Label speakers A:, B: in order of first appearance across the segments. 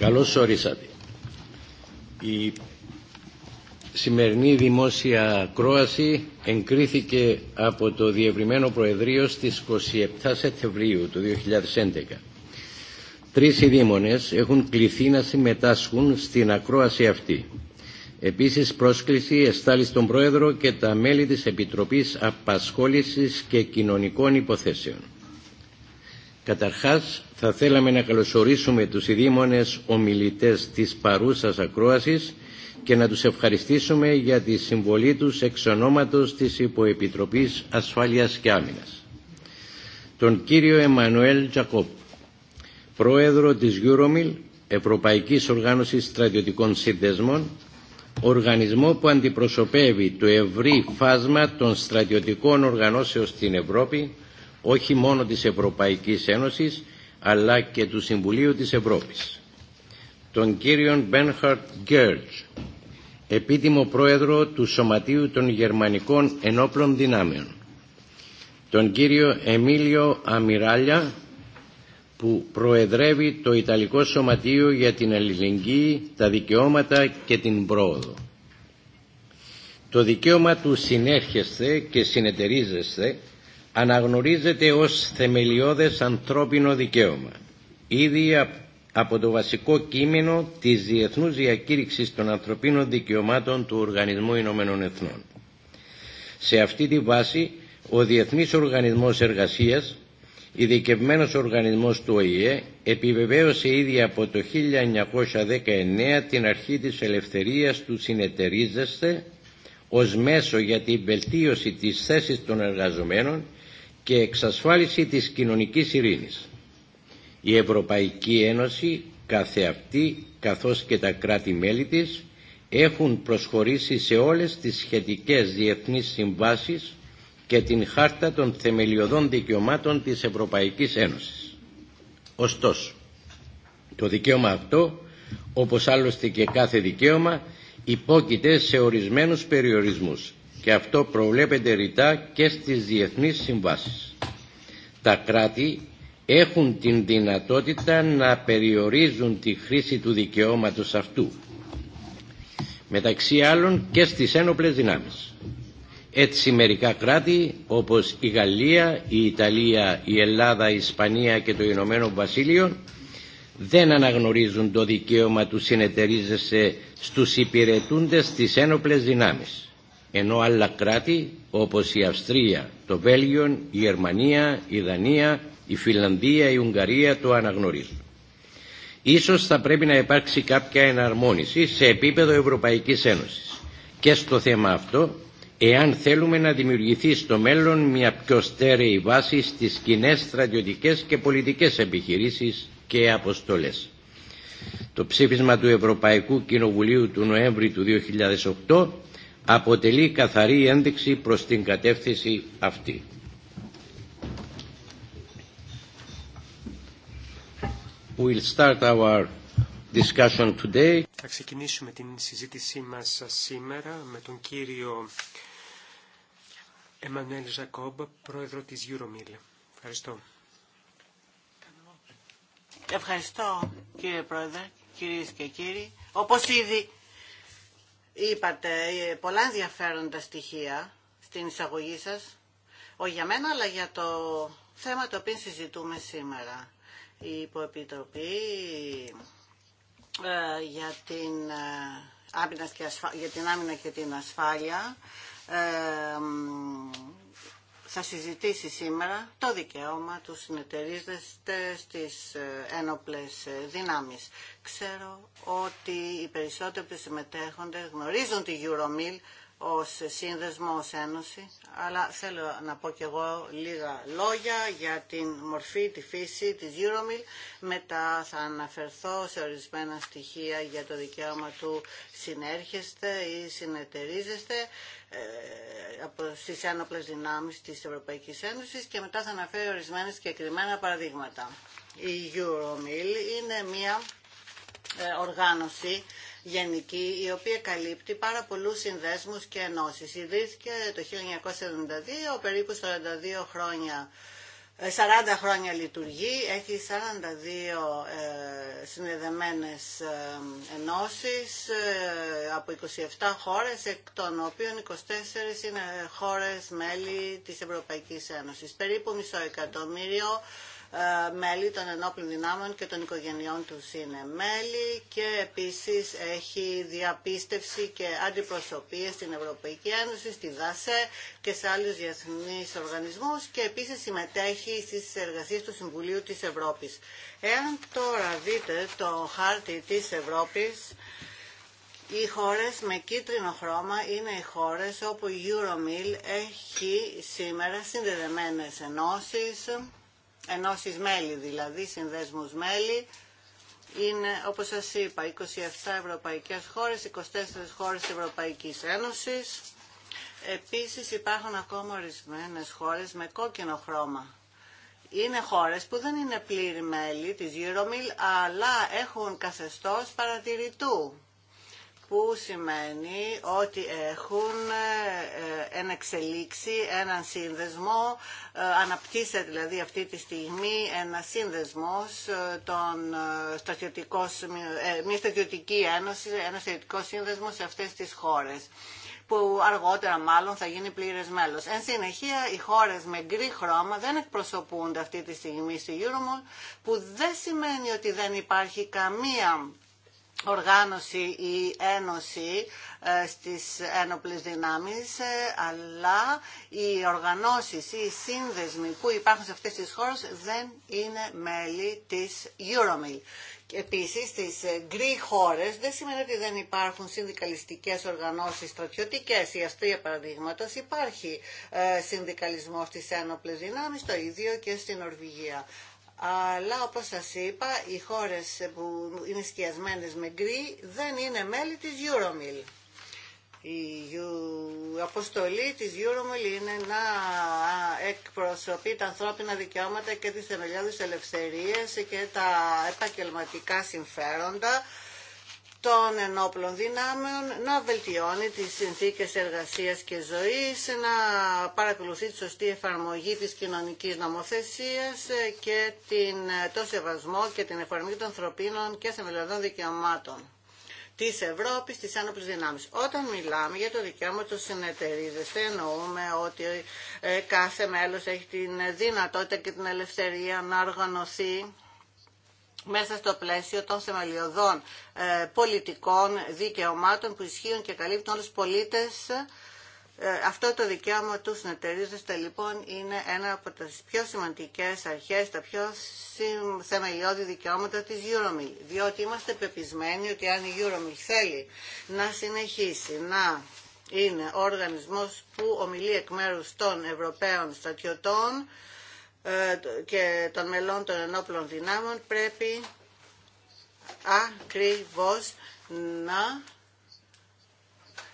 A: Καλώς ορίσατε. Η σημερινή δημόσια ακρόαση εγκρίθηκε από το Διευρυμένο Προεδρείο στις 27 Σεπτεμβρίου του 2011. Τρεις ειδήμονες έχουν κληθεί να συμμετάσχουν στην ακρόαση αυτή. Επίσης πρόσκληση εστάλει στον Πρόεδρο και τα μέλη της Επιτροπής Απασχόλησης και Κοινωνικών Υποθέσεων. Καταρχάς θα θέλαμε να καλωσορίσουμε τους ειδήμονες ομιλητές της παρούσας ακρόασης και να τους ευχαριστήσουμε για τη συμβολή τους εξ ονόματος της Υποεπιτροπής Ασφάλειας και Άμυνας. Τον κύριο Εμμανουέλ Τζακόπ, πρόεδρο της Euromil, Ευρωπαϊκής Οργάνωσης Στρατιωτικών Σύνδεσμων, οργανισμό που αντιπροσωπεύει το ευρύ φάσμα των στρατιωτικών οργανώσεων στην Ευρώπη, όχι μόνο της Ευρωπαϊκής Ένωσης, αλλά και του Συμβουλίου της Ευρώπης. Τον κύριον Μπένχαρτ Γκέρτζ, επίτιμο πρόεδρο του Σωματείου των Γερμανικών Ενόπλων Δυνάμεων. Τον κύριο Εμίλιο Αμιράλια, που προεδρεύει το Ιταλικό Σωματείο για την Αλληλεγγύη, τα δικαιώματα και την πρόοδο. Το δικαίωμα του συνέρχεστε και συνεταιρίζεστε αναγνωρίζεται ως θεμελιώδες ανθρώπινο δικαίωμα. Ήδη από το βασικό κείμενο της Διεθνούς Διακήρυξης των Ανθρωπίνων Δικαιωμάτων του Οργανισμού Ηνωμένων Εθνών. Σε αυτή τη βάση, ο Διεθνής Οργανισμός Εργασίας, ειδικευμένο οργανισμός του ΟΗΕ, επιβεβαίωσε ήδη από το 1919 την αρχή της ελευθερίας του συνεταιρίζεσθε ως μέσο για την βελτίωση της θέσης των εργαζομένων και εξασφάλιση της κοινωνικής ειρήνης. Η Ευρωπαϊκή Ένωση καθεαυτή καθώς και τα κράτη-μέλη της έχουν προσχωρήσει σε όλες τις σχετικές διεθνείς συμβάσεις και την Χάρτα των Θεμελιωδών Δικαιωμάτων της Ευρωπαϊκής Ένωσης. Ωστόσο, το δικαίωμα αυτό, όπως άλλωστε και κάθε δικαίωμα, υπόκειται σε ορισμένους περιορισμούς και αυτό προβλέπεται ρητά και στις διεθνείς συμβάσεις. Τα κράτη έχουν την δυνατότητα να περιορίζουν τη χρήση του δικαιώματος αυτού μεταξύ άλλων και στις ένοπλες δυνάμεις. Έτσι μερικά κράτη όπως η Γαλλία, η Ιταλία, η Ελλάδα, η Ισπανία και το Ηνωμένο Βασίλειο δεν αναγνωρίζουν το δικαίωμα του συνεταιρίζεσαι στους υπηρετούντες στις ένοπλες δυνάμεις ενώ άλλα κράτη όπως η Αυστρία, το Βέλγιο, η Γερμανία, η Δανία, η Φιλανδία, η Ουγγαρία το αναγνωρίζουν. Ίσως θα πρέπει να υπάρξει κάποια εναρμόνιση σε επίπεδο Ευρωπαϊκής Ένωσης και στο θέμα αυτό εάν θέλουμε να δημιουργηθεί στο μέλλον μια πιο στέρεη βάση στις κοινέ στρατιωτικές και πολιτικές επιχειρήσεις και αποστολές. Το ψήφισμα του Ευρωπαϊκού Κοινοβουλίου του Νοέμβρη του 2008 αποτελεί καθαρή ένδειξη προς την κατεύθυνση αυτή. start our discussion today.
B: Θα ξεκινήσουμε την συζήτησή μας σήμερα με τον κύριο Εμμανουέλ Ζακόμπ, πρόεδρο της Euromil. Ευχαριστώ.
C: Ευχαριστώ κύριε πρόεδρε, κυρίες και κύριοι. Όπως ήδη Είπατε ε, πολλά ενδιαφέροντα στοιχεία στην εισαγωγή σας, όχι για μένα, αλλά για το θέμα το οποίο συζητούμε σήμερα. Η Υποεπιτροπή ε, για, την, ε, και για την άμυνα και την ασφάλεια ε, θα συζητήσει σήμερα το δικαίωμα του συνεταιρίζεστε στις ε, ένοπλες ε, δυνάμεις. Ξέρω ότι οι περισσότεροι που συμμετέχονται γνωρίζουν τη Euromil ως σύνδεσμο, ως ένωση, αλλά θέλω να πω και εγώ λίγα λόγια για την μορφή, τη φύση της Euromil. Μετά θα αναφερθώ σε ορισμένα στοιχεία για το δικαίωμα του συνέρχεστε ή συνεταιρίζεστε ε, από στις ένοπλες δυνάμεις της Ευρωπαϊκής Ένωσης και μετά θα αναφέρω ορισμένα συγκεκριμένα παραδείγματα. Η Euromil είναι μια ε, οργάνωση γενική, η οποία καλύπτει πάρα πολλούς συνδέσμους και ενώσεις. Ιδρύθηκε το 1972, περίπου 42 χρόνια 40 ε, χρόνια λειτουργεί, έχει 42 ε, συνδεδεμένες ε, ενώσεις ε, από 27 χώρες, εκ των οποίων 24 είναι χώρες μέλη της Ευρωπαϊκής Ένωσης. Περίπου μισό εκατομμύριο ε, μέλη των ενόπλων δυνάμεων και των οικογενειών του είναι μέλη και επίσης έχει διαπίστευση και αντιπροσωπείες στην Ευρωπαϊκή Ένωση, στη ΔΑΣΕ και σε άλλους διεθνείς οργανισμούς και επίσης συμμετέχει στις εργασίες του Συμβουλίου της Ευρώπης. Εάν τώρα δείτε το χάρτη της Ευρώπης, οι χώρες με κίτρινο χρώμα είναι οι χώρες όπου η Euromil έχει σήμερα συνδεδεμένες ενώσεις ενώσεις μέλη δηλαδή, συνδέσμους μέλη. Είναι, όπως σας είπα, 27 ευρωπαϊκές χώρες, 24 χώρες της Ευρωπαϊκής Ένωσης. Επίσης υπάρχουν ακόμα ορισμένες χώρες με κόκκινο χρώμα. Είναι χώρες που δεν είναι πλήρη μέλη της Euromil, αλλά έχουν καθεστώς παρατηρητού που σημαίνει ότι έχουν ε, ενεξελίξει έναν σύνδεσμο, ε, αναπτύσσεται δηλαδή αυτή τη στιγμή ένα σύνδεσμος, ε, των μια στρατιωτική ένωση, ένα στρατιωτικό σύνδεσμο σε αυτές τις χώρες που αργότερα μάλλον θα γίνει πλήρες μέλος. Εν συνεχεία, οι χώρες με γκρι χρώμα δεν εκπροσωπούνται αυτή τη στιγμή στη Euromol, που δεν σημαίνει ότι δεν υπάρχει καμία οργάνωση ή ένωση ε, στις ένοπλες δυνάμεις, ε, αλλά οι οργανώσεις ή οι σύνδεσμοι που υπάρχουν σε αυτές τις χώρες δεν είναι μέλη της Euromil. Επίσης, στις γκρι ε, χώρες δεν σημαίνει ότι δεν υπάρχουν συνδικαλιστικές οργανώσεις στρατιωτικές. Η Αστρία, παραδείγματο υπάρχει συνδικαλισμός στις ένοπλες δυνάμεις, το ίδιο και στην Ορβηγία αλλά όπως σας είπα οι χώρες που είναι σκιασμένες με γκρι δεν είναι μέλη της Euromil. Η αποστολή της Euromil είναι να εκπροσωπεί τα ανθρώπινα δικαιώματα και τις θεμελιώδεις ελευθερίες και τα επαγγελματικά συμφέροντα των ενόπλων δυνάμεων να βελτιώνει τις συνθήκες εργασίας και ζωής, να παρακολουθεί τη σωστή εφαρμογή της κοινωνικής νομοθεσίας και την, το σεβασμό και την εφαρμογή των ανθρωπίνων και θεμελιωδών δικαιωμάτων της Ευρώπης, της άνοπλης δυνάμεις. Όταν μιλάμε για το δικαίωμα του δεν εννοούμε ότι ε, κάθε μέλος έχει την δυνατότητα και την ελευθερία να οργανωθεί μέσα στο πλαίσιο των θεμελιωδών ε, πολιτικών δικαιωμάτων που ισχύουν και καλύπτουν όλους τους πολίτες. Ε, αυτό το δικαίωμα του Συνεταιρίζεται λοιπόν είναι ένα από τις πιο σημαντικές αρχές, τα πιο θεμελιώδη δικαιώματα της Euromil. Διότι είμαστε πεπισμένοι ότι αν η Euromil θέλει να συνεχίσει να είναι ο οργανισμός που ομιλεί εκ μέρους των Ευρωπαίων στρατιωτών, ε, και των μελών των ενόπλων δυνάμων πρέπει ακριβώς να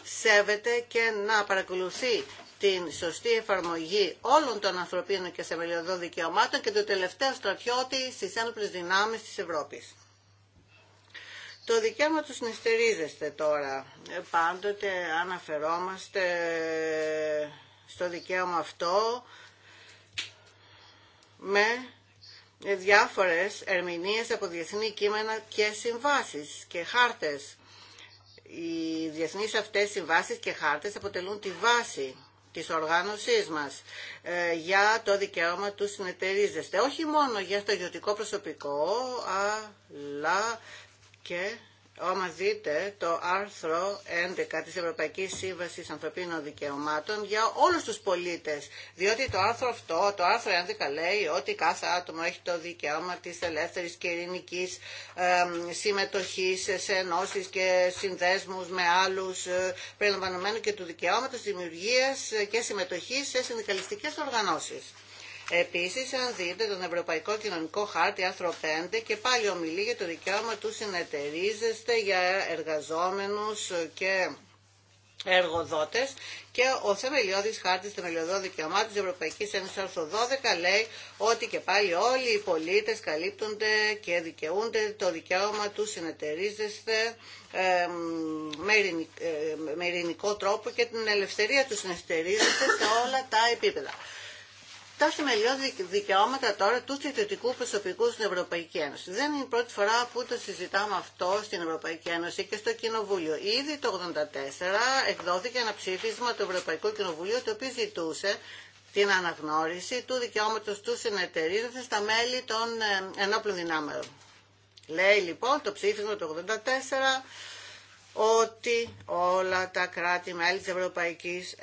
C: σέβεται και να παρακολουθεί την σωστή εφαρμογή όλων των ανθρωπίνων και σεμελιωδών δικαιωμάτων και του τελευταίου στρατιώτη στις ένοπλες δυνάμεις της Ευρώπης. Το δικαίωμα του συνεστερίζεστε τώρα. Ε, πάντοτε αναφερόμαστε στο δικαίωμα αυτό με διάφορες ερμηνείες από διεθνή κείμενα και συμβάσεις και χάρτες. Οι διεθνείς αυτές συμβάσεις και χάρτες αποτελούν τη βάση της οργάνωσής μας ε, για το δικαίωμα του συνεταιρίζεστε. Όχι μόνο για το ιδιωτικό προσωπικό, αλλά και όμως δείτε το άρθρο 11 της Ευρωπαϊκής Σύμβασης Ανθρωπίνων Δικαιωμάτων για όλους τους πολίτες. Διότι το άρθρο αυτό, το άρθρο 11 λέει ότι κάθε άτομο έχει το δικαίωμα της ελεύθερης και ειρηνικής ε, συμμετοχής σε ενώσεις και συνδέσμους με άλλους ε, περιλαμβανομένου και του δικαιώματος δημιουργίας και συμμετοχής σε συνδικαλιστικές οργανώσεις. Επίσης, αν δείτε τον Ευρωπαϊκό Κοινωνικό Χάρτη, άρθρο 5, και πάλι ομιλεί για το δικαίωμα του συνεταιρίζεστε για εργαζόμενους και εργοδότες και ο θεμελιώδης χάρτης θεμελιωδών δικαιωμάτων της Ευρωπαϊκής Ένωσης άρθρο 12 λέει ότι και πάλι όλοι οι πολίτες καλύπτονται και δικαιούνται το δικαίωμα του συνεταιρίζεστε ε, με ειρηνικό τρόπο και την ελευθερία του συνεταιρίζεστε σε όλα τα επίπεδα τα θεμελιώδη δικαιώματα τώρα του θετικού προσωπικού στην Ευρωπαϊκή Ένωση. Δεν είναι η πρώτη φορά που το συζητάμε αυτό στην Ευρωπαϊκή Ένωση και στο Κοινοβούλιο. Ήδη το 1984 εκδόθηκε ένα ψήφισμα του Ευρωπαϊκού Κοινοβουλίου το οποίο ζητούσε την αναγνώριση του δικαιώματος του συνεταιρίζοντα στα μέλη των ε, ενόπλων δυνάμεων. Λέει λοιπόν το ψήφισμα του 1984 ότι όλα τα κράτη-μέλη της Ευρωπαϊκής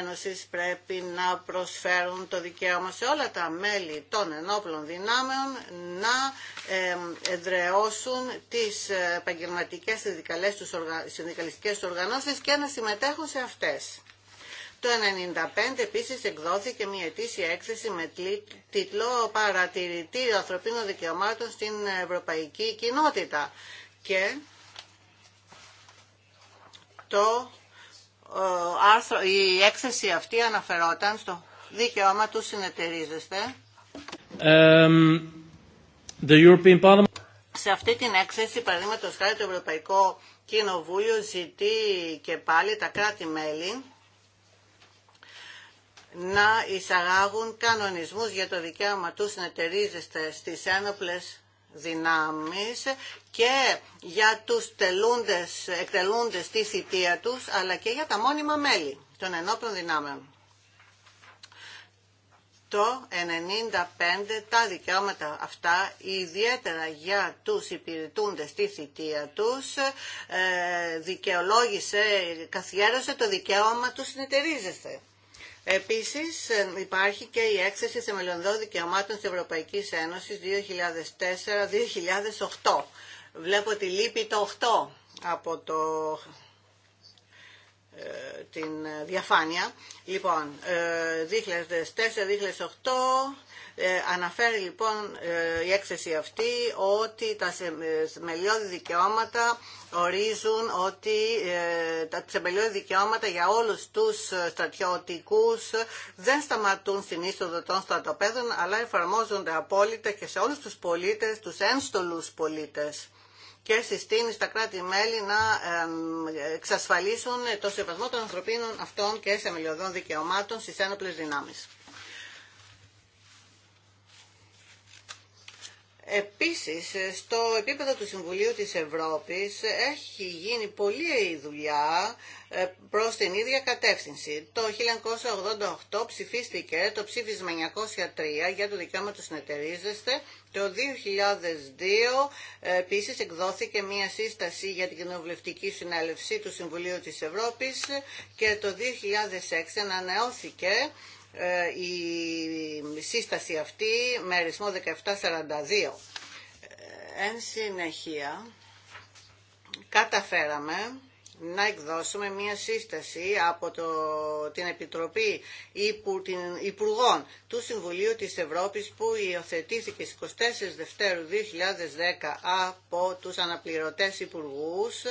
C: Ένωσης πρέπει να προσφέρουν το δικαίωμα σε όλα τα μέλη των ενόπλων δυνάμεων να εδραιώσουν τις ε, επαγγελματικές συνδικαλιστικές τους οργανώσεις και να συμμετέχουν σε αυτές. Το 1995 επίσης εκδόθηκε μια ετήσια έκθεση με τίτλο «Παρατηρητήριο ανθρωπίνων δικαιωμάτων στην Ευρωπαϊκή Κοινότητα» και το άρθρο, η έκθεση αυτή αναφερόταν στο δικαίωμα του συνεταιρίζεστε.
B: Um, the European Parliament...
C: Σε αυτή την έκθεση, παραδείγματο χάρη το Ευρωπαϊκό Κοινοβούλιο ζητεί και πάλι τα κράτη-μέλη να εισαγάγουν κανονισμούς για το δικαίωμα του συνεταιρίζεστε στις ένοπλες δυνάμεις και για τους τελούντες, εκτελούντες τη θητεία τους, αλλά και για τα μόνιμα μέλη των ενόπλων δυνάμεων. Το 95 τα δικαιώματα αυτά, ιδιαίτερα για τους υπηρετούντες τη θητεία τους, ε, δικαιολόγησε, καθιέρωσε το δικαίωμα του συνεταιρίζεσθε. Επίσης ε, υπάρχει και η σε θεμελιωδών δικαιωμάτων της Ευρωπαϊκής Ένωσης 2004-2008. Βλέπω ότι λείπει το 8 από το, ε, την διαφάνεια. Λοιπόν, 2004-2008 ε, ε, αναφέρει λοιπόν ε, η έκθεση αυτή ότι τα σεμελιώδη ε, δικαιώματα ορίζουν ότι τα θεμελιώδη δικαιώματα για όλους τους στρατιωτικούς δεν σταματούν στην είσοδο των στρατοπέδων αλλά εφαρμόζονται απόλυτα και σε όλους τους πολίτες, τους ένστολους πολίτες και συστήνει στα κράτη-μέλη να εξασφαλίσουν το σεβασμό των ανθρωπίνων αυτών και θεμελιωδών δικαιωμάτων στις ένοπλες δυνάμεις. Επίσης, στο επίπεδο του Συμβουλίου της Ευρώπης έχει γίνει πολλή δουλειά ε, προς την ίδια κατεύθυνση. Το 1988 ψηφίστηκε το ψήφισμα 903 για το δικαίωμα του συνεταιρίζεστε. Το 2002 ε, επίσης εκδόθηκε μία σύσταση για την κοινοβουλευτική συνέλευση του Συμβουλίου της Ευρώπης και το 2006 ανανεώθηκε ε, η σύσταση αυτή με αριθμό 1742. Ε, εν συνεχεία καταφέραμε να εκδώσουμε μία σύσταση από το, την Επιτροπή Υπου, την, Υπουργών του Συμβουλίου της Ευρώπης που υιοθετήθηκε στις 24 Δευτέρου 2010 από τους αναπληρωτές υπουργούς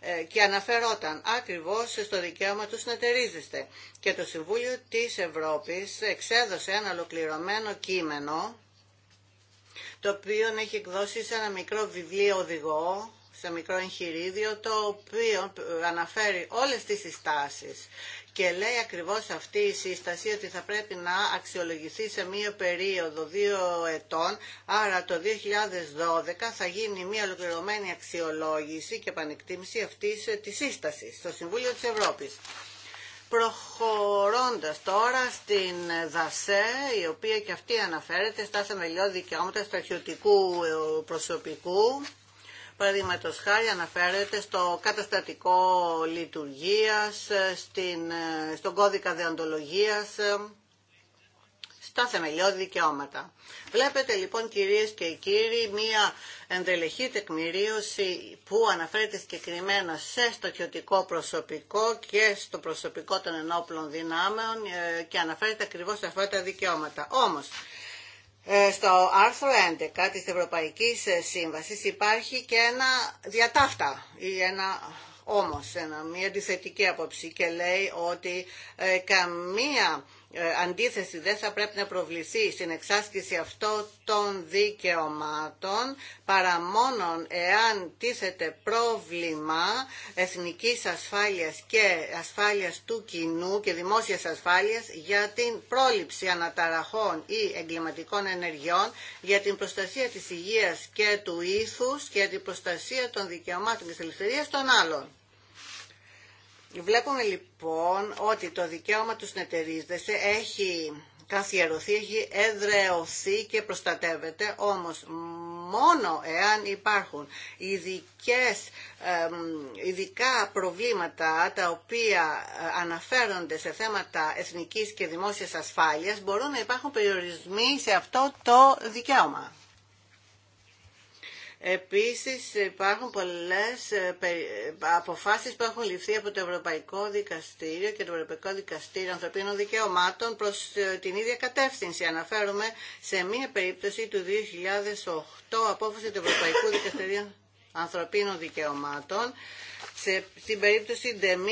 C: ε, και αναφερόταν ακριβώς στο δικαίωμα του τερίζεστε Και το Συμβούλιο της Ευρώπης εξέδωσε ένα ολοκληρωμένο κείμενο το οποίο έχει εκδώσει σε ένα μικρό βιβλίο οδηγό σε μικρό εγχειρίδιο το οποίο αναφέρει όλες τις συστάσεις και λέει ακριβώς αυτή η σύσταση ότι θα πρέπει να αξιολογηθεί σε μία περίοδο δύο ετών, άρα το 2012 θα γίνει μία ολοκληρωμένη αξιολόγηση και επανεκτίμηση αυτής ε, της σύστασης στο Συμβούλιο της Ευρώπης. Προχωρώντας τώρα στην ΔΑΣΕ, η οποία και αυτή αναφέρεται στα θεμελιώδη δικαιώματα στρατιωτικού ε, προσωπικού, Παραδείγματο χάρη αναφέρεται στο καταστατικό λειτουργίας, στην, ε, στον κώδικα δεοντολογίας, ε, στα θεμελιώδη δικαιώματα. Βλέπετε λοιπόν κυρίες και κύριοι μία εντελεχή τεκμηρίωση που αναφέρεται συγκεκριμένα σε στοχιωτικό προσωπικό και στο προσωπικό των ενόπλων δυνάμεων ε, και αναφέρεται ακριβώς σε αυτά τα δικαιώματα. Όμως ε, στο άρθρο 11 της Ευρωπαϊκής ε, Σύμβασης υπάρχει και ένα διατάφτα ή ένα όμως, ένα, μια αντιθετική άποψη και λέει ότι ε, καμία ε, αντίθεση δεν θα πρέπει να προβληθεί στην εξάσκηση αυτών των δικαιωμάτων παρά μόνον εάν τίθεται πρόβλημα εθνικής ασφάλειας και ασφάλειας του κοινού και δημόσιας ασφάλειας για την πρόληψη αναταραχών ή εγκληματικών ενεργειών για την προστασία της υγείας και του ήθους και την προστασία των δικαιωμάτων και της ελευθερίας των άλλων. Βλέπουμε λοιπόν ότι το δικαίωμα του συνεταιρίζεσαι έχει καθιερωθεί, έχει εδρεωθεί και προστατεύεται, όμως μόνο εάν υπάρχουν ειδικές, ειδικά προβλήματα τα οποία ε, αναφέρονται σε θέματα εθνικής και δημόσιας ασφάλειας μπορούν να υπάρχουν περιορισμοί σε αυτό το δικαίωμα. Επίσης υπάρχουν πολλές ε, ε, αποφάσεις που έχουν ληφθεί από το Ευρωπαϊκό Δικαστήριο και το Ευρωπαϊκό Δικαστήριο Ανθρωπίνων Δικαιωμάτων προς ε, την ίδια κατεύθυνση. Αναφέρομαι σε μία περίπτωση του 2008 απόφαση του Ευρωπαϊκού Δικαστηρίου Ανθρωπίνων Δικαιωμάτων σε, στην περίπτωση Ντεμίρ,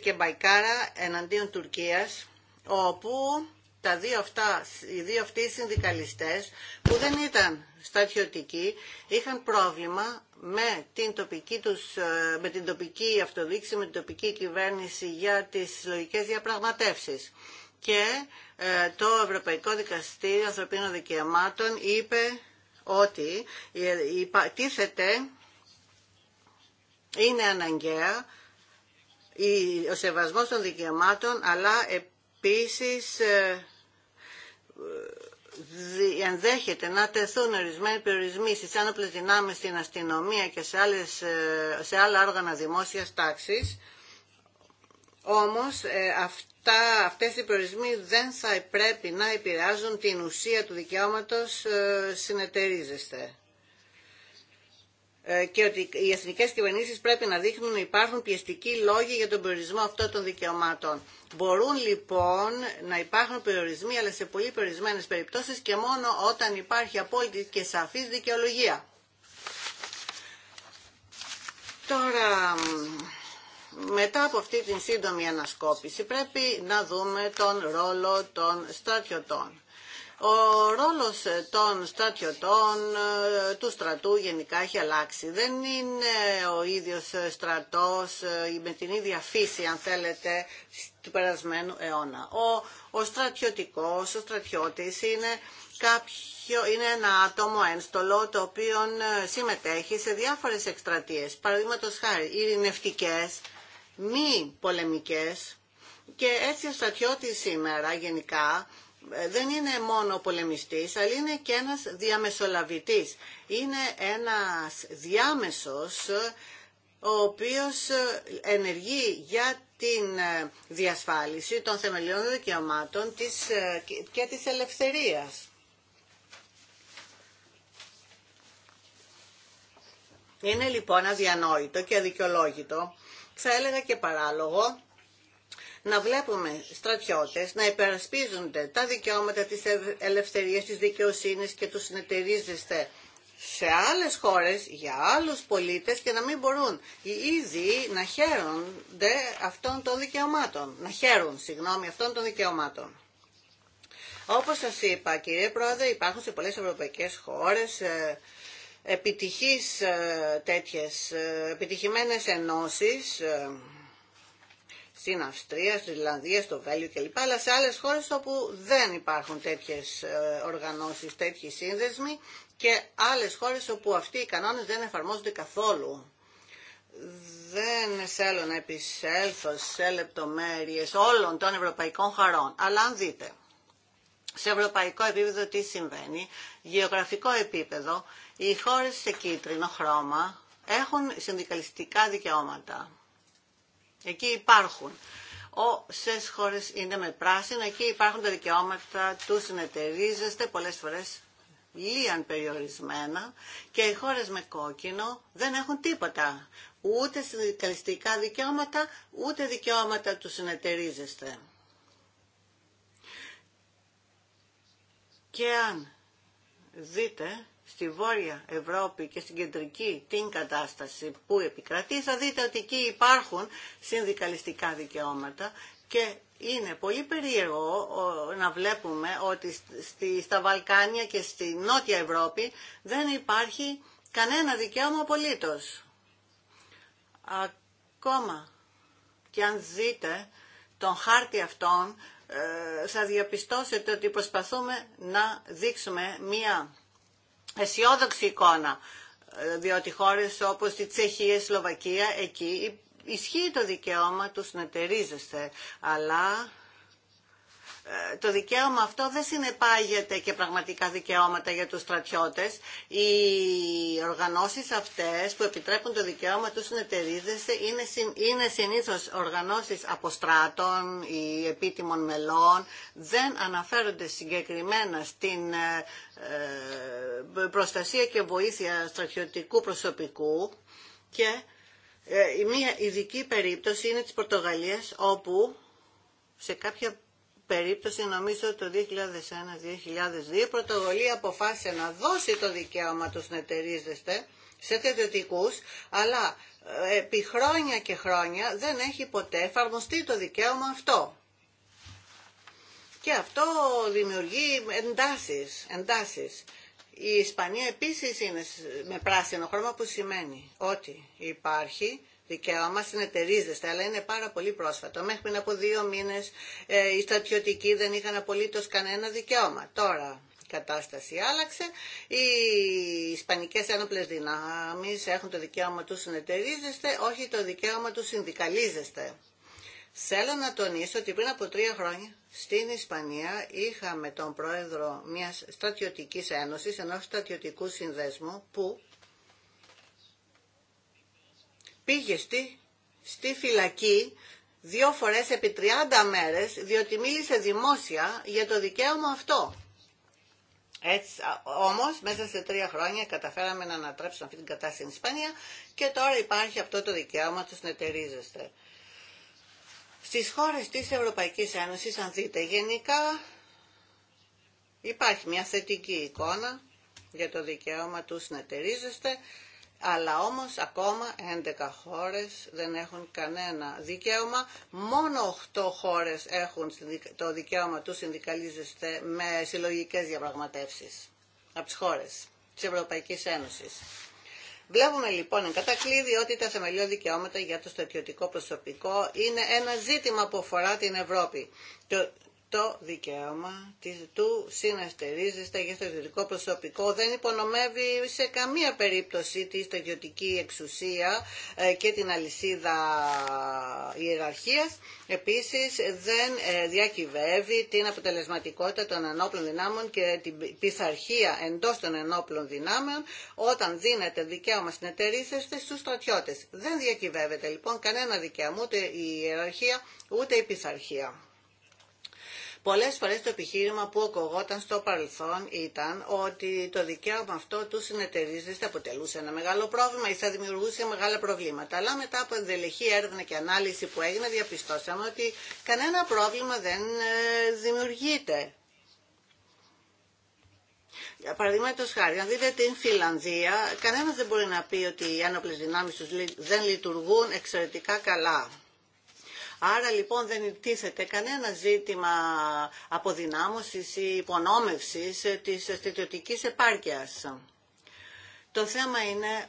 C: και Μπαϊκάρα εναντίον Τουρκίας όπου τα δύο αυτά, οι δύο αυτοί οι συνδικαλιστές που δεν ήταν στρατιωτικοί είχαν πρόβλημα με την τοπική, τους, ε, με την τοπική αυτοδίκηση, με την τοπική κυβέρνηση για τις λογικές διαπραγματεύσεις. Και ε, το Ευρωπαϊκό Δικαστήριο Ανθρωπίνων Δικαιωμάτων είπε ότι ε, τίθεται, είναι αναγκαία ο σεβασμός των δικαιωμάτων αλλά Επίσης, ενδέχεται ε, να τεθούν ορισμένοι περιορισμοί στις άνοπλες δυνάμεις στην αστυνομία και σε, άλλες, ε, σε άλλα όργανα δημόσιας τάξης. Όμως ε, αυτά, αυτές οι περιορισμοί δεν θα πρέπει να επηρεάζουν την ουσία του δικαιώματος συνεταιρίζεστε. Ε, και ότι οι εθνικές κυβερνήσει πρέπει να δείχνουν ότι υπάρχουν πιεστικοί λόγοι για τον περιορισμό αυτών των δικαιωμάτων. Μπορούν λοιπόν να υπάρχουν περιορισμοί, αλλά σε πολύ περιορισμένε περιπτώσεις και μόνο όταν υπάρχει απόλυτη και σαφή δικαιολογία. Τώρα, μετά από αυτή την σύντομη ανασκόπηση πρέπει να δούμε τον ρόλο των στρατιωτών. Ο ρόλος ε, των στρατιωτών, ε, του στρατού γενικά έχει αλλάξει. Δεν είναι ο ίδιος ε, στρατός με την ίδια φύση, αν θέλετε, του περασμένου αιώνα. Ο, ο στρατιωτικός, ο στρατιώτης είναι κάποιο, είναι ένα άτομο ένστολο το οποίο συμμετέχει σε διάφορες εκστρατείες. Παραδείγματο χάρη, ειρηνευτικές, μη πολεμικές και έτσι ο στρατιώτης σήμερα γενικά ε, δεν είναι μόνο πολεμιστής, αλλά είναι και ένας διαμεσολαβητής. Είναι ένας διάμεσος ε, ο οποίος ε, ενεργεί για την διασφάλιση των θεμελιών δικαιωμάτων και της ελευθερίας. Είναι λοιπόν αδιανόητο και αδικαιολόγητο, θα έλεγα και παράλογο, να βλέπουμε στρατιώτες να υπερασπίζονται τα δικαιώματα της ελευθερίας, της δικαιοσύνης και του συνεταιρίζεστε σε άλλες χώρες για άλλους πολίτες και να μην μπορούν οι ίδιοι να χαίρονται αυτών των δικαιωμάτων. Να χαίρουν, συγγνώμη, αυτών των δικαιωμάτων. Όπως σας είπα, κύριε Πρόεδρε, υπάρχουν σε πολλές ευρωπαϊκές χώρες ε, επιτυχείς ε, τέτοιες, ε, επιτυχημένες ενώσεις στην Αυστρία, στη Ιρλανδία, στο Βέλιο κλπ. Αλλά σε άλλες χώρες όπου δεν υπάρχουν τέτοιες ε, οργανώσεις, τέτοιοι σύνδεσμοι και άλλες χώρες όπου αυτοί οι κανόνες δεν εφαρμόζονται καθόλου. Δεν θέλω να επισέλθω σε λεπτομέρειες όλων των ευρωπαϊκών χαρών, αλλά αν δείτε σε ευρωπαϊκό επίπεδο τι συμβαίνει, γεωγραφικό επίπεδο, οι χώρες σε κίτρινο χρώμα έχουν συνδικαλιστικά δικαιώματα Εκεί υπάρχουν. Όσε χώρε είναι με πράσινα, εκεί υπάρχουν τα δικαιώματα του συνεταιρίζεστε πολλέ φορέ λίαν περιορισμένα και οι χώρες με κόκκινο δεν έχουν τίποτα. Ούτε συνδικαλιστικά δικαιώματα, ούτε δικαιώματα του συνεταιρίζεστε. Και αν δείτε στη Βόρεια Ευρώπη και στην Κεντρική την κατάσταση που επικρατεί, θα δείτε ότι εκεί υπάρχουν συνδικαλιστικά δικαιώματα και είναι πολύ περίεργο να βλέπουμε ότι στα Βαλκάνια και στη Νότια Ευρώπη δεν υπάρχει κανένα δικαίωμα απολύτως. Ακόμα και αν δείτε τον χάρτη αυτόν, ε, θα διαπιστώσετε ότι προσπαθούμε να δείξουμε μία αισιόδοξη εικόνα, ε, διότι χώρες όπως η Τσεχία, η Σλοβακία, εκεί ισχύει το δικαίωμα του τερίζεστε, αλλά ε, το δικαίωμα αυτό δεν συνεπάγεται και πραγματικά δικαιώματα για τους στρατιώτες. Οι οργανώσεις αυτές που επιτρέπουν το δικαίωμα τους συνεταιρίζεσαι είναι, συν, είναι συνήθως οργανώσεις αποστράτων ή επίτιμων μελών. Δεν αναφέρονται συγκεκριμένα στην ε, ε, προστασία και βοήθεια στρατιωτικού προσωπικού και μια ειδική περίπτωση είναι της Πορτογαλίας όπου σε κάποια περίπτωση νομίζω το 2001-2002 η πρωτοβολία αποφάσισε να δώσει το δικαίωμα του να σε θετικούς, αλλά ε, επί χρόνια και χρόνια δεν έχει ποτέ εφαρμοστεί το δικαίωμα αυτό. Και αυτό δημιουργεί εντάσεις, εντάσεις. Η Ισπανία επίσης είναι με πράσινο χρώμα που σημαίνει ότι υπάρχει δικαίωμα συνεταιρίζεστε, αλλά είναι πάρα πολύ πρόσφατο. Μέχρι πριν από δύο μήνες ε, οι στρατιωτικοί δεν είχαν απολύτως κανένα δικαίωμα. Τώρα η κατάσταση άλλαξε, οι ισπανικές ένοπλες δυνάμεις έχουν το δικαίωμα του συνεταιρίζεστε, όχι το δικαίωμα του συνδικαλίζεστε. Θέλω να τονίσω ότι πριν από τρία χρόνια στην Ισπανία είχαμε τον πρόεδρο μιας στρατιωτικής ένωσης, ενός στρατιωτικού συνδέσμου που πήγε στη, στη φυλακή δύο φορές επί 30 μέρες, διότι μίλησε δημόσια για το δικαίωμα αυτό. Έτσι, όμως, μέσα σε τρία χρόνια καταφέραμε να ανατρέψουμε αυτή την κατάσταση στην Ισπανία και τώρα υπάρχει αυτό το δικαίωμα του συνεταιρίζεστε. Στις χώρες της Ευρωπαϊκής Ένωσης, αν δείτε γενικά, υπάρχει μια θετική εικόνα για το δικαίωμα του συνεταιρίζεστε αλλά όμως ακόμα 11 χώρες δεν έχουν κανένα δικαίωμα. Μόνο 8 χώρες έχουν το δικαίωμα του συνδικαλίζεστε με συλλογικές διαπραγματεύσεις από τις χώρες της Ευρωπαϊκής Ένωσης. Βλέπουμε λοιπόν εν κατακλείδη ότι τα θεμελιώδη δικαιώματα για το στρατιωτικό προσωπικό είναι ένα ζήτημα που αφορά την Ευρώπη. Το, το δικαίωμα του συναστερίζεστε για στο προσωπικό δεν υπονομεύει σε καμία περίπτωση τη στρατιωτική εξουσία ε, και την αλυσίδα ιεραρχίας. Επίσης δεν ε, διακυβεύει την αποτελεσματικότητα των ενόπλων δυνάμεων και την πειθαρχία εντός των ενόπλων δυνάμεων όταν δίνεται δικαίωμα συνεταιρίζεστε στους στρατιώτες. Δεν διακυβεύεται λοιπόν κανένα δικαίωμα ούτε η ιεραρχία ούτε η πειθαρχία. Πολλές φορές το επιχείρημα που οκογόταν στο παρελθόν ήταν ότι το δικαίωμα αυτό του συνεταιρίζεται θα αποτελούσε ένα μεγάλο πρόβλημα ή θα δημιουργούσε μεγάλα προβλήματα. Αλλά μετά από ενδελεχή έρευνα και ανάλυση που έγινε διαπιστώσαμε ότι κανένα πρόβλημα δεν ε, δημιουργείται. Για παραδείγματο χάρη, αν δείτε την Φιλανδία, κανένα δεν μπορεί να πει ότι οι ένοπλε δυνάμει του δεν λειτουργούν εξαιρετικά καλά. Άρα λοιπόν δεν τίθεται κανένα ζήτημα αποδυνάμωσης ή υπονόμευσης της αισθητιωτικής επάρκειας. Το θέμα είναι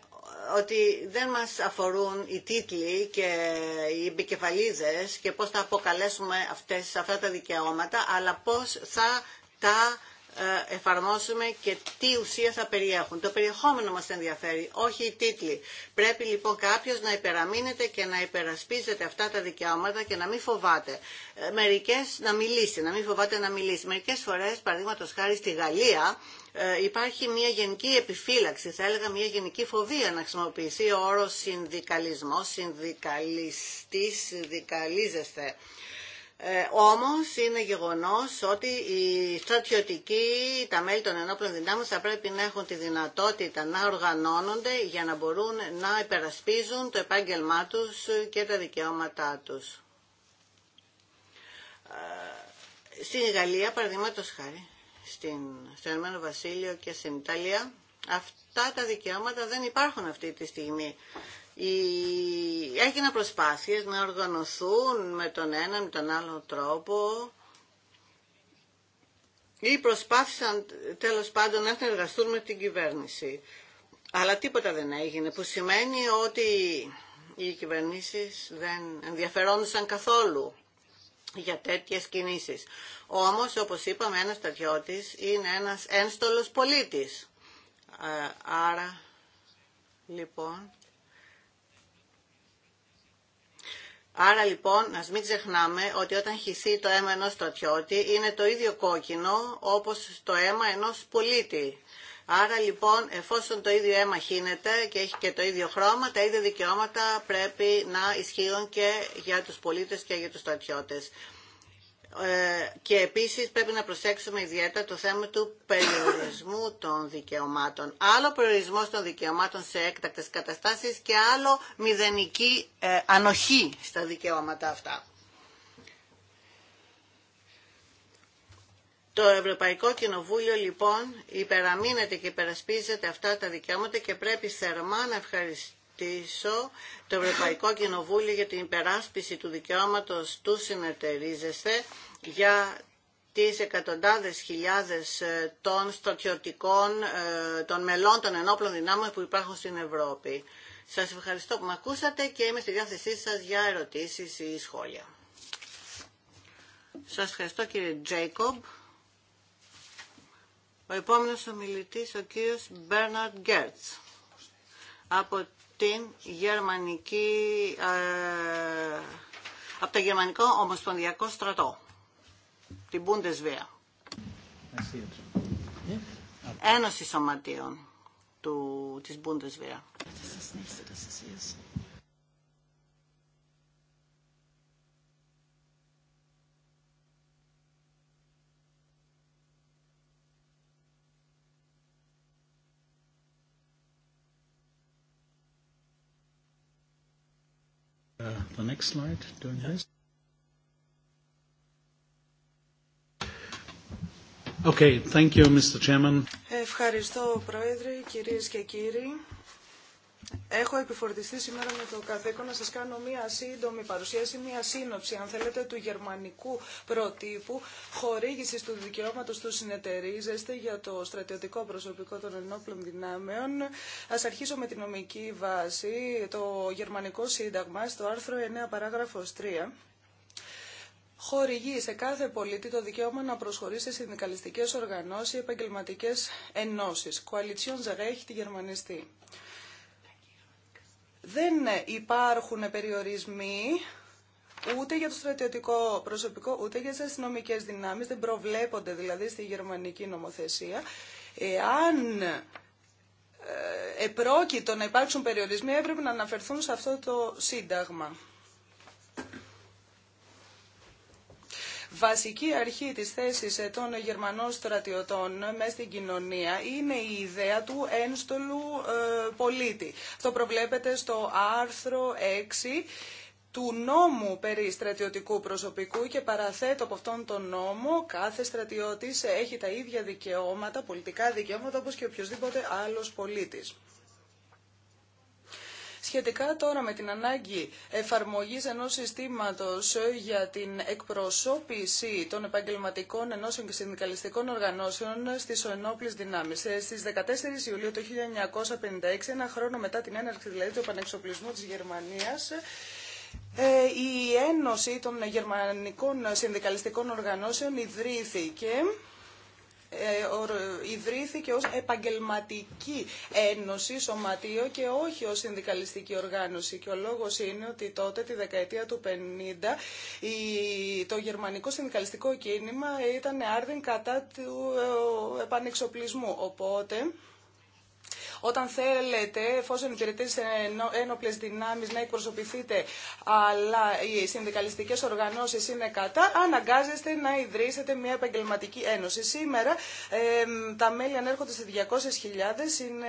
C: ότι δεν μας αφορούν οι τίτλοι και οι επικεφαλίδες και πώς θα αποκαλέσουμε αυτές, αυτά τα δικαιώματα, αλλά πώς θα τα ε, εφαρμόσουμε και τι ουσία θα περιέχουν. Το περιεχόμενο μας ενδιαφέρει, όχι οι τίτλοι. Πρέπει λοιπόν κάποιος να υπεραμείνεται και να υπερασπίζεται αυτά τα δικαιώματα και να μην φοβάται. Ε, μερικές να μιλήσει, να μην φοβάται να μιλήσει. Μερικές φορές, παραδείγματο χάρη στη Γαλλία, ε, υπάρχει μια γενική επιφύλαξη, θα έλεγα μια γενική φοβία να χρησιμοποιηθεί ο όρος συνδικαλισμός, συνδικαλιστής, συνδικαλίζεστε. Ε, όμως είναι γεγονός ότι οι στρατιωτικοί, τα μέλη των ενόπλων δυνάμεων θα πρέπει να έχουν τη δυνατότητα να οργανώνονται για να μπορούν να υπερασπίζουν το επάγγελμά τους και τα δικαιώματά τους. Ε, στην Γαλλία, παραδείγματος χάρη, στην, στο Ενωμένο Βασίλειο και στην Ιταλία, αυτά τα δικαιώματα δεν υπάρχουν αυτή τη στιγμή έγιναν προσπάθειες να οργανωθούν με τον ένα με τον άλλο τρόπο ή προσπάθησαν τέλος πάντων να συνεργαστούν με την κυβέρνηση. Αλλά τίποτα δεν έγινε, που σημαίνει ότι οι κυβερνήσεις δεν ενδιαφερόντουσαν καθόλου για τέτοιες κινήσεις. Όμως, όπως είπαμε, ένας στρατιώτης είναι ένας ένστολος πολίτης. Ε, άρα, λοιπόν, Άρα λοιπόν, να μην ξεχνάμε ότι όταν χυθεί το αίμα ενός στρατιώτη είναι το ίδιο κόκκινο όπως το αίμα ενός πολίτη. Άρα λοιπόν, εφόσον το ίδιο αίμα χύνεται και έχει και το ίδιο χρώμα, τα ίδια δικαιώματα πρέπει να ισχύουν και για τους πολίτες και για τους στρατιώτες. Ε, και επίσης πρέπει να προσέξουμε ιδιαίτερα το θέμα του περιορισμού των δικαιωμάτων. Άλλο περιορισμός των δικαιωμάτων σε έκτακτες καταστάσεις και άλλο μηδενική ε, ανοχή στα δικαιώματα αυτά. Το Ευρωπαϊκό Κοινοβούλιο λοιπόν υπεραμείνεται και υπερασπίζεται αυτά τα δικαιώματα και πρέπει θερμά να ευχαριστήσουμε ρωτήσω το Ευρωπαϊκό Κοινοβούλιο για την υπεράσπιση του δικαιώματος του συνεταιρίζεσθε για τις εκατοντάδες χιλιάδες ε, των στρατιωτικών, ε, των μελών των ενόπλων δυνάμεων που υπάρχουν στην Ευρώπη. Σας ευχαριστώ που με ακούσατε και είμαι στη διάθεσή σας για ερωτήσεις ή σχόλια. Σας ευχαριστώ κύριε Τζέικομπ. Ο επόμενος ομιλητής ο κύριος Μπέρναρντ Γκέρτς από την γερμανική, ε, από το γερμανικό ομοσπονδιακό στρατό, την Bundeswehr. Ένωση σωματείων του, της Bundeswehr.
B: the next slide doing this.
D: Okay, thank you, Mr. Chairman. Ευχαριστώ, Πρόεδρε, κυρίες και κύριοι. Έχω επιφορτιστεί σήμερα με το καθήκον να σας κάνω μία σύντομη παρουσίαση, μία σύνοψη, αν θέλετε, του γερμανικού προτύπου χορήγηση του δικαιώματος του συνεταιρίζεστε για το στρατιωτικό προσωπικό των ενόπλων δυνάμεων. Ας αρχίσω με τη νομική βάση, το γερμανικό σύνταγμα, στο άρθρο 9 παράγραφος 3 χορηγεί σε κάθε πολίτη το δικαίωμα να προσχωρεί σε συνδικαλιστικές οργανώσεις ή επαγγελματικές ενώσεις. Coalition τη γερμανιστή. Δεν υπάρχουν περιορισμοί ούτε για το στρατιωτικό προσωπικό, ούτε για τις αστυνομικέ δυνάμεις, δεν προβλέπονται δηλαδή στη γερμανική νομοθεσία. Εάν ε, επρόκειτο να υπάρξουν περιορισμοί, έπρεπε να αναφερθούν σε αυτό το σύνταγμα βασική αρχή της θέσης ε, των Γερμανών στρατιωτών ε, μέσα στην κοινωνία είναι η ιδέα του ένστολου ε, πολίτη. το προβλέπεται στο άρθρο 6 του νόμου περί στρατιωτικού προσωπικού και παραθέτω από αυτόν τον νόμο κάθε στρατιώτης έχει τα ίδια δικαιώματα, πολιτικά δικαιώματα όπως και οποιοδήποτε άλλος πολίτης. Σχετικά τώρα με την ανάγκη εφαρμογής ενός συστήματος για την εκπροσώπηση των επαγγελματικών ενώσεων και συνδικαλιστικών οργανώσεων στις ενόπλες δυνάμεις. Ε, στις 14 Ιουλίου του 1956, ένα χρόνο μετά την έναρξη δηλαδή του επανεξοπλισμού της Γερμανίας, ε, η Ένωση των Γερμανικών Συνδικαλιστικών Οργανώσεων ιδρύθηκε ε, ιδρύθηκε ως επαγγελματική ένωση, σωματείο και όχι ως συνδικαλιστική οργάνωση. Και ο λόγος είναι ότι τότε, τη δεκαετία του 50, το γερμανικό συνδικαλιστικό κίνημα ήταν άρδιν κατά του ε, επανεξοπλισμού. Οπότε... Όταν θέλετε, εφόσον υπηρετεί σε ένοπλε δυνάμει να εκπροσωπηθείτε, αλλά οι συνδικαλιστικέ οργανώσει είναι κατά, αναγκάζεστε να ιδρύσετε μια επαγγελματική ένωση. Σήμερα τα μέλη ανέρχονται σε 200.000, είναι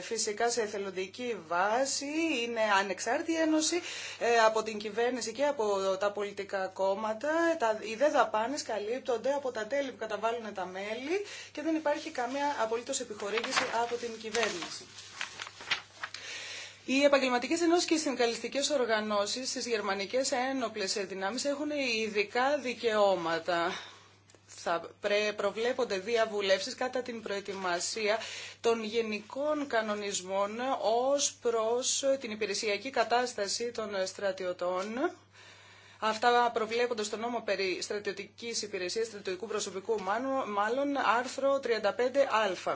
D: φυσικά σε εθελοντική βάση, είναι ανεξάρτητη ένωση ε, από την κυβέρνηση και από τα πολιτικά κόμματα. Τα, οι δε δαπάνε καλύπτονται από τα τέλη που καταβάλουν τα μέλη και δεν υπάρχει καμία απολύτω επιχορήγηση από την κυβέρνηση. Οι επαγγελματικέ ενώσει και οι συνδικαλιστικέ οργανώσεις στις γερμανικέ ένοπλες δυνάμει, έχουν ειδικά δικαιώματα. Θα προβλέπονται διαβουλεύσει κατά την προετοιμασία των γενικών κανονισμών ως προς την υπηρεσιακή κατάσταση των στρατιωτών. Αυτά προβλέπονται στο νόμο περί στρατιωτικής υπηρεσίας, στρατιωτικού προσωπικού μάλλον, άρθρο 35α.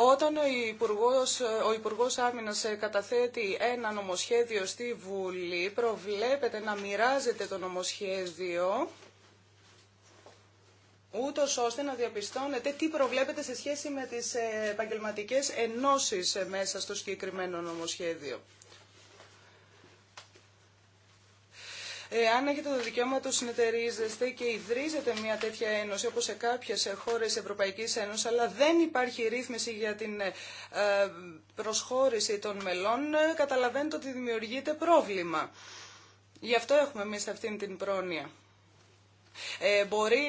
D: Όταν ο Υπουργός, ο Υπουργός Άμυνας ε, καταθέτει ένα νομοσχέδιο στη Βουλή, προβλέπεται να μοιράζεται το νομοσχέδιο ούτω ώστε να διαπιστώνετε τι προβλέπεται σε σχέση με τις ε, επαγγελματικέ ενώσεις ε, μέσα στο συγκεκριμένο νομοσχέδιο. Ε, αν έχετε το δικαίωμα του συνεταιρίζεστε και ιδρύζετε μια τέτοια ένωση, όπως σε κάποιες ε, χώρες Ευρωπαϊκής Ένωσης, αλλά δεν υπάρχει ρύθμιση για την ε, προσχώρηση των μελών, καταλαβαίνετε ότι δημιουργείται πρόβλημα. Γι' αυτό έχουμε εμεί αυτήν την πρόνοια. Ε, μπορεί,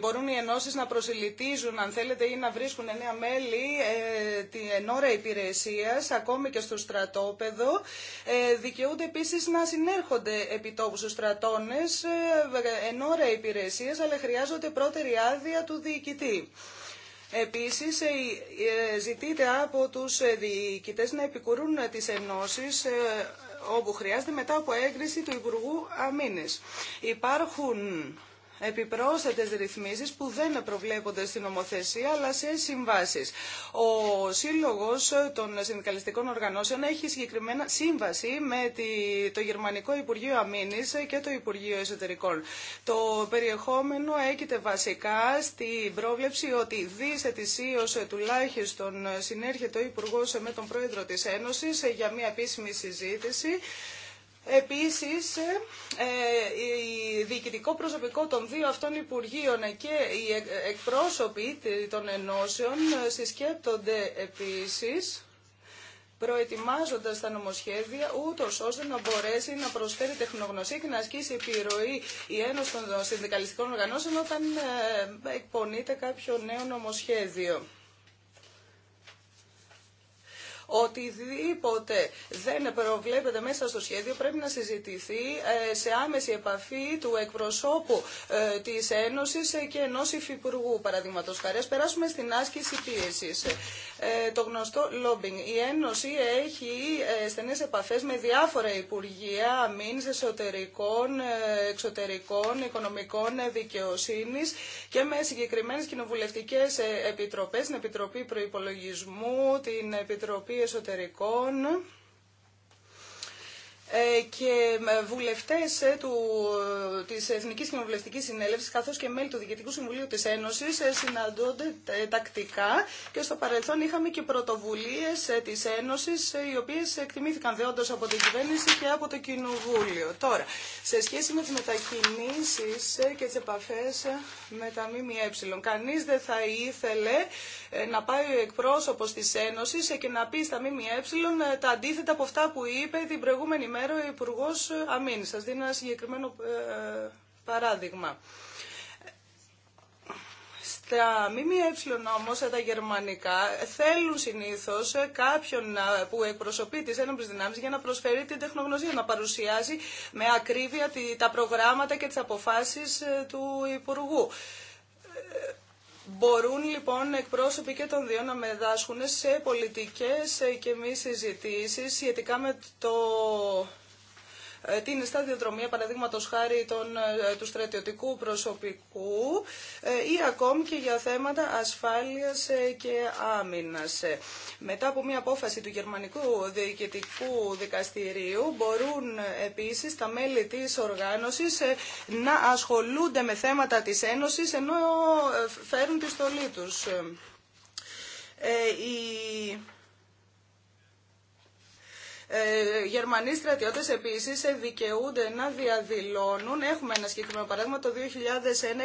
D: μπορούν οι ενώσεις να προσιλητίζουν, αν θέλετε, ή να βρίσκουν νέα μέλη ε, την ώρα υπηρεσίας, ακόμη και στο στρατόπεδο. Ε, δικαιούνται επίσης να συνέρχονται επιτόπου στους στρατώνες ε, εν ώρα υπηρεσίας, αλλά χρειάζονται πρώτερη άδεια του διοικητή. Επίσης, ε, ζητείται από τους διοικητές να επικουρούν τις ενώσεις όπου χρειάζεται μετά από έγκριση του Υπουργού Αμήνης. Υπάρχουν επιπρόσθετες ρυθμίσεις που δεν προβλέπονται στην νομοθεσία αλλά σε συμβάσεις. Ο Σύλλογος των Συνδικαλιστικών Οργανώσεων έχει συγκεκριμένα σύμβαση με το Γερμανικό Υπουργείο Αμήνης και το Υπουργείο Εσωτερικών. Το περιεχόμενο έκειται βασικά στην πρόβλεψη ότι δισετησίως τουλάχιστον συνέρχεται ο Υπουργός με τον Πρόεδρο της Ένωσης για μια επίσημη συζήτηση Επίσης, ε, ε, η διοικητικό προσωπικό των δύο αυτών Υπουργείων και οι εκπρόσωποι των ενώσεων ε, συσκέπτονται επίσης προετοιμάζοντας τα νομοσχέδια, ούτω ώστε να μπορέσει να προσφέρει τεχνογνωσία και να ασκήσει επιρροή η Ένωση των Συνδικαλιστικών Οργανώσεων όταν εκπονείται κάποιο νέο νομοσχέδιο. Οτιδήποτε δεν προβλέπεται μέσα στο σχέδιο πρέπει να συζητηθεί ε, σε άμεση επαφή του εκπροσώπου ε, της Ένωσης και ενός υφυπουργού, παραδείγματος χαρές. Περάσουμε στην άσκηση πίεσης. Ε, το γνωστό lobbying. Η Ένωση έχει ε, στενές επαφές με διάφορα υπουργεία αμήνης, εσωτερικών, ε, εξωτερικών, οικονομικών δικαιοσύνης και με συγκεκριμένες κοινοβουλευτικές επιτροπές, την Επιτροπή Προϋπολογισμού, την Επιτροπή Εσωτερικών ε, και ε, βουλευτές ε, του, της Εθνικής Κοινοβουλευτικής Συνέλευσης καθώς και μέλη του Διοικητικού Συμβουλίου της Ένωσης συναντώνται τακτικά και στο παρελθόν είχαμε και πρωτοβουλίες της Ένωσης οι οποίες εκτιμήθηκαν δεόντως από την κυβέρνηση και από το Κοινοβούλιο. Τώρα, σε σχέση με τις μετακινήσεις και τις επαφές με τα ΜΜΕ, κανείς δεν θα ήθελε να πάει ο εκπρόσωπο τη Ένωση και να πει στα ΜΜΕ τα αντίθετα από αυτά που είπε την προηγούμενη μέρα ο υπουργό Αμήνη. Σα δίνω ένα συγκεκριμένο ε, παράδειγμα. Τα ΜΜΕ όμως, τα γερμανικά, θέλουν συνήθως κάποιον ε, που εκπροσωπεί τις ένοπλες δυνάμεις για να προσφέρει την τεχνογνωσία, να παρουσιάζει με ακρίβεια τα προγράμματα και τις αποφάσεις ε, του Υπουργού. Μπορούν λοιπόν εκπρόσωποι και των δύο να δάσκουν σε πολιτικές ε, και μη συζητήσεις σχετικά με το ε, την σταδιοδρομία παραδείγματο χάρη των, ε, του στρατιωτικού προσωπικού ε, ή ακόμη και για θέματα ασφάλειας και άμυνας. Μετά από μια απόφαση του Γερμανικού Διοικητικού Δικαστηρίου μπορούν επίσης τα μέλη της οργάνωσης να ασχολούνται με θέματα της Ένωσης ενώ φέρουν τη στολή τους. Ε, Γερμανοί στρατιώτες επίσης δικαιούνται να διαδηλώνουν. Έχουμε ένα συγκεκριμένο παράδειγμα το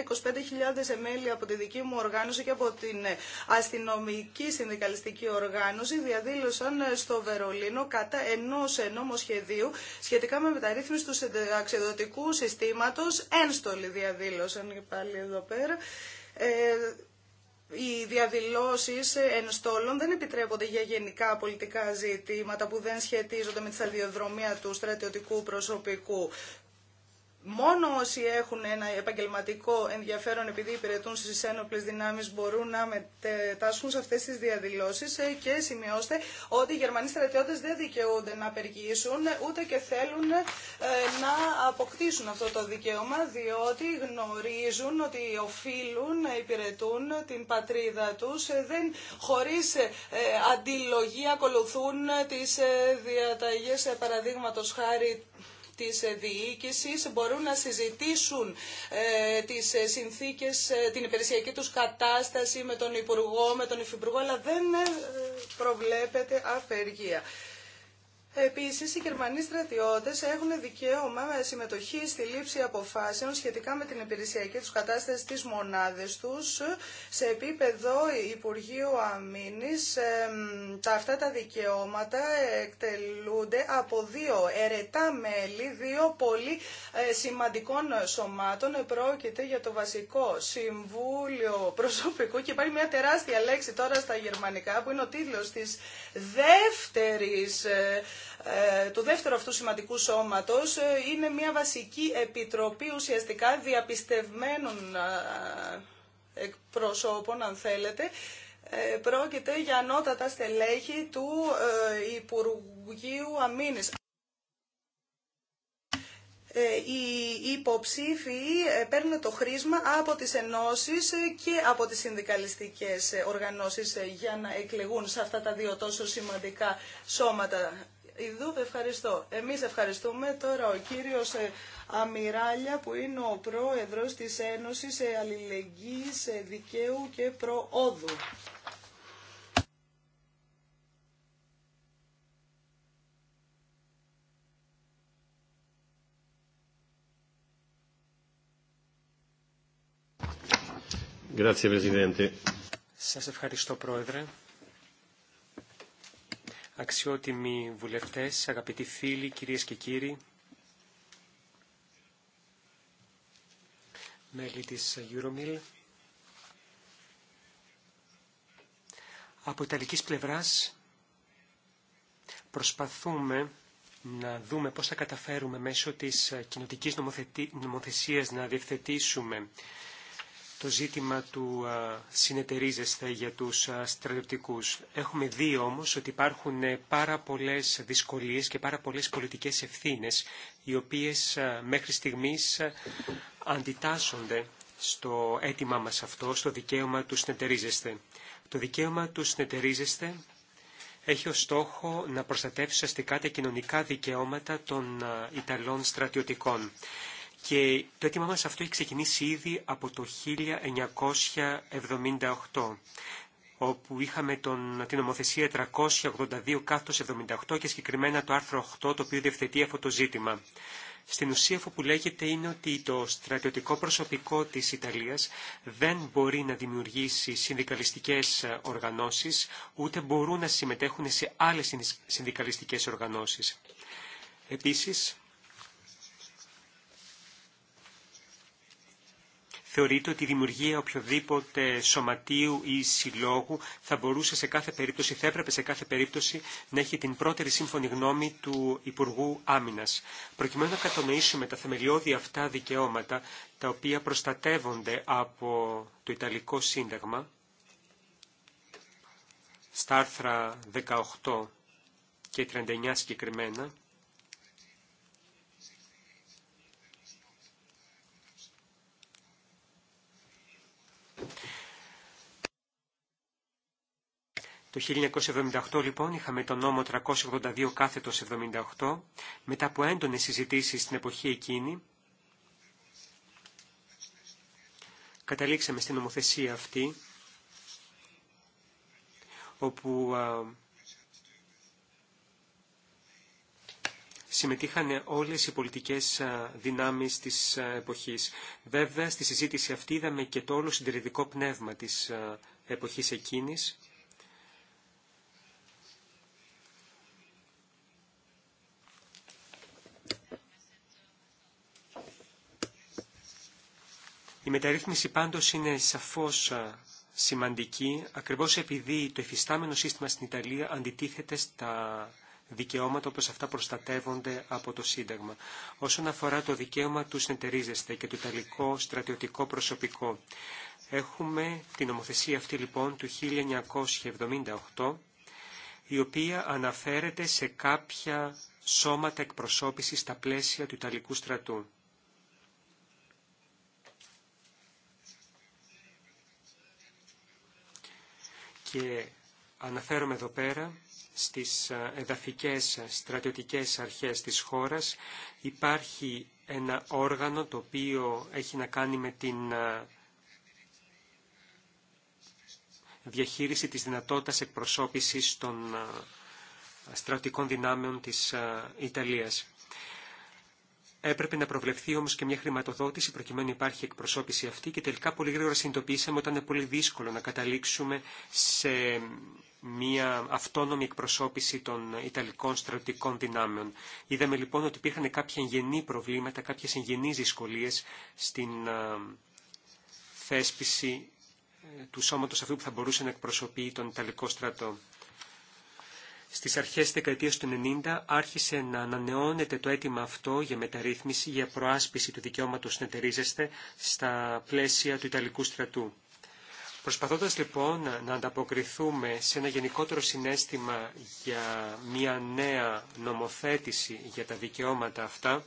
D: 2001, 25.000 εμέλη από τη δική μου οργάνωση και από την ε, αστυνομική συνδικαλιστική οργάνωση διαδήλωσαν ε, στο Βερολίνο κατά ενός νομοσχεδίου σχετικά με μεταρρύθμιση του αξιοδοτικού συστήματος. Ένστολοι διαδήλωσαν και πάλι εδώ πέρα. Ε, οι διαδηλώσεις ενστόλων δεν επιτρέπονται για γενικά πολιτικά ζητήματα που δεν σχετίζονται με τη σταδιοδρομία του στρατιωτικού προσωπικού μόνο όσοι έχουν ένα επαγγελματικό ενδιαφέρον επειδή υπηρετούν στις ένοπλες δυνάμεις μπορούν να μετάσχουν σε αυτές τις διαδηλώσεις ε, και σημειώστε ότι οι Γερμανοί στρατιώτες δεν δικαιούνται να απεργήσουν ούτε και θέλουν ε, να αποκτήσουν αυτό το δικαίωμα διότι γνωρίζουν ότι οφείλουν να υπηρετούν την πατρίδα τους ε, δεν χωρίς αντιλογή ακολουθούν τις διαταγές παραδείγματος χάρη της διοίκησης μπορούν να συζητήσουν ε, τις συνθήκες, ε, την υπηρεσιακή τους κατάσταση με τον Υπουργό, με τον Υφυπουργό, αλλά δεν ε, προβλέπεται απεργία. Επίση, οι Γερμανοί στρατιώτε έχουν δικαίωμα συμμετοχή στη λήψη αποφάσεων σχετικά με την υπηρεσιακή του κατάσταση της μονάδες τους σε επίπεδο Υπουργείου Αμήνη. Τα, αυτά τα δικαιώματα εκτελούνται από δύο ερετά μέλη, δύο πολύ ε, σημαντικών σωμάτων. Πρόκειται για το βασικό Συμβούλιο Προσωπικού και υπάρχει μια τεράστια λέξη τώρα στα γερμανικά που είναι ο τίτλος της δεύτερης ε, ε, του δεύτερου αυτού σημαντικού σώματος ε, είναι μια βασική επιτροπή ουσιαστικά διαπιστευμένων ε, προσώπων, αν θέλετε πρόκειται για ανώτατα στελέχη του Υπουργείου Αμήνης. Οι υποψήφοι παίρνουν το χρήσμα από τις ενώσεις και από τις συνδικαλιστικές οργανώσεις για να εκλεγούν σε αυτά τα δύο τόσο σημαντικά σώματα. Ιδού ευχαριστώ. Εμείς ευχαριστούμε. Τώρα ο κύριος ε, Αμυράλια που είναι ο πρόεδρος της Ένωσης ε, Αλληλεγγύης ε, Δικαίου και Προόδου.
B: Σας ευχαριστώ, Πρόεδρε αξιότιμοι βουλευτές, αγαπητοί φίλοι, κυρίες και κύριοι, μέλη της Euromil, Από ιταλικής πλευράς προσπαθούμε να δούμε πώς θα καταφέρουμε μέσω της κοινοτικής νομοθεσίας να διευθετήσουμε το ζήτημα του «Συνεταιρίζεστε» για τους στρατιωτικούς. Έχουμε δει όμως ότι υπάρχουν ε, πάρα πολλές δυσκολίες και πάρα πολλές πολιτικές ευθύνες, οι οποίες μέχρι στιγμής αντιτάσσονται στο αίτημά μας αυτό, στο δικαίωμα του «Συνεταιρίζεστε». Το δικαίωμα του «Συνεταιρίζεστε» έχει ως στόχο να προστατεύσει αστικά τα κοινωνικά δικαιώματα των Ιταλών στρατιωτικών. Και το έτοιμά μας αυτό έχει ξεκινήσει ήδη από το 1978 όπου είχαμε τον, την νομοθεσία 382 κάθος 78 και συγκεκριμένα το άρθρο 8 το οποίο διευθετεί αυτό το ζήτημα. Στην ουσία αυτό που λέγεται είναι ότι το στρατιωτικό προσωπικό της Ιταλίας δεν μπορεί να δημιουργήσει συνδικαλιστικές οργανώσεις, ούτε μπορούν να συμμετέχουν σε άλλες συνδικαλιστικές οργανώσεις. Επίσης, Θεωρείται ότι η δημιουργία οποιοδήποτε σωματείου ή συλλόγου θα μπορούσε σε κάθε περίπτωση, θα έπρεπε σε κάθε περίπτωση να έχει την πρώτερη σύμφωνη γνώμη του Υπουργού Άμυνα. Προκειμένου να κατανοήσουμε τα θεμελιώδη αυτά δικαιώματα, τα οποία προστατεύονται από το Ιταλικό Σύνταγμα, στα άρθρα 18 και 39 συγκεκριμένα, Το 1978 λοιπόν είχαμε τον νόμο 382 κάθετος 78, μετά από έντονες συζητήσεις στην εποχή εκείνη, καταλήξαμε στην νομοθεσία αυτή, όπου συμμετείχαν όλες οι πολιτικές δυνάμεις της εποχής. Βέβαια, στη συζήτηση αυτή είδαμε και το όλο συντηρητικό πνεύμα της εποχής εκείνης, Η μεταρρύθμιση πάντως είναι σαφώς σημαντική, ακριβώς επειδή το εφιστάμενο σύστημα στην Ιταλία αντιτίθεται στα δικαιώματα όπως αυτά προστατεύονται από το Σύνταγμα. Όσον αφορά το δικαίωμα του συνεταιρίζεστε και το Ιταλικό στρατιωτικό προσωπικό, έχουμε την νομοθεσία αυτή λοιπόν του 1978, η οποία αναφέρεται σε κάποια σώματα εκπροσώπησης στα πλαίσια του Ιταλικού στρατού. και αναφέρομαι εδώ πέρα στις ε, εδαφικές στρατιωτικές αρχές της χώρας. Υπάρχει ένα όργανο το οποίο έχει να κάνει με την ε, διαχείριση της δυνατότητας εκπροσώπησης των ε, στρατικών δυνάμεων της Ιταλίας έπρεπε να προβλεφθεί όμω και μια χρηματοδότηση προκειμένου να υπάρχει εκπροσώπηση αυτή και τελικά πολύ γρήγορα συνειδητοποίησαμε ότι ήταν πολύ δύσκολο να καταλήξουμε σε μια αυτόνομη εκπροσώπηση των Ιταλικών στρατιωτικών δυνάμεων. Είδαμε λοιπόν ότι υπήρχαν κάποια εγγενή προβλήματα, κάποιε εγγενεί δυσκολίε στην θέσπιση ε, του σώματος αυτού που θα μπορούσε να εκπροσωπεί τον Ιταλικό στρατό. Στις αρχές της δεκαετίας του 90 άρχισε να ανανεώνεται το αίτημα αυτό για μεταρρύθμιση, για προάσπιση του δικαιώματος να εταιρίζεστε στα πλαίσια του Ιταλικού στρατού. Προσπαθώντας λοιπόν να ανταποκριθούμε σε ένα γενικότερο συνέστημα για μια νέα νομοθέτηση για τα δικαιώματα αυτά,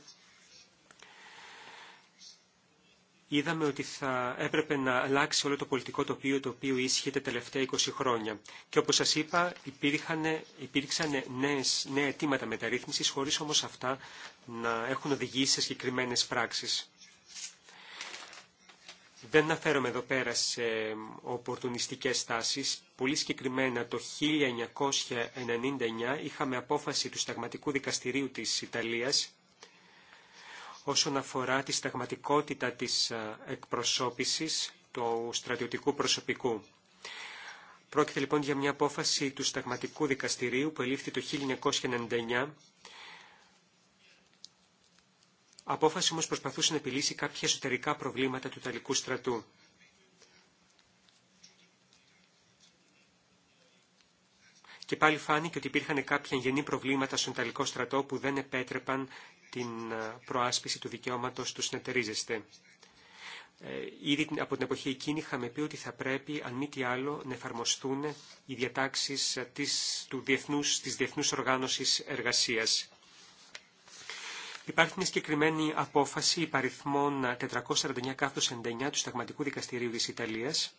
B: είδαμε ότι θα έπρεπε να αλλάξει όλο το πολιτικό τοπίο το οποίο ίσχυε τα τελευταία 20 χρόνια. Και όπως σας είπα υπήρχαν, υπήρξαν νέες, νέα αιτήματα μεταρρύθμισης χωρίς όμως αυτά να έχουν οδηγήσει σε συγκεκριμένε πράξεις. Δεν αναφέρομαι εδώ πέρα σε οπορτουνιστικές τάσεις. Πολύ συγκεκριμένα το 1999 είχαμε απόφαση του Σταγματικού Δικαστηρίου της Ιταλίας όσον αφορά τη σταγματικότητα της ε, εκπροσώπησης του στρατιωτικού προσωπικού. Πρόκειται λοιπόν για μια απόφαση του Σταγματικού Δικαστηρίου που ελήφθη το 1999. Απόφαση όμως προσπαθούσε να επιλύσει κάποια εσωτερικά προβλήματα του Ιταλικού στρατού. Και πάλι φάνηκε ότι υπήρχαν κάποια γενή προβλήματα στον Ιταλικό στρατό που δεν επέτρεπαν την ε, προάσπιση του δικαιώματος του συνεταιρίζεστε. Ε, ήδη από την εποχή εκείνη είχαμε πει ότι θα πρέπει, αν μη τι άλλο, να εφαρμοστούν οι διατάξεις ε, τη του διεθνούς, της Διεθνούς Οργάνωσης Εργασίας. Υπάρχει μια συγκεκριμένη απόφαση υπαριθμών 449 99 του Σταγματικού Δικαστηρίου της Ιταλίας,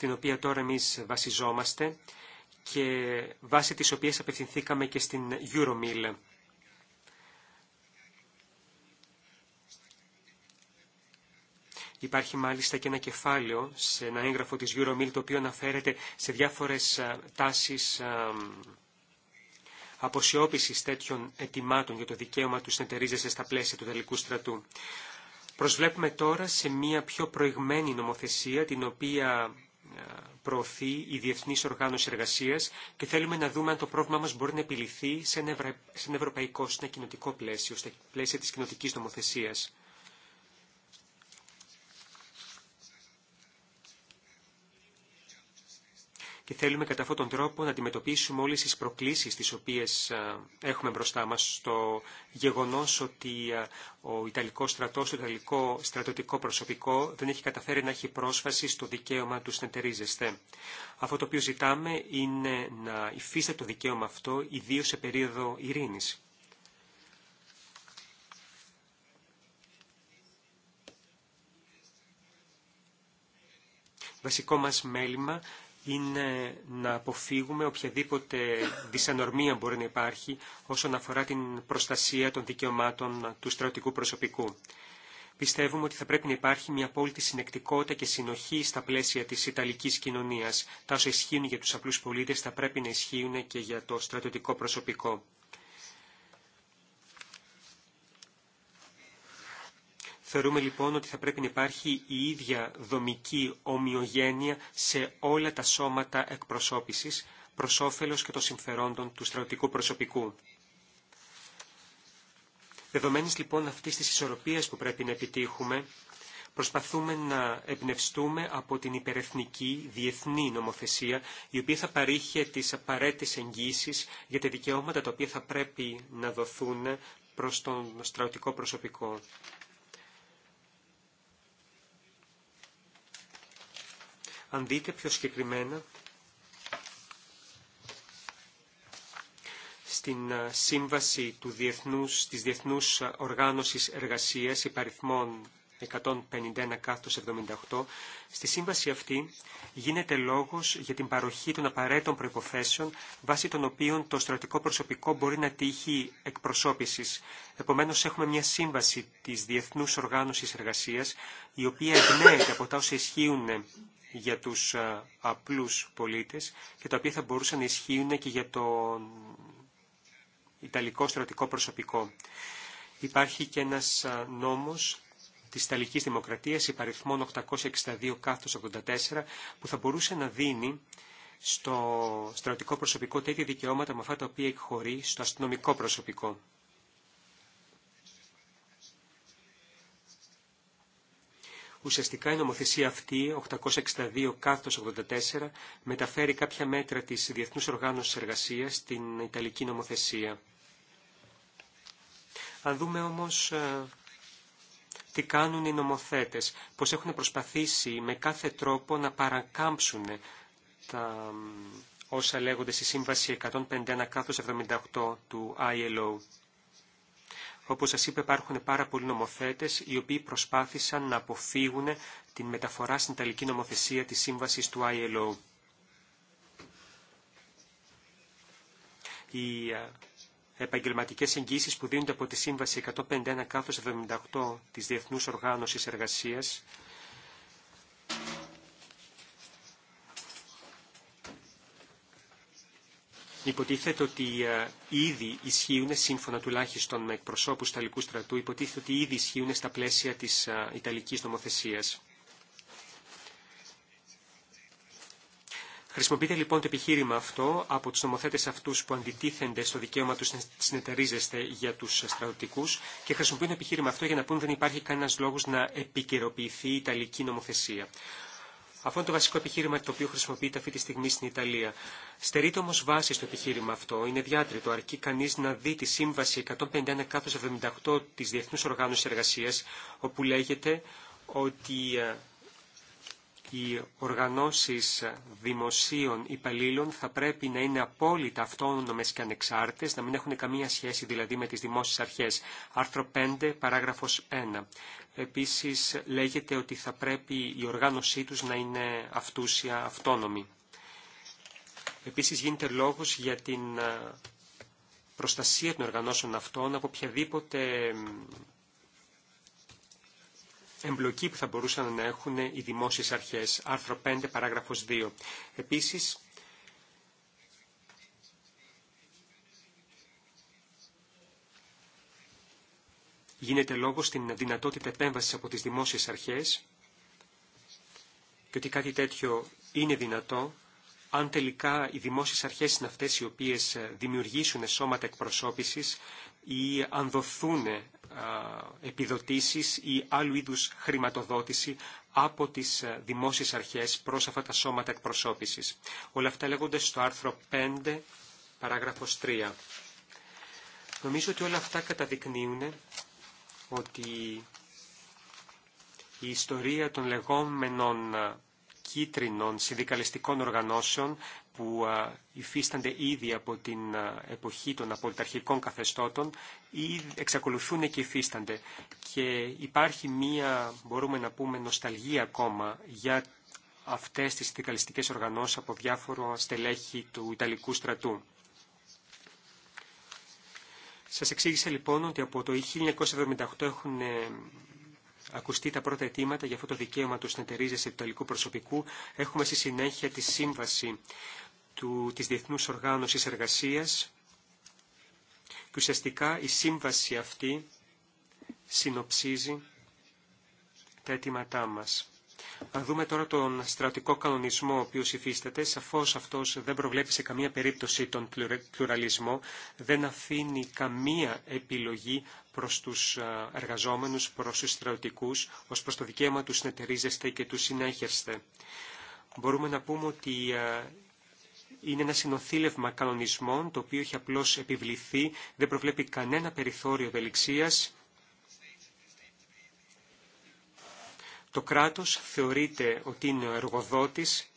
B: στην οποία τώρα εμείς βασιζόμαστε και βάσει της οποίας απευθυνθήκαμε και στην Euromill. Υπάρχει μάλιστα και ένα κεφάλαιο σε ένα έγγραφο της Euromill το οποίο αναφέρεται σε διάφορες τάσεις αποσιώπησης τέτοιων ετοιμάτων για το δικαίωμα του συνεταιρίζεσαι στα πλαίσια του τελικού στρατού. Προσβλέπουμε τώρα σε μια πιο προηγμένη νομοθεσία την οποία προωθεί η Διεθνή Οργάνωση Εργασία και θέλουμε να δούμε αν το πρόβλημά μα μπορεί να επιληθεί σε ένα ευρωπαϊκό, σε ένα κοινοτικό πλαίσιο, στα πλαίσια τη κοινοτική νομοθεσία. και θέλουμε κατά αυτόν τον τρόπο να αντιμετωπίσουμε όλες τις προκλήσεις τις οποίες ε, έχουμε μπροστά μας. στο γεγονός ότι ε, ο Ιταλικός στρατός, το Ιταλικό στρατιωτικό προσωπικό δεν έχει καταφέρει να έχει πρόσφαση στο δικαίωμα του συνεταιρίζεστε. Αυτό το οποίο ζητάμε είναι να υφίστε το δικαίωμα αυτό, ιδίως σε περίοδο ειρήνης. Βασικό μας μέλημα είναι να αποφύγουμε οποιαδήποτε δυσανορμία μπορεί να υπάρχει όσον αφορά την προστασία των δικαιωμάτων του στρατιωτικού προσωπικού. Πιστεύουμε ότι θα πρέπει να υπάρχει μια απόλυτη συνεκτικότητα και συνοχή στα πλαίσια της Ιταλικής κοινωνίας. Τα όσα ισχύουν για τους απλούς πολίτες θα πρέπει να ισχύουν και για το στρατιωτικό προσωπικό. Θεωρούμε λοιπόν ότι θα πρέπει να υπάρχει η ίδια δομική ομοιογένεια σε όλα τα σώματα εκπροσώπησης προς όφελος και των συμφερόντων του στρατιωτικού προσωπικού. Δεδομένης λοιπόν αυτής της ισορροπίας που πρέπει να επιτύχουμε, προσπαθούμε να εμπνευστούμε από την υπερεθνική διεθνή νομοθεσία, η οποία θα παρήχε τις απαραίτητες εγγύσεις για τα δικαιώματα τα οποία θα πρέπει να δοθούν προς τον στρατιωτικό προσωπικό. Αν δείτε πιο συγκεκριμένα, στην σύμβαση του διεθνούς, της Διεθνούς Οργάνωσης Εργασίας υπαριθμών 151 78, στη σύμβαση αυτή γίνεται λόγος για την παροχή των απαραίτητων προϋποθέσεων βάσει των οποίων το στρατικό προσωπικό μπορεί να τύχει εκπροσώπησης. Επομένως έχουμε μια σύμβαση της Διεθνούς Οργάνωσης Εργασίας η οποία εμπνέεται από τα όσα ισχύουν για τους ε, απλούς πολίτες και τα οποία θα μπορούσαν να ισχύουν και για το Ιταλικό στρατικό προσωπικό. Υπάρχει και ένας ε, νόμος της Ιταλικής Δημοκρατίας, υπαριθμών 862 84, που θα μπορούσε να δίνει στο στρατικό προσωπικό τέτοια δικαιώματα με αυτά τα οποία εκχωρεί στο αστυνομικό προσωπικό. Ουσιαστικά η νομοθεσία αυτή, 862 κάθετος 84, μεταφέρει κάποια μέτρα της Διεθνούς Οργάνωσης Εργασίας στην Ιταλική νομοθεσία. Αν δούμε όμως ε, τι κάνουν οι νομοθέτες, πως έχουν προσπαθήσει με κάθε τρόπο να παρακάμψουν τα όσα λέγονται στη Σύμβαση 151 78 του ILO. Όπως σας είπα υπάρχουν πάρα πολλοί νομοθέτες οι οποίοι προσπάθησαν να αποφύγουν την μεταφορά στην Ιταλική νομοθεσία της σύμβασης του ILO. Οι επαγγελματικές εγγύσεις που δίνονται από τη Σύμβαση 151 78 της Διεθνούς Οργάνωσης Εργασίας Υποτίθεται ότι ε, ήδη ισχύουν, σύμφωνα τουλάχιστον με εκπροσώπου του Ιταλικού στρατού, υποτίθεται ότι ήδη ισχύουν στα πλαίσια τη ε, Ιταλική νομοθεσία. Χρησιμοποιείται λοιπόν το επιχείρημα αυτό από του νομοθέτε αυτού που αντιτίθενται στο δικαίωμα του συνεταιρίζεστε για του στρατιωτικού, και χρησιμοποιούν το επιχείρημα αυτό για να πούν δεν υπάρχει κανένα λόγο να επικαιροποιηθεί η Ιταλική νομοθεσία. Αυτό είναι το βασικό επιχείρημα το οποίο χρησιμοποιείται αυτή τη στιγμή στην Ιταλία. Στερείται όμω βάση στο επιχείρημα αυτό. Είναι διάτριτο. Αρκεί κανεί να δει τη σύμβαση 151-78 τη Διεθνού Οργάνωση Εργασία, όπου λέγεται ότι ε, οι οργανώσεις δημοσίων υπαλλήλων θα πρέπει να είναι απόλυτα αυτόνομες και ανεξάρτητες, να μην έχουν καμία σχέση δηλαδή με τις δημόσιες αρχές. Άρθρο 5, παράγραφος 1. Επίσης λέγεται ότι θα πρέπει η οργάνωσή τους να είναι αυτούσια, αυτόνομη. Επίσης γίνεται λόγος για την ε, προστασία των οργανώσεων αυτών από οποιαδήποτε εμπλοκή που θα μπορούσαν να έχουν οι δημόσιες αρχές. Άρθρο 5, παράγραφος 2. Επίσης, γίνεται λόγο στην δυνατότητα επέμβασης από τις δημόσιες αρχές και ότι κάτι τέτοιο είναι δυνατό αν τελικά οι δημόσιες αρχές είναι αυτές οι οποίες δημιουργήσουν σώματα εκπροσώπησης ή αν δοθούν επιδοτήσεις ή άλλου είδους χρηματοδότηση από τις ε, δημόσιες αρχές προς αυτά τα σώματα εκπροσώπησης. Όλα αυτά λέγονται στο άρθρο 5, παράγραφος 3. Νομίζω ότι όλα αυτά καταδεικνύουν ότι η ιστορία των λεγόμενων ε, κίτρινων συνδικαλιστικών οργανώσεων που υφίστανται ήδη από την εποχή των απολυταρχικών καθεστώτων ή εξακολουθούν και υφίστανται. Και υπάρχει μία, μπορούμε να πούμε, νοσταλγία ακόμα για αυτές τις συνδικαλιστικές οργανώσεις από διάφορο στελέχη του Ιταλικού στρατού. Σας εξήγησα λοιπόν ότι από το 1978 έχουν ε, ακουστεί τα πρώτα αιτήματα για αυτό το δικαίωμα του συνεταιρίζεσαι του Ιταλικού προσωπικού. Έχουμε στη συνέχεια τη σύμβαση του, της Διεθνούς Οργάνωσης Εργασίας και ουσιαστικά η σύμβαση αυτή συνοψίζει τα αιτήματά μας. Αν δούμε τώρα τον στρατικό κανονισμό ο οποίος υφίσταται, σαφώς αυτός δεν προβλέπει σε καμία περίπτωση τον πλουραλισμό, δεν αφήνει καμία επιλογή προς τους εργαζόμενους, προς τους στρατιωτικούς, ως προς το δικαίωμα του συνεταιρίζεστε και του συνέχεστε. Μπορούμε να πούμε ότι είναι ένα συνοθήλευμα κανονισμών, το οποίο έχει απλώς επιβληθεί, δεν προβλέπει κανένα περιθώριο ευελιξίας. Το κράτος θεωρείται ότι είναι ο εργοδότης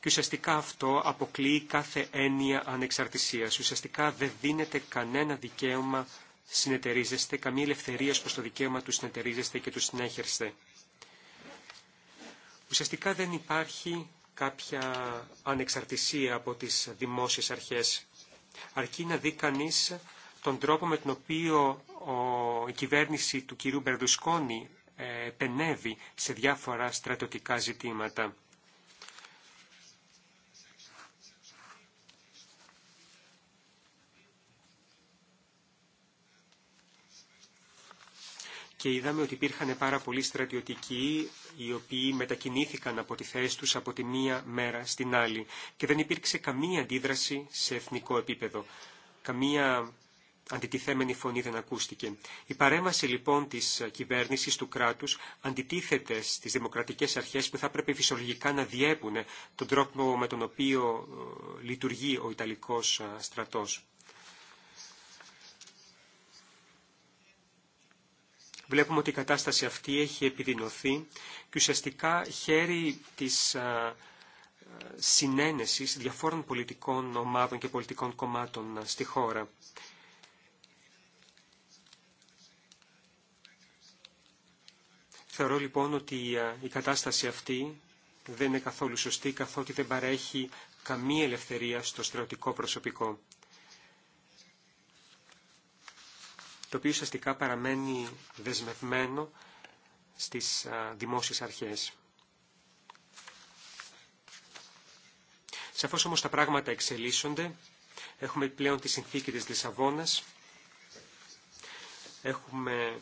B: και ουσιαστικά αυτό αποκλείει κάθε έννοια ανεξαρτησίας. Ουσιαστικά δεν δίνεται κανένα δικαίωμα συνεταιρίζεστε, καμία ελευθερία προς το δικαίωμα του συνεταιρίζεστε και του συνέχερστε. Ουσιαστικά δεν υπάρχει κάποια ανεξαρτησία από τις δημόσιες αρχές. Αρκεί να δει κανεί τον τρόπο με τον οποίο η κυβέρνηση του κυρίου Μπερδουσκόνη ε, πενεύει σε διάφορα στρατιωτικά ζητήματα. και είδαμε ότι υπήρχαν πάρα πολλοί στρατιωτικοί οι οποίοι μετακινήθηκαν από τη θέση τους από τη μία μέρα στην άλλη και δεν υπήρξε καμία αντίδραση σε εθνικό επίπεδο. Καμία αντιτιθέμενη φωνή δεν ακούστηκε. Η παρέμβαση λοιπόν της κυβέρνησης του κράτους αντιτίθεται στις δημοκρατικές αρχές που θα πρέπει φυσιολογικά να διέπουν τον τρόπο με τον οποίο ε, λειτουργεί ο Ιταλικός ε, στρατός. Βλέπουμε ότι η κατάσταση αυτή έχει επιδεινωθεί και ουσιαστικά χέρι της συνένεσης διαφόρων πολιτικών ομάδων και πολιτικών κομμάτων στη χώρα. Θεωρώ λοιπόν ότι η κατάσταση αυτή δεν είναι καθόλου σωστή καθότι δεν παρέχει καμία ελευθερία στο στρατιωτικό προσωπικό. το οποίο ουσιαστικά παραμένει δεσμευμένο στις δημόσιες αρχές. Σαφώς όμως τα πράγματα εξελίσσονται. Έχουμε πλέον τη συνθήκη της Λισαβόνας. Έχουμε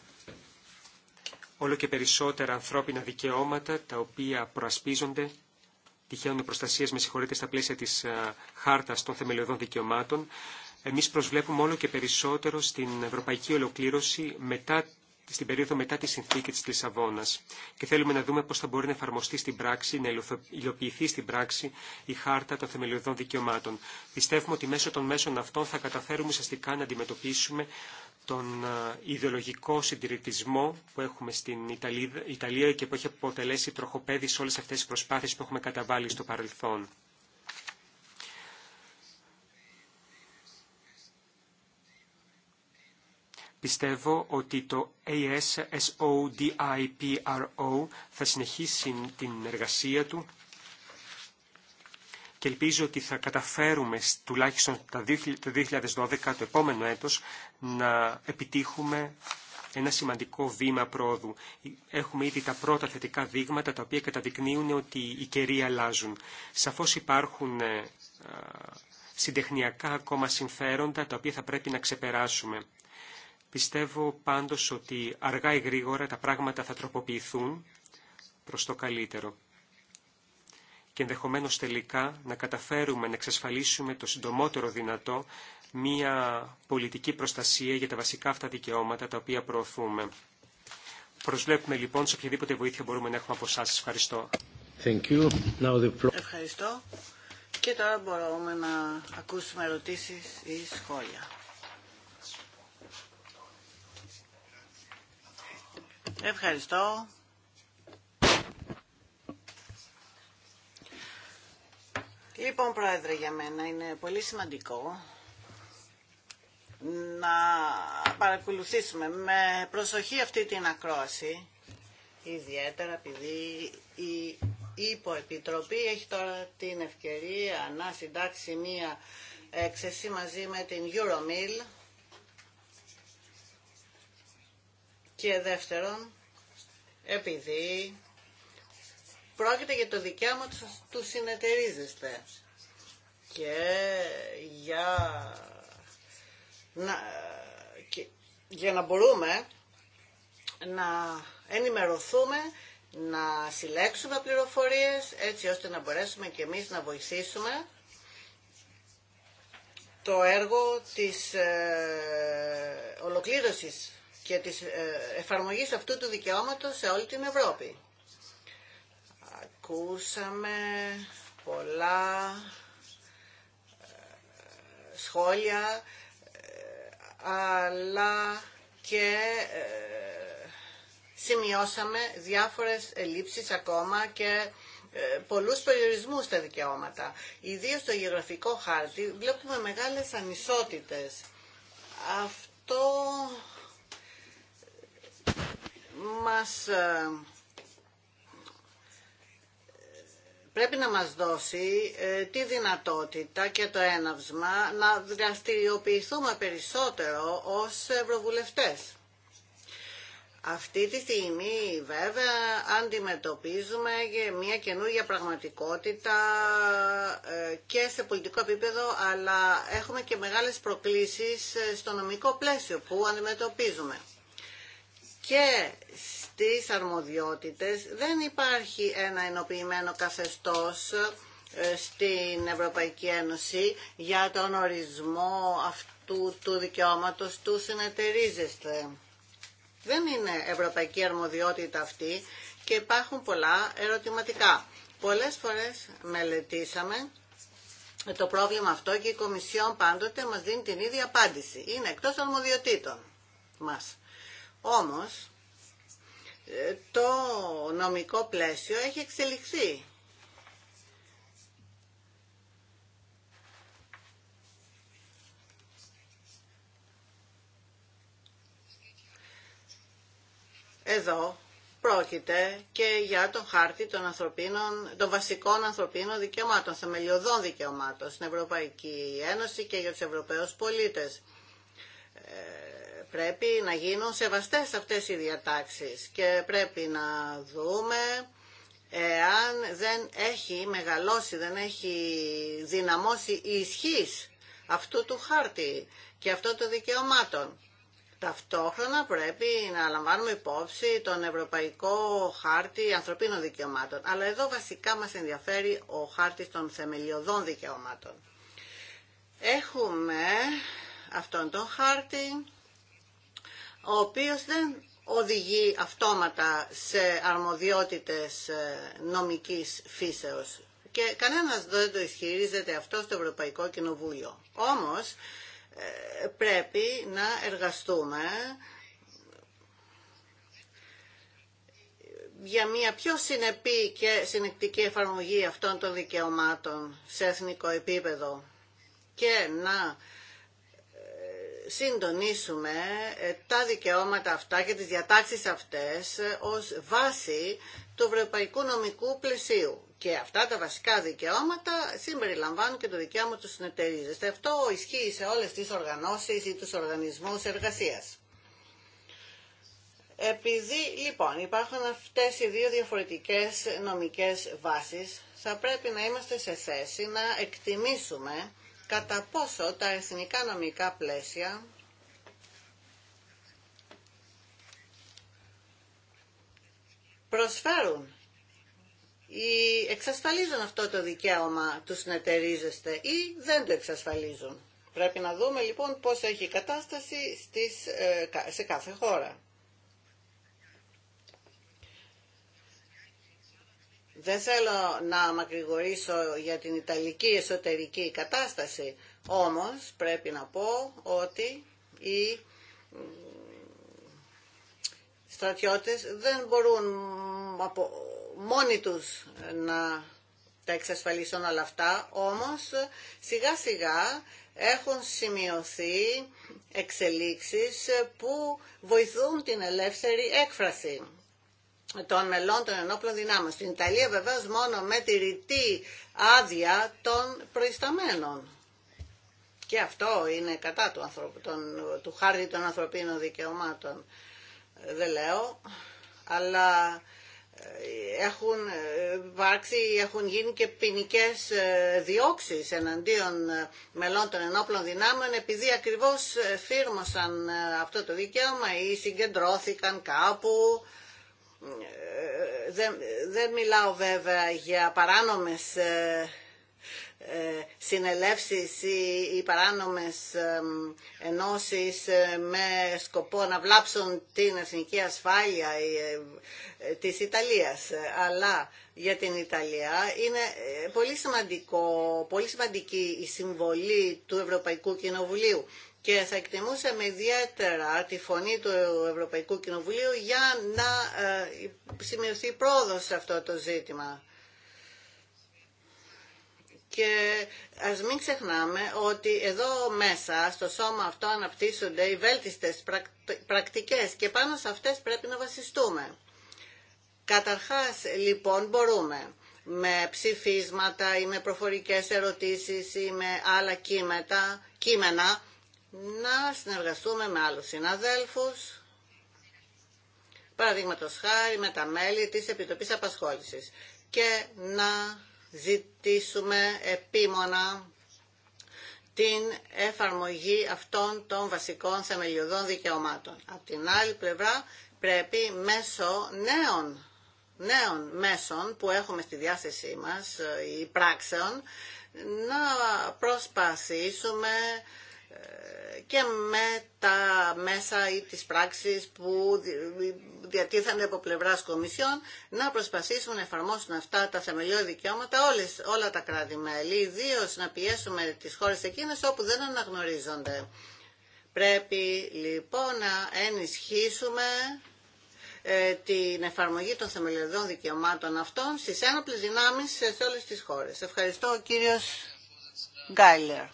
B: όλο και περισσότερα ανθρώπινα δικαιώματα τα οποία προασπίζονται τυχαίων προστασίες, με συγχωρείτε, στα πλαίσια τη Χάρτα των Θεμελιωδών Δικαιωμάτων. Εμείς προσβλέπουμε όλο και περισσότερο στην ευρωπαϊκή ολοκλήρωση μετά στην περίοδο μετά τη συνθήκη της Λισαβόνας και θέλουμε να δούμε πώς θα μπορεί να εφαρμοστεί στην πράξη, να υλοποιηθεί στην πράξη η χάρτα των θεμελιωδών δικαιωμάτων. Πιστεύουμε ότι μέσω των μέσων αυτών θα καταφέρουμε ουσιαστικά να αντιμετωπίσουμε τον ιδεολογικό συντηρητισμό που έχουμε στην Ιταλία και που έχει αποτελέσει τροχοπέδι σε όλες αυτές τις προσπάθειες που έχουμε καταβάλει στο παρελθόν. Πιστεύω ότι το ASSODIPRO θα συνεχίσει την εργασία του και ελπίζω ότι θα καταφέρουμε τουλάχιστον το 2012, το επόμενο έτος, να επιτύχουμε ένα σημαντικό βήμα πρόοδου. Έχουμε ήδη τα πρώτα θετικά δείγματα τα οποία καταδεικνύουν ότι οι καιροί αλλάζουν. Σαφώς υπάρχουν ε, συντεχνιακά ακόμα συμφέροντα τα οποία θα πρέπει να ξεπεράσουμε. Πιστεύω πάντως ότι αργά ή γρήγορα τα πράγματα θα τροποποιηθούν προς το καλύτερο και ενδεχομένως τελικά να καταφέρουμε να εξασφαλίσουμε το συντομότερο δυνατό μία πολιτική προστασία για τα βασικά αυτά δικαιώματα τα οποία προωθούμε. Προσβλέπουμε λοιπόν σε οποιαδήποτε βοήθεια μπορούμε να έχουμε από εσά, Ευχαριστώ.
A: Thank you.
C: Ευχαριστώ. Και τώρα μπορούμε να ακούσουμε ερωτήσεις ή σχόλια. Ευχαριστώ. Λοιπόν, Πρόεδρε, για μένα είναι πολύ σημαντικό να παρακολουθήσουμε με προσοχή αυτή την ακρόαση, ιδιαίτερα επειδή η υποεπιτροπή έχει τώρα την ευκαιρία να συντάξει μία έξεση μαζί με την Euromil Και δεύτερον, επειδή πρόκειται για το δικαίωμα του συνεταιρίζεστε και για να, για να μπορούμε να ενημερωθούμε, να συλλέξουμε πληροφορίες έτσι ώστε να μπορέσουμε και εμείς να βοηθήσουμε το έργο της ε, ολοκλήρωσης και της ε, εφαρμογής αυτού του δικαιώματος σε όλη την Ευρώπη. Ακούσαμε πολλά ε, σχόλια ε, αλλά και σημειώσαμε διάφορες ελλείψεις ακόμα και πολλούς περιορισμούς στα δικαιώματα. Ιδίως στο γεωγραφικό χάρτη βλέπουμε μεγάλες ανισότητες. Αυτό μας ε, πρέπει να μας δώσει ε, τη δυνατότητα και το έναυσμα να δραστηριοποιηθούμε περισσότερο ως ευρωβουλευτές. Αυτή τη στιγμή βέβαια αντιμετωπίζουμε μια καινούργια πραγματικότητα ε, και σε πολιτικό επίπεδο αλλά έχουμε και μεγάλες προκλήσεις στο νομικό πλαίσιο που αντιμετωπίζουμε και στις αρμοδιότητες δεν υπάρχει ένα ενοποιημένο καθεστώς ε, στην Ευρωπαϊκή Ένωση για τον ορισμό αυτού του δικαιώματος του συνεταιρίζεστε. Δεν είναι ευρωπαϊκή αρμοδιότητα αυτή και υπάρχουν πολλά ερωτηματικά. Πολλές φορές μελετήσαμε το πρόβλημα αυτό και η Κομισιόν πάντοτε μας δίνει την ίδια απάντηση. Είναι εκτός αρμοδιοτήτων μας. Όμως, ε, το νομικό πλαίσιο έχει εξελιχθεί. Εδώ πρόκειται και για το χάρτη των, ανθρωπίνων, των βασικών ανθρωπίνων δικαιωμάτων, θεμελιωδών δικαιωμάτων στην Ευρωπαϊκή Ένωση και για τους Ευρωπαίους πολίτες. Ε, πρέπει να γίνουν σεβαστές αυτές οι διατάξεις και πρέπει να δούμε εάν δεν έχει μεγαλώσει, δεν έχει δυναμώσει η ισχύς αυτού του χάρτη και αυτών των δικαιωμάτων. Ταυτόχρονα πρέπει να λαμβάνουμε υπόψη τον Ευρωπαϊκό Χάρτη Ανθρωπίνων Δικαιωμάτων. Αλλά εδώ βασικά μας ενδιαφέρει ο χάρτης των θεμελιωδών δικαιωμάτων. Έχουμε αυτόν τον χάρτη ο οποίος δεν οδηγεί αυτόματα σε αρμοδιότητες ε, νομικής φύσεως. Και κανένας δεν το ισχυρίζεται αυτό στο Ευρωπαϊκό Κοινοβούλιο. Όμως ε, πρέπει να εργαστούμε για μια πιο συνεπή και συνεκτική εφαρμογή αυτών των δικαιωμάτων σε εθνικό επίπεδο και να συντονίσουμε ε, τα δικαιώματα αυτά και τις διατάξεις αυτές ε, ως βάση του ευρωπαϊκού νομικού πλαισίου. Και αυτά τα βασικά δικαιώματα συμπεριλαμβάνουν και το δικαίωμα του συνεταιρίζεστε. Αυτό ισχύει σε όλες τις οργανώσεις ή τους οργανισμούς εργασίας. Επειδή λοιπόν υπάρχουν αυτές οι δύο διαφορετικές νομικές βάσεις, θα πρέπει να είμαστε σε θέση να εκτιμήσουμε κατά πόσο τα εθνικά νομικά πλαίσια προσφέρουν ή εξασφαλίζουν αυτό το δικαίωμα του συνεταιρίζεστε ή δεν το εξασφαλίζουν. Πρέπει να δούμε λοιπόν πώς έχει η κατάσταση ε, σε κάθε χώρα. Δεν θέλω να μακρηγορήσω για την Ιταλική εσωτερική κατάσταση, όμως πρέπει να πω ότι οι στρατιώτες δεν μπορούν από μόνοι τους να τα εξασφαλίσουν όλα αυτά, όμως σιγά σιγά έχουν σημειωθεί εξελίξεις που βοηθούν την ελεύθερη έκφραση των μελών των ενόπλων δυνάμεων. Στην Ιταλία βεβαίως μόνο με τη ρητή άδεια των προϊσταμένων. Και αυτό είναι κατά του, ανθρωπ, των, του χάρτη των ανθρωπίνων δικαιωμάτων. Ε, δεν λέω, αλλά ε, έχουν, ε, έχουν γίνει και ποινικέ διώξεις εναντίον μελών των ενόπλων δυνάμεων επειδή ακριβώς φύρμωσαν αυτό το δικαίωμα ή συγκεντρώθηκαν κάπου ε, δεν, μιλάω βέβαια για παράνομες ε, ε, συνελεύσεις ή, ή παράνομες ενώσεις με σκοπό να βλάψουν την εθνική ασφάλεια της Ιταλίας. Αλλά για την Ιταλία είναι πολύ, σημαντικό, πολύ σημαντική η συμβολή του Ευρωπαϊκού Κοινοβουλίου και θα εκτιμούσαμε ιδιαίτερα τη φωνή του Ευρωπαϊκού Κοινοβουλίου για να ε, σημειωθεί πρόοδος σε αυτό το ζήτημα. Και ας μην ξεχνάμε ότι εδώ μέσα στο σώμα αυτό αναπτύσσονται οι βέλτιστες πρακτικές και πάνω σε αυτές πρέπει να βασιστούμε. Καταρχάς λοιπόν μπορούμε με ψηφίσματα ή με προφορικές ερωτήσεις ή με άλλα κείμετα, κείμενα να συνεργαστούμε με άλλους συναδέλφους, παραδείγματο χάρη με τα μέλη της Επιτροπής Απασχόλησης και να ζητήσουμε επίμονα την εφαρμογή αυτών των βασικών θεμελιωδών δικαιωμάτων. Από την άλλη πλευρά πρέπει μέσω νέων, νέων μέσων που έχουμε στη διάθεσή μας ε, οι πράξεων να προσπαθήσουμε και με τα μέσα ή τις πράξεις που διατίθενται από πλευράς Κομισιόν να προσπαθήσουμε να εφαρμόσουν αυτά τα θεμελιώδη δικαιώματα όλες, όλα τα κράτη-μέλη, ιδίω να πιέσουμε τις χώρες εκείνες όπου δεν αναγνωρίζονται. Πρέπει λοιπόν να ενισχύσουμε ε, την εφαρμογή των θεμελιωδών δικαιωμάτων αυτών στις ένοπλες δυνάμεις σε όλες τις χώρες. Ευχαριστώ κύριος Γκάιλερ.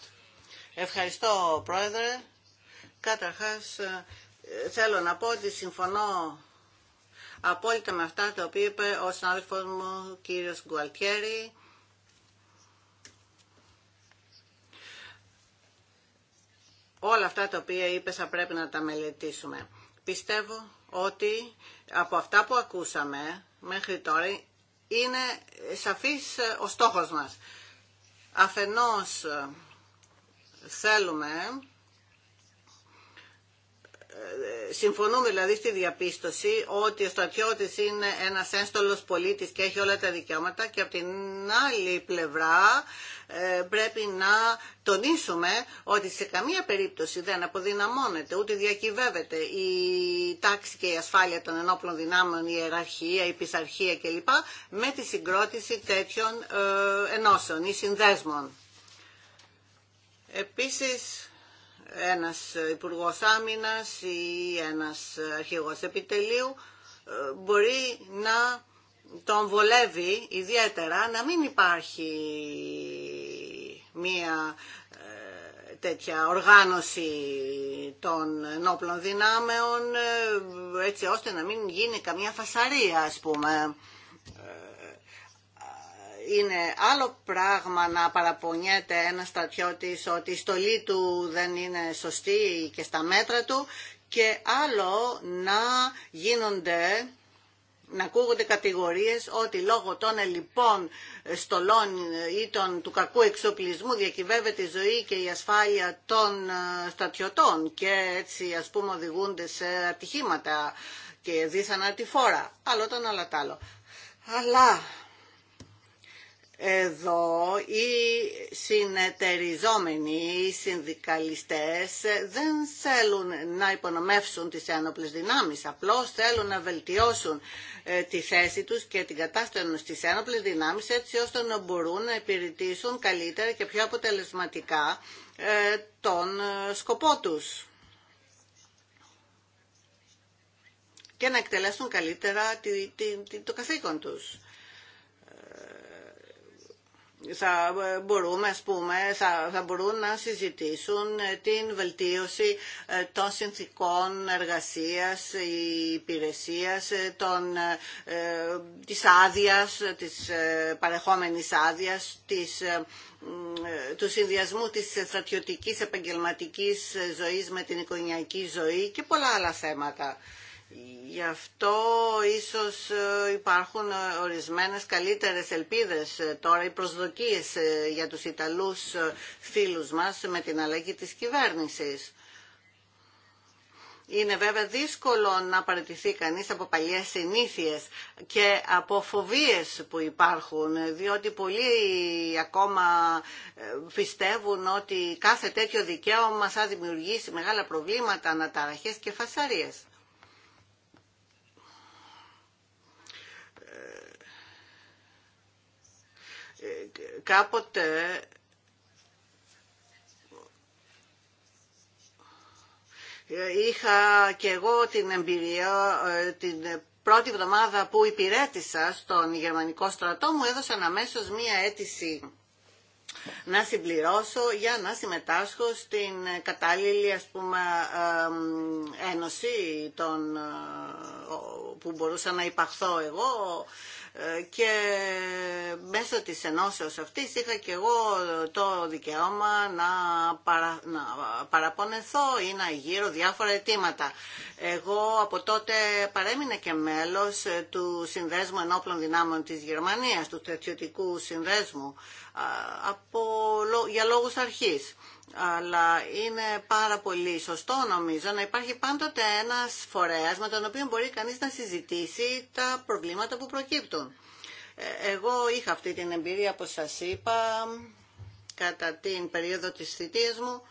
C: Ευχαριστώ, Πρόεδρε. Καταρχά ε, θέλω να πω ότι συμφωνώ απόλυτα με αυτά τα οποία είπε ο συνάδελφός μου, κύριος Γκουαλτιέρη. Όλα αυτά τα οποία είπε θα πρέπει να τα μελετήσουμε. Πιστεύω ότι από αυτά που ακούσαμε μέχρι τώρα είναι σαφής ε, ο στόχος μας. Αφενός θέλουμε, ε, συμφωνούμε δηλαδή στη διαπίστωση ότι ο στρατιώτης είναι ένας ένστολος πολίτης και έχει όλα τα δικαιώματα και από την άλλη πλευρά ε, πρέπει να τονίσουμε ότι σε καμία περίπτωση δεν αποδυναμώνεται ούτε διακυβεύεται η τάξη και η ασφάλεια των ενόπλων δυνάμεων, η ιεραρχία, η πεισαρχία κλπ. με τη συγκρότηση τέτοιων ε, ενώσεων ή συνδέσμων. Επίσης, ένας υπουργός άμυνας ή ένας αρχηγός επιτελείου ε, μπορεί να τον βολεύει ιδιαίτερα να μην υπάρχει μία ε, τέτοια οργάνωση των ενόπλων δυνάμεων ε, έτσι ώστε να μην γίνει καμία φασαρία ας πούμε είναι άλλο πράγμα να παραπονιέται ένα στρατιώτη ότι η στολή του δεν είναι σωστή και στα μέτρα του και άλλο να γίνονται να ακούγονται κατηγορίες ότι λόγω των ελληπών στολών ή των, του κακού εξοπλισμού διακυβεύεται η ζωή και η ασφάλεια των ε, στρατιωτών και έτσι ας πούμε οδηγούνται σε ατυχήματα και δίσανα τη φόρα. Άλλο τον άλλο τ' άλλο. Αλλά εδώ οι συνεταιριζόμενοι, οι συνδικαλιστές δεν θέλουν να υπονομεύσουν τις ένοπλες δυνάμεις, απλώς θέλουν να βελτιώσουν ε, τη θέση τους και την κατάσταση στις ένοπλες δυνάμεις έτσι ώστε να μπορούν να υπηρετήσουν καλύτερα και πιο αποτελεσματικά ε, τον ε, σκοπό τους και να εκτελέσουν καλύτερα το καθήκον τους θα ε, μπορούμε, ας πούμε, θα, μπορούν να συζητήσουν ε, την βελτίωση ε, των συνθήκων εργασίας, η υπηρεσίας, των, ε, της άδειας, της παρεχόμενης άδειας, της, του συνδυασμού της στρατιωτικής επαγγελματικής ζωής με την οικογενειακή ζωή και πολλά άλλα θέματα. Γι' αυτό ίσως ε, υπάρχουν ε, ορισμένες καλύτερες ελπίδες ε, τώρα, οι προσδοκίες για τους Ιταλούς φίλους μας με την αλλαγή της κυβέρνησης. Είναι βέβαια δύσκολο να παραιτηθεί κανείς από παλιές συνήθειες και από φοβίες που υπάρχουν, διότι πολλοί ακόμα πιστεύουν ότι κάθε τέτοιο δικαίωμα θα δημιουργήσει μεγάλα προβλήματα, αναταραχές και φασαρίες. κάποτε είχα και εγώ την εμπειρία ε, την πρώτη εβδομάδα που υπηρέτησα στον γερμανικό στρατό μου έδωσαν αμέσω μία αίτηση να συμπληρώσω για να συμμετάσχω στην κατάλληλη ας πούμε ένωση των, ε, που μπορούσα να υπαχθώ εγώ και μέσω της ενώσεως αυτής είχα και εγώ το δικαίωμα να, παρα, να παραπονεθώ ή να γύρω διάφορα αιτήματα. Εγώ από τότε παρέμεινα και μέλος του Συνδέσμου Ενόπλων Δυνάμεων της Γερμανίας, του στρατιωτικού συνδέσμου, από, για λόγους αρχής αλλά είναι πάρα πολύ σωστό νομίζω να υπάρχει πάντοτε ένας φορέας με τον οποίο μπορεί κανείς να συζητήσει τα προβλήματα που προκύπτουν. Ε, εγώ είχα αυτή την εμπειρία που σας είπα κατά την περίοδο της θητείας μου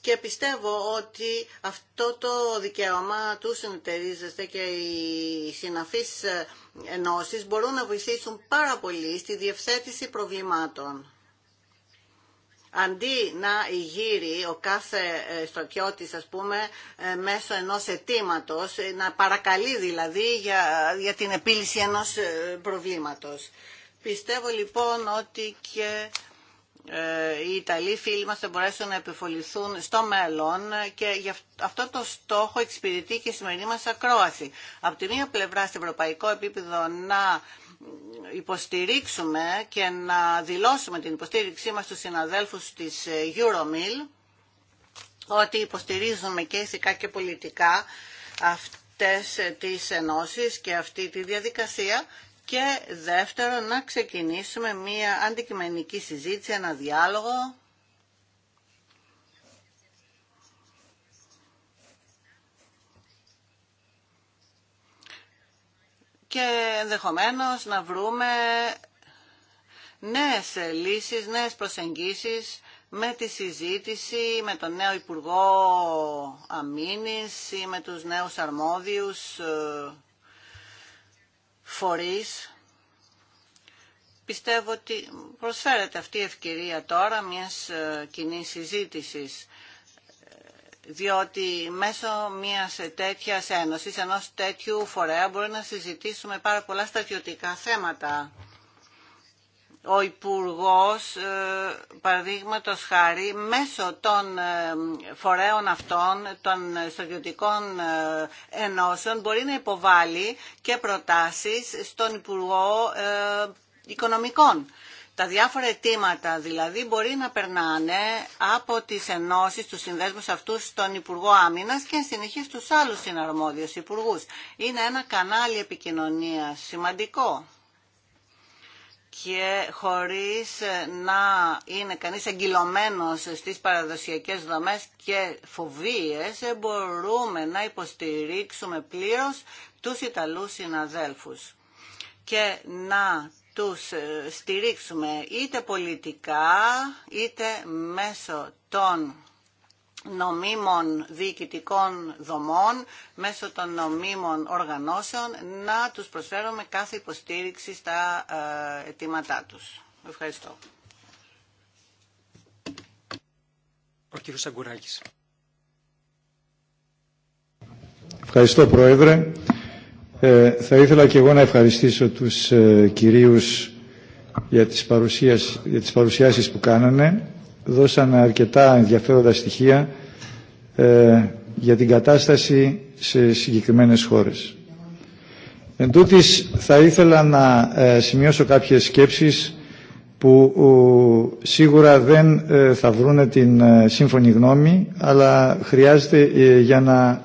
C: και πιστεύω ότι αυτό το δικαίωμα του συνεταιρίζεστε και οι συναφείς ε, ενώσεις μπορούν να βοηθήσουν πάρα πολύ στη διευθέτηση προβλημάτων. Αντί να γύρει ο κάθε ε, στρατιώτης, ας πούμε, ε, μέσω ενός αιτήματο, ε, να παρακαλεί δηλαδή για, για την επίλυση ενός προβλήματος. Πιστεύω λοιπόν ότι και ε, οι Ιταλοί φίλοι μας θα μπορέσουν να επιφοληθούν στο μέλλον και για αυτό το στόχο εξυπηρετεί και η σημερινή μας ακρόαση. Από τη μία πλευρά στο ευρωπαϊκό επίπεδο να υποστηρίξουμε και να δηλώσουμε την υποστήριξή μας στους συναδέλφους της ε, Euromil ότι υποστηρίζουμε και ηθικά και πολιτικά αυτές ε, τις ενώσεις και αυτή τη διαδικασία και δεύτερον να ξεκινήσουμε μία αντικειμενική συζήτηση, ένα διάλογο και ενδεχομένως να βρούμε νέες λύσεις, νέες προσεγγίσεις με τη συζήτηση με τον νέο Υπουργό Αμήνης ή με τους νέους αρμόδιους ε, φορείς. Πιστεύω ότι προσφέρεται αυτή η ευκαιρία τώρα μιας ε, κοινή συζήτηση ε, διότι μέσω μιας ε, τέτοιας ένωσης, ενός τέτοιου φορέα, μπορεί να συζητήσουμε πάρα πολλά στρατιωτικά θέματα ο Υπουργός, ε, παραδείγματο χάρη, μέσω των ε, φορέων αυτών, των στρατιωτικών ε, ενώσεων, μπορεί να υποβάλει και προτάσεις στον Υπουργό Οικονομικών. Τα διάφορα αιτήματα δηλαδή μπορεί να περνάνε από τις ενώσεις, τους συνδέσμους αυτούς στον Υπουργό Άμυνας και συνεχεία στους άλλους συναρμόδιους υπουργούς. Είναι ένα κανάλι επικοινωνίας σημαντικό και χωρίς να είναι κανείς εγκυλωμένος στις παραδοσιακές δομές και φοβίες μπορούμε να υποστηρίξουμε πλήρως τους Ιταλούς συναδέλφους και να τους ε, στηρίξουμε είτε πολιτικά είτε μέσω των νομίμων διοικητικών δομών, μέσω των νομίμων οργανώσεων, να τους προσφέρουμε κάθε υποστήριξη στα ε, αιτήματά τους. Ευχαριστώ.
B: Ο κύριος Αγκουράκης.
E: Ευχαριστώ, Πρόεδρε. Ε, θα ήθελα και εγώ να ευχαριστήσω τους ε, κυρίους για τις, παρουσιάσει για τις παρουσιάσεις που κάνανε δώσαν αρκετά ενδιαφέροντα στοιχεία ε, για την κατάσταση σε συγκεκριμένες χώρες. Εν τούτης, θα ήθελα να ε, σημειώσω κάποιες σκέψεις που σίγουρα δεν ε, θα βρούνε την σύμφωνη γνώμη αλλά χρειάζεται για να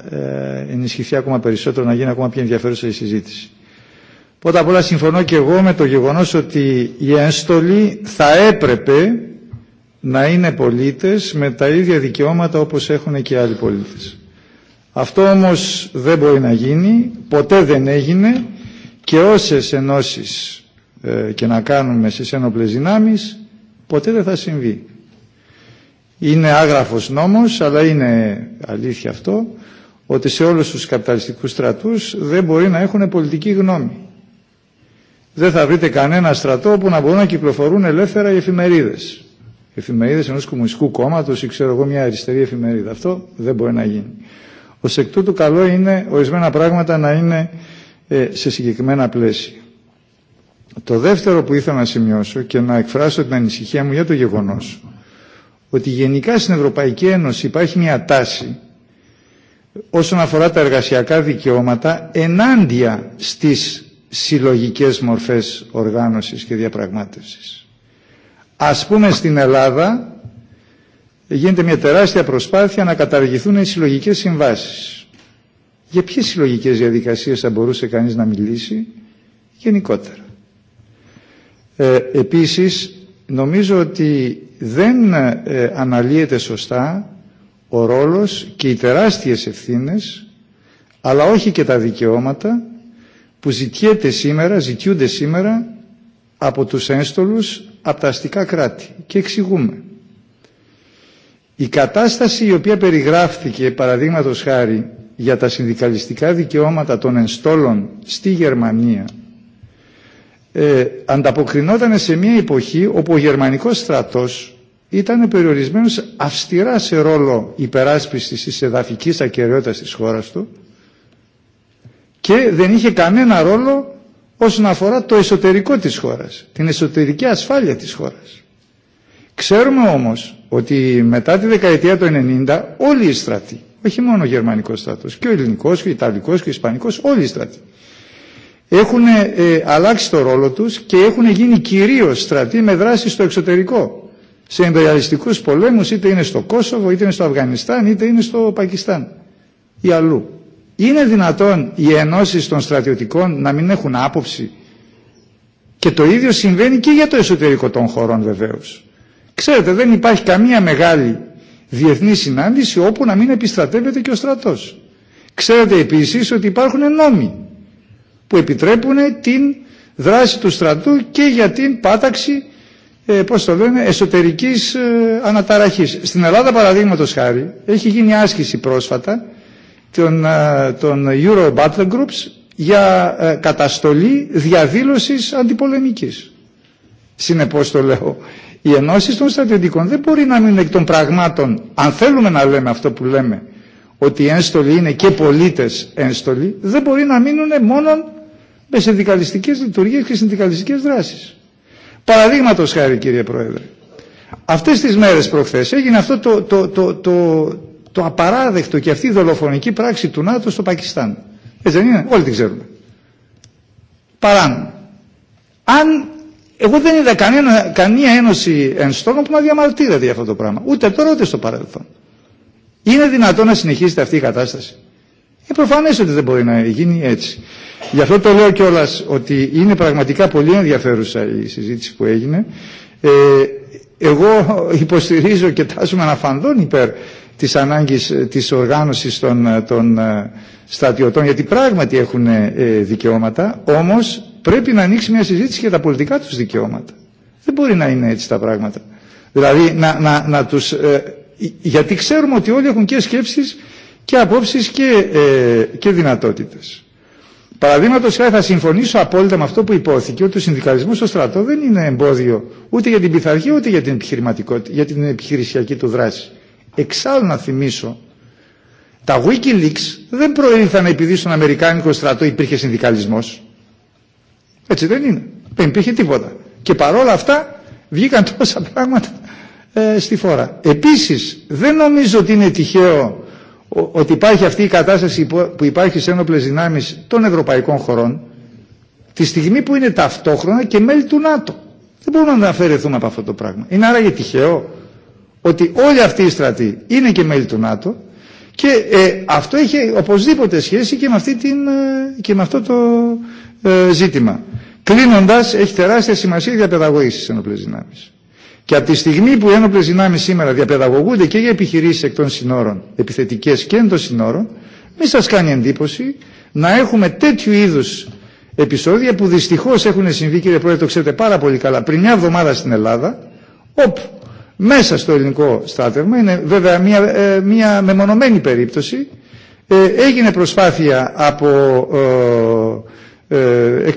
E: ενισχυθεί ακόμα περισσότερο, να γίνει ακόμα πιο ενδιαφέρουσα η συζήτηση. Πρώτα απ' όλα συμφωνώ και εγώ με το γεγονός ότι η ένστολη θα έπρεπε να είναι πολίτες με τα ίδια δικαιώματα όπως έχουν και άλλοι πολίτες. Αυτό όμως δεν μπορεί να γίνει, ποτέ δεν έγινε και όσες ενώσεις ε, και να κάνουμε στις ένοπλες δυνάμεις ποτέ δεν θα συμβεί. Είναι άγραφος νόμος, αλλά είναι αλήθεια αυτό, ότι σε όλους τους καπιταλιστικούς στρατούς δεν μπορεί να έχουν πολιτική γνώμη. Δεν θα βρείτε κανένα στρατό που να μπορούν να κυκλοφορούν ελεύθερα οι εφημερίδες εφημερίδες ενός κομμουνιστικού κόμματος ή ξέρω εγώ μια αριστερή εφημερίδα. Αυτό δεν μπορεί να γίνει. Ω εκ τούτου καλό είναι ορισμένα πράγματα να είναι ε, σε συγκεκριμένα πλαίσια. Το δεύτερο που ήθελα να σημειώσω και να εκφράσω την ανησυχία μου για το γεγονός ότι γενικά στην Ευρωπαϊκή Ένωση υπάρχει μια τάση όσον αφορά τα εργασιακά δικαιώματα ενάντια στις συλλογικές μορφές οργάνωσης και διαπραγμάτευσης. Ας πούμε στην Ελλάδα γίνεται μια τεράστια προσπάθεια να καταργηθούν οι συλλογικές συμβάσεις. Για ποιες συλλογικές διαδικασίες θα μπορούσε κανείς να μιλήσει γενικότερα. Ε, επίσης, νομίζω ότι δεν ε, αναλύεται σωστά ο ρόλος και οι τεράστιες ευθύνες, αλλά όχι και τα δικαιώματα που ζητιέται σήμερα, ζητιούνται σήμερα από τους ένστολους από τα αστικά κράτη και εξηγούμε. Η κατάσταση η οποία περιγράφθηκε παραδείγματο χάρη για τα συνδικαλιστικά δικαιώματα των ενστόλων στη Γερμανία ε, ανταποκρινόταν σε μια εποχή όπου ο γερμανικός στρατός ήταν περιορισμένος αυστηρά σε ρόλο υπεράσπισης της εδαφικής ακεραιότητας της χώρας του και δεν είχε κανένα ρόλο όσον αφορά το εσωτερικό της χώρας, την εσωτερική ασφάλεια της χώρας. Ξέρουμε όμως ότι μετά τη δεκαετία του 90 όλοι οι στρατοί, όχι μόνο ο γερμανικός στρατός, και ο ελληνικός και ο ιταλικός και ο ισπανικός, όλοι οι στρατοί, έχουν ε, αλλάξει το ρόλο τους και έχουν γίνει κυρίως στρατοί με δράση στο εξωτερικό, σε εμπεριαλιστικούς πολέμους, είτε είναι στο Κόσοβο, είτε είναι στο Αφγανιστάν, είτε είναι στο Πακιστάν ή αλλού. Είναι δυνατόν οι ενώσει των στρατιωτικών να μην έχουν άποψη και το ίδιο συμβαίνει και για το εσωτερικό των χωρών βεβαίως. Ξέρετε δεν υπάρχει καμία μεγάλη διεθνή συνάντηση όπου να μην επιστρατεύεται και ο στρατός. Ξέρετε επίσης ότι υπάρχουν νόμοι που επιτρέπουν την δράση του στρατού και για την πάταξη ε, πώς το εσωτερικής ε, αναταραχής. Στην Ελλάδα παραδείγματος χάρη έχει γίνει άσκηση πρόσφατα ε, των Euro Battle Groups για ε, καταστολή διαδήλωσης αντιπολεμικής. Συνεπώς το λέω. Οι ενώσει των στρατιωτικών δεν μπορεί να μείνουν εκ των πραγμάτων, αν θέλουμε να λέμε αυτό που λέμε, ότι οι ένστολοι είναι και πολίτες ένστολοι, δεν μπορεί να μείνουν μόνο με συνδικαλιστικές λειτουργίες και συνδικαλιστικές δράσεις. Παραδείγματος χάρη κύριε Πρόεδρε, αυτές τις μέρες προχθές έγινε αυτό το, το, το, το, το απαράδεκτο και αυτή η δολοφονική πράξη του ΝΑΤΟ στο Πακιστάν. Έτσι δεν είναι, όλοι την ξέρουμε. Παράν. Αν εγώ δεν είδα κανένα, καμία ένωση ενστόλων που να διαμαρτύρεται για αυτό το πράγμα. Ούτε τώρα ούτε στο παρελθόν. Είναι δυνατόν να συνεχίσετε αυτή η κατάσταση. Ε, Προφανέ ότι δεν μπορεί να γίνει έτσι. Γι' αυτό το λέω κιόλα ότι είναι πραγματικά πολύ ενδιαφέρουσα η συζήτηση που έγινε. Ε, εγώ υποστηρίζω και τάσουμε αναφαντών υπέρ της ανάγκης ε, της οργάνωσης των, ε, των ε, στρατιωτών γιατί πράγματι έχουν δικαιώματα όμως πρέπει να ανοίξει μια συζήτηση για τα πολιτικά τους δικαιώματα. Δεν μπορεί να είναι έτσι τα πράγματα. Δηλαδή να, να, να τους... γιατί ξέρουμε ότι όλοι έχουν και σκέψεις και απόψεις και, και δυνατότητες. Παραδείγματο χάρη θα συμφωνήσω απόλυτα με αυτό που υπόθηκε ότι ο συνδικαλισμό στο στρατό δεν είναι εμπόδιο ούτε για την πειθαρχία ούτε για την, επιχειρηματικότητα, για την επιχειρησιακή του δράση. Εξάλλου να θυμίσω, τα Wikileaks δεν προήλθαν επειδή στον Αμερικάνικο στρατό υπήρχε συνδικαλισμός. Έτσι δεν είναι. Δεν υπήρχε τίποτα. Και παρόλα αυτά βγήκαν τόσα πράγματα ε, στη φόρα. Επίσης δεν νομίζω ότι είναι τυχαίο ότι υπάρχει αυτή η κατάσταση που υπάρχει σε ένοπλε δυνάμει των ευρωπαϊκών χωρών τη στιγμή που είναι ταυτόχρονα και μέλη του ΝΑΤΟ. Δεν μπορούμε να αφαιρεθούμε από αυτό το πράγμα. Είναι άραγε τυχαίο ότι όλοι αυτοί οι στρατοί είναι και μέλη του ΝΑΤΟ και ε, αυτό έχει οπωσδήποτε σχέση και με, αυτή την, ε, και με αυτό το ε, ζήτημα. Κλείνοντα, έχει τεράστια σημασία η διαπαιδαγωγή στι ενόπλε δυνάμει. Και από τη στιγμή που οι ένοπλε δυνάμει σήμερα διαπαιδαγωγούνται και για επιχειρήσει εκ των συνόρων, επιθετικέ και εντό συνόρων, μη σα κάνει εντύπωση να έχουμε τέτοιου είδου επεισόδια που δυστυχώ έχουν συμβεί, κύριε Πρόεδρε, το ξέρετε πάρα πολύ καλά, πριν μια εβδομάδα στην Ελλάδα, όπου μέσα στο ελληνικό στράτευμα, είναι βέβαια μια, ε, μια μεμονωμένη περίπτωση, ε, έγινε προσπάθεια από ε, ε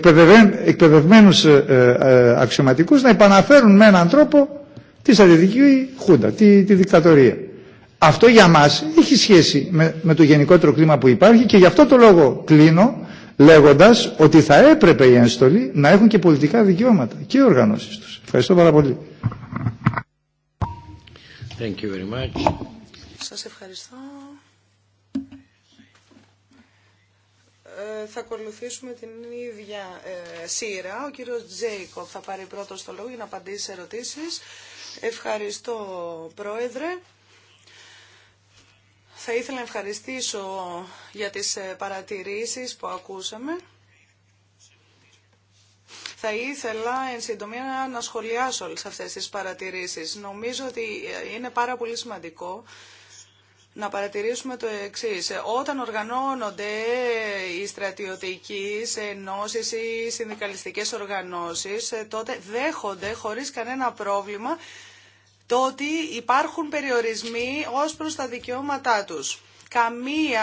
E: εκπαιδευμένους αξιωματικούς να επαναφέρουν με έναν τρόπο τη στρατιωτική χούντα, τη, τη δικτατορία. Αυτό για μας έχει σχέση με, με το γενικότερο κλίμα που υπάρχει και γι' αυτό το λόγο κλείνω λέγοντας ότι θα έπρεπε οι ένστολοι να έχουν και πολιτικά δικαιώματα και οι οργανώσεις τους. Ευχαριστώ πάρα πολύ.
A: Thank Σας ευχαριστώ.
D: Ε, θα ακολουθήσουμε την ίδια σύρα. Ε, σειρά. Ο κύριος Τζέικοφ θα πάρει πρώτος το λόγο για να απαντήσει σε ερωτήσεις. Ευχαριστώ, Πρόεδρε. Θα ήθελα να ευχαριστήσω για τις ε, παρατηρήσεις που ακούσαμε. Θα ήθελα εν συντομία να σχολιάσω όλες αυτές τις παρατηρήσεις. Νομίζω ότι ε, είναι πάρα πολύ σημαντικό να παρατηρήσουμε το εξή. Όταν οργανώνονται οι στρατιωτικοί ενώσει ή συνδικαλιστικέ οργανώσει, ε, τότε δέχονται χωρί κανένα πρόβλημα το ότι υπάρχουν περιορισμοί ως προς τα δικαιώματά τους καμία,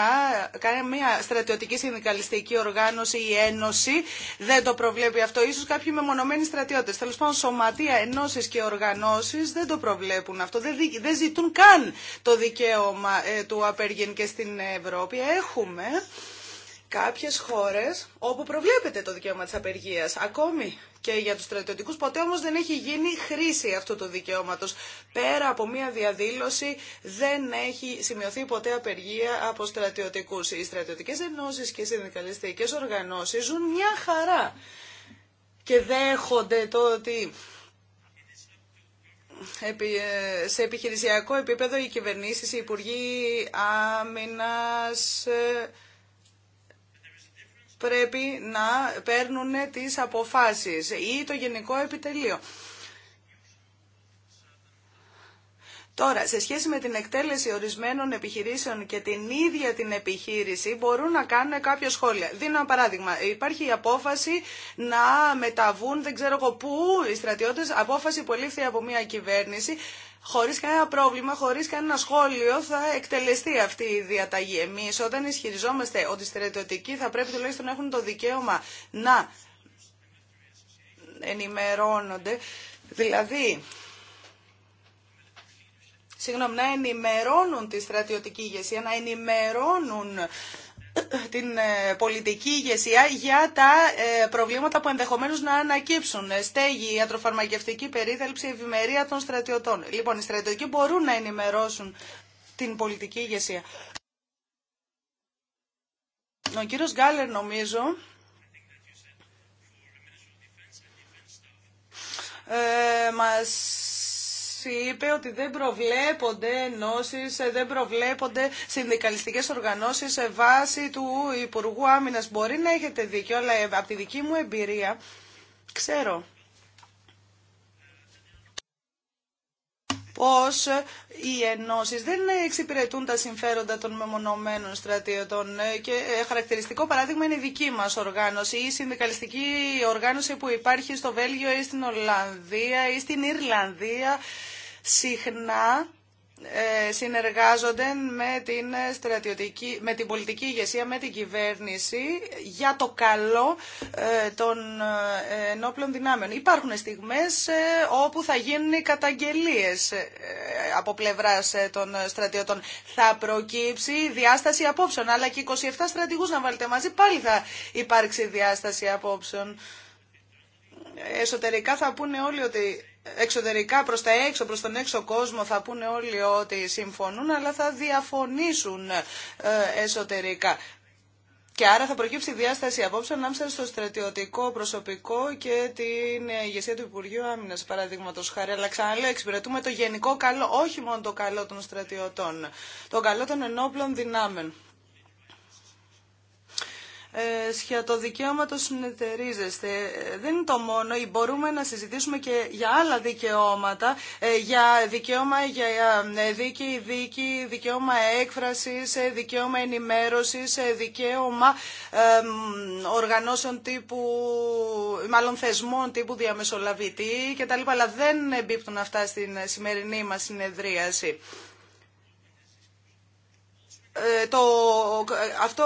D: καμία στρατιωτική συνδικαλιστική οργάνωση ή ένωση δεν το προβλέπει αυτό. Ίσως κάποιοι μεμονωμένοι στρατιώτες, τέλος πάντων σωματεία, ενώσεις και οργανώσεις δεν το προβλέπουν αυτό. Δεν, δεν ζητούν καν το δικαίωμα ε, του Απέργεν και στην Ευρώπη. Έχουμε κάποιες χώρες όπου προβλέπεται το δικαίωμα της απεργίας, ακόμη και για τους στρατιωτικούς, ποτέ όμως δεν έχει γίνει χρήση αυτού του δικαιώματος. Πέρα από μια διαδήλωση δεν έχει σημειωθεί ποτέ απεργία από στρατιωτικούς. Οι στρατιωτικές ενώσεις και οι συνδικαλιστικές οργανώσεις ζουν μια χαρά και δέχονται το ότι ε, σε επιχειρησιακό επίπεδο οι κυβερνήσεις, οι υπουργοί άμυνας, ε, πρέπει να παίρνουν τις αποφάσεις ή το Γενικό Επιτελείο. Τώρα, σε σχέση με την εκτέλεση ορισμένων επιχειρήσεων και την ίδια την επιχείρηση, μπορούν να κάνουν κάποια σχόλια. Δίνω ένα παράδειγμα. Υπάρχει η απόφαση να μεταβούν, δεν ξέρω εγώ πού, οι στρατιώτες, απόφαση που λήφθη από μια κυβέρνηση, χωρίς κανένα πρόβλημα, χωρίς κανένα σχόλιο θα εκτελεστεί αυτή η διαταγή. Εμείς όταν ισχυριζόμαστε ότι οι στρατιώτε αποφαση που ληφθη απο μια κυβερνηση χωρις κανενα προβλημα χωρις κανενα σχολιο θα εκτελεστει αυτη η διαταγη Εμεί, οταν ισχυριζομαστε τουλάχιστον να έχουν το δικαίωμα να ενημερώνονται, δηλαδή συγγνώμη, να ενημερώνουν τη στρατιωτική ηγεσία, να ενημερώνουν την ε, πολιτική ηγεσία για τα ε, προβλήματα που ενδεχομένως να ανακύψουν. Ε, στέγη, ιατροφαρμακευτική περίθαλψη, ευημερία των στρατιωτών. Λοιπόν, οι στρατιωτικοί μπορούν να ενημερώσουν την πολιτική ηγεσία. Ο κύριος Γκάλερ νομίζω μας είπε ότι δεν προβλέπονται ενώσει, ε, δεν προβλέπονται συνδικαλιστικές οργανώσεις σε βάση του Υπουργού Άμυνα Μπορεί να έχετε δίκιο, αλλά ε, από τη δική μου εμπειρία ξέρω πως ε, οι ενώσεις δεν εξυπηρετούν τα συμφέροντα των μεμονωμένων στρατιωτών και χαρακτηριστικό παράδειγμα είναι η δική μας οργάνωση ή η συνδικαλιστική οργάνωση που υπάρχει στο Βέλγιο ή στην Ολλανδία ή στην Ιρλανδία συχνά ε, συνεργάζονται με την, στρατιωτική, με την πολιτική ηγεσία, με την κυβέρνηση για το καλό ε, των ε, ενόπλων δυνάμεων. Υπάρχουν στιγμές όπου θα γίνουν καταγγελίες από πλευράς των στρατιωτών. Θα προκύψει διάσταση απόψεων, αλλά και 27 στρατηγούς να βάλετε μαζί πάλι θα υπάρξει διάσταση απόψεων. Εσωτερικά θα πούνε όλοι ότι εξωτερικά προς τα έξω, προς τον έξω κόσμο θα πούνε όλοι ότι συμφωνούν, αλλά θα διαφωνήσουν ε, εσωτερικά. Και άρα θα προκύψει διάσταση απόψε ανάμεσα στο στρατιωτικό προσωπικό και την ηγεσία του Υπουργείου Άμυνα, παραδείγματο χάρη. Αλλά ξαναλέω, εξυπηρετούμε το γενικό καλό, όχι μόνο το καλό των στρατιωτών, το καλό των ενόπλων δυνάμεων. Ε, Σχεδόν το δικαίωμα το συνεταιρίζεστε. Ε, δεν είναι το μόνο, μπορούμε να συζητήσουμε και για άλλα δικαιώματα, ε, για δικαίωμα για δίκη, δίκη, δικαίωμα έκφρασης, δικαίωμα ενημέρωσης, δικαίωμα οργανώσεων τύπου, μάλλον θεσμών τύπου διαμεσολαβητή κτλ. Αλλά δεν εμπίπτουν αυτά στην σημερινή μας συνεδρίαση. το, αυτό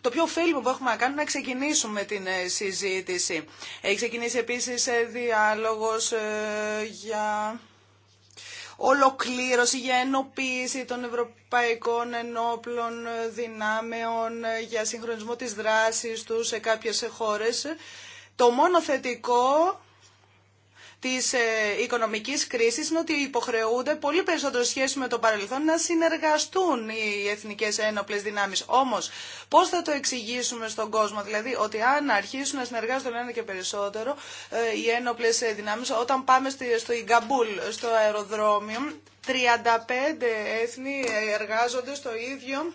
D: το πιο ωφέλιμο που έχουμε να κάνουμε να ξεκινήσουμε την ε, συζήτηση. Έχει ξεκινήσει επίσης ε, διάλογος ε, για ολοκλήρωση για ενοποίηση των ευρωπαϊκών ενόπλων δυνάμεων, για συγχρονισμό της δράσης τους σε κάποιες χώρες. Το μόνο θετικό της ε, οικονομικής κρίσης είναι ότι υποχρεούνται πολύ περισσότερο σχέση με το παρελθόν να συνεργαστούν οι εθνικές ένοπλες δυνάμεις. Όμως, πώς θα το εξηγήσουμε στον κόσμο, δηλαδή ότι αν αρχίσουν να συνεργάζονται ένα και περισσότερο ε, οι ένοπλες δυνάμεις, όταν πάμε στο Ιγκαμπούλ, στο αεροδρόμιο, 35 έθνη εργάζονται στο ίδιο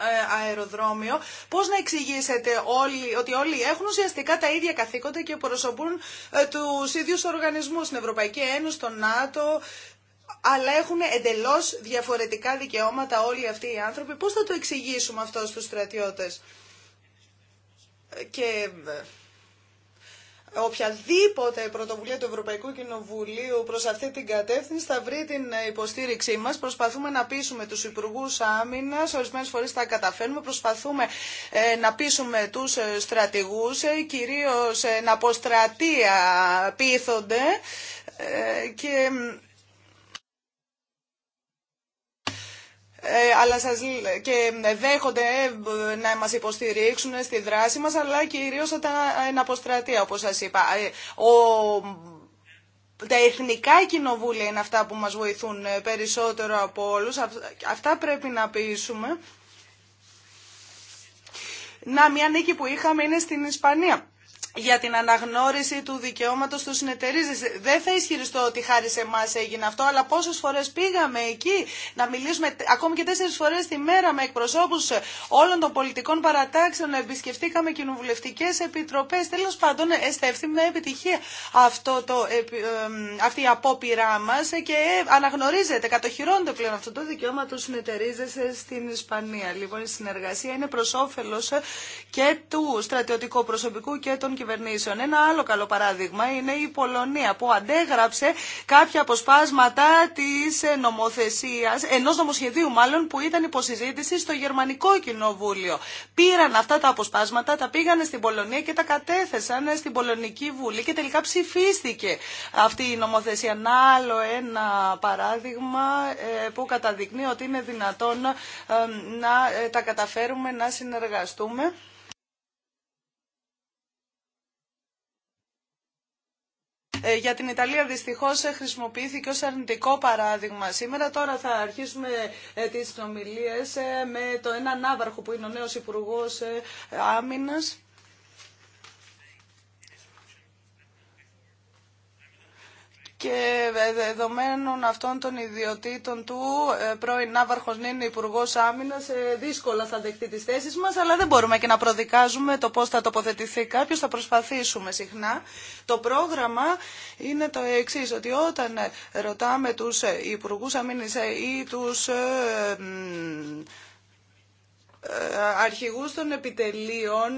D: ε, αεροδρόμιο. Πώς να εξηγήσετε όλοι, ότι όλοι έχουν ουσιαστικά τα ίδια καθήκοντα και προσωπούν ε, τους ίδιους οργανισμούς στην Ευρωπαϊκή Ένωση, τον ΝΑΤΟ, αλλά έχουν εντελώς διαφορετικά δικαιώματα όλοι αυτοί οι άνθρωποι. Πώς θα το εξηγήσουμε αυτό στους στρατιώτες. Και ε, οποιαδήποτε πρωτοβουλία του Ευρωπαϊκού Κοινοβουλίου προς αυτή την κατεύθυνση θα βρει την υποστήριξή μας. Προσπαθούμε να πείσουμε τους υπουργού Άμυνα, ορισμένες φορές τα καταφέρνουμε, προσπαθούμε ε, να πείσουμε τους ε, στρατηγούς, ε, κυρίως να αποστρατεία πείθονται και Ε, αλλά σας, και ε, δέχονται ε, να μας υποστηρίξουν στη δράση μας, αλλά κυρίως τα εναποστρατεία, όπως σας είπα. Ο, τα εθνικά κοινοβούλια είναι αυτά που μας βοηθούν περισσότερο από όλους. Αυτά πρέπει να πείσουμε. Να, μια νίκη που είχαμε είναι στην Ισπανία για την αναγνώριση του δικαιώματο του συνεταιρίζεσαι. Δεν θα ισχυριστώ ότι χάρη σε εμά έγινε αυτό, αλλά πόσε φορέ πήγαμε εκεί να μιλήσουμε ακόμη και τέσσερι φορέ τη μέρα με εκπροσώπους όλων των πολιτικών παρατάξεων, επισκεφτήκαμε κοινοβουλευτικέ επιτροπές. Τέλος πάντων, εστεύθη μια επιτυχία αυτό το, ε, αυτή η απόπειρά μα και αναγνωρίζεται, κατοχυρώνεται πλέον αυτό το δικαίωμα του συνεταιρίζεσαι στην Ισπανία. Λοιπόν, η συνεργασία είναι προ όφελο και του στρατιωτικού προσωπικού και των κυβερνήσεων κυβερνήσεων. Ένα άλλο καλό παράδειγμα είναι η Πολωνία που αντέγραψε κάποια αποσπάσματα τη νομοθεσία, ενό νομοσχεδίου μάλλον που ήταν υποσυζήτηση στο Γερμανικό Κοινοβούλιο. Πήραν αυτά τα αποσπάσματα, τα πήγανε στην Πολωνία και τα κατέθεσαν στην Πολωνική Βουλή και τελικά ψηφίστηκε αυτή η νομοθεσία. Ένα άλλο ένα παράδειγμα ε, που καταδεικνύει ότι είναι δυνατόν ε, να ε, τα καταφέρουμε να συνεργαστούμε. Ε, για την Ιταλία δυστυχώς ε, χρησιμοποιήθηκε ως αρνητικό παράδειγμα. Σήμερα τώρα θα αρχίσουμε ε, τις συνομιλίες με το έναν άβαρχο που είναι ο νέος Υπουργός Άμυνας. και δεδομένων αυτών των ιδιωτήτων του ε, πρώην Ναύαρχος Νίνη υπουργό Άμυνα, ε, δύσκολα θα δεχτεί τις θέσεις μας αλλά δεν μπορούμε και να προδικάζουμε το πώς θα τοποθετηθεί κάποιο, θα προσπαθήσουμε συχνά. Το πρόγραμμα είναι το εξή ότι όταν ε, ρωτάμε τους Υπουργού Άμυνα ή τους αρχηγούς των επιτελείων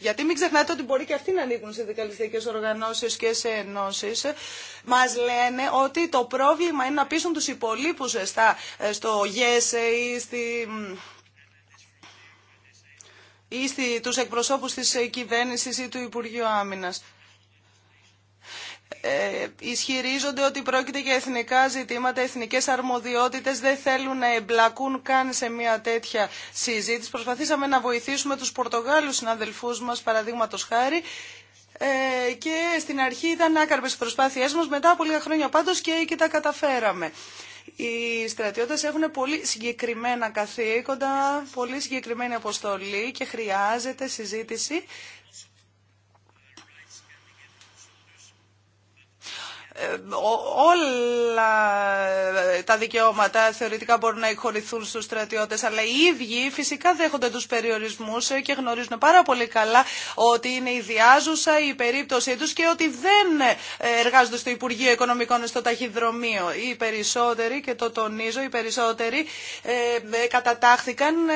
D: γιατί μην ξεχνάτε ότι μπορεί και αυτοί να ανήκουν σε δικαλιστικέ οργανώσεις και σε ενώσεις. Μας λένε ότι το πρόβλημα είναι να πείσουν τους υπολείπους στα, ε, στο ΓΕΣΕ ή στη ή στη, τους εκπροσώπους της κυβέρνησης ή του Υπουργείου Άμυνας ε, ισχυρίζονται ότι πρόκειται για εθνικά ζητήματα, εθνικές αρμοδιότητες, δεν θέλουν να εμπλακούν καν σε μια τέτοια συζήτηση. Προσπαθήσαμε να βοηθήσουμε τους Πορτογάλους συναδελφούς μας, παραδείγματο χάρη, ε, και στην αρχή ήταν άκαρπες οι προσπάθειές μας, μετά από λίγα χρόνια πάντως και, και τα καταφέραμε. Οι στρατιώτες έχουν πολύ συγκεκριμένα καθήκοντα, πολύ συγκεκριμένη αποστολή και χρειάζεται συζήτηση όλα τα δικαιώματα θεωρητικά μπορούν να εκχωρηθούν στους στρατιώτες, αλλά οι ίδιοι φυσικά δέχονται τους περιορισμούς και γνωρίζουν πάρα πολύ καλά ότι είναι διάζουσα η περίπτωσή τους και ότι δεν εργάζονται στο Υπουργείο Οικονομικών στο ταχυδρομείο. Οι περισσότεροι, και το τονίζω, οι περισσότεροι ε, ε, κατατάχθηκαν ε,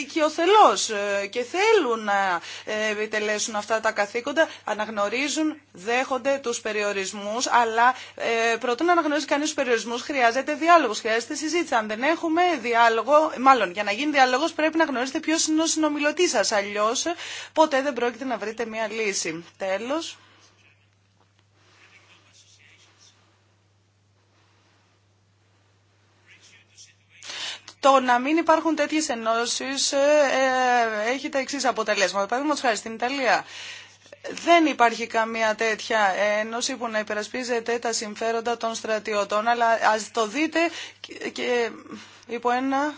D: οικειοθελώς και θέλουν να επιτελέσουν αυτά τα καθήκοντα, αναγνωρίζουν, δέχονται τους περιορισμούς, αλλά αλλά ε, να αναγνωρίζει κανεί του περιορισμού, χρειάζεται διάλογο, χρειάζεται συζήτηση. Αν δεν έχουμε διάλογο, μάλλον για να γίνει διάλογο πρέπει να γνωρίζετε ποιο είναι ο συνομιλωτή σα. Αλλιώ ποτέ δεν πρόκειται να βρείτε μία λύση. Τέλο. Το να μην υπάρχουν τέτοιες ενώσεις ε, ε, έχει τα εξής αποτελέσματα. Παραδείγματος χάρη στην Ιταλία δεν υπάρχει καμία τέτοια ένωση που να υπερασπίζεται τα συμφέροντα των στρατιωτών, αλλά ας το δείτε και υπό ένα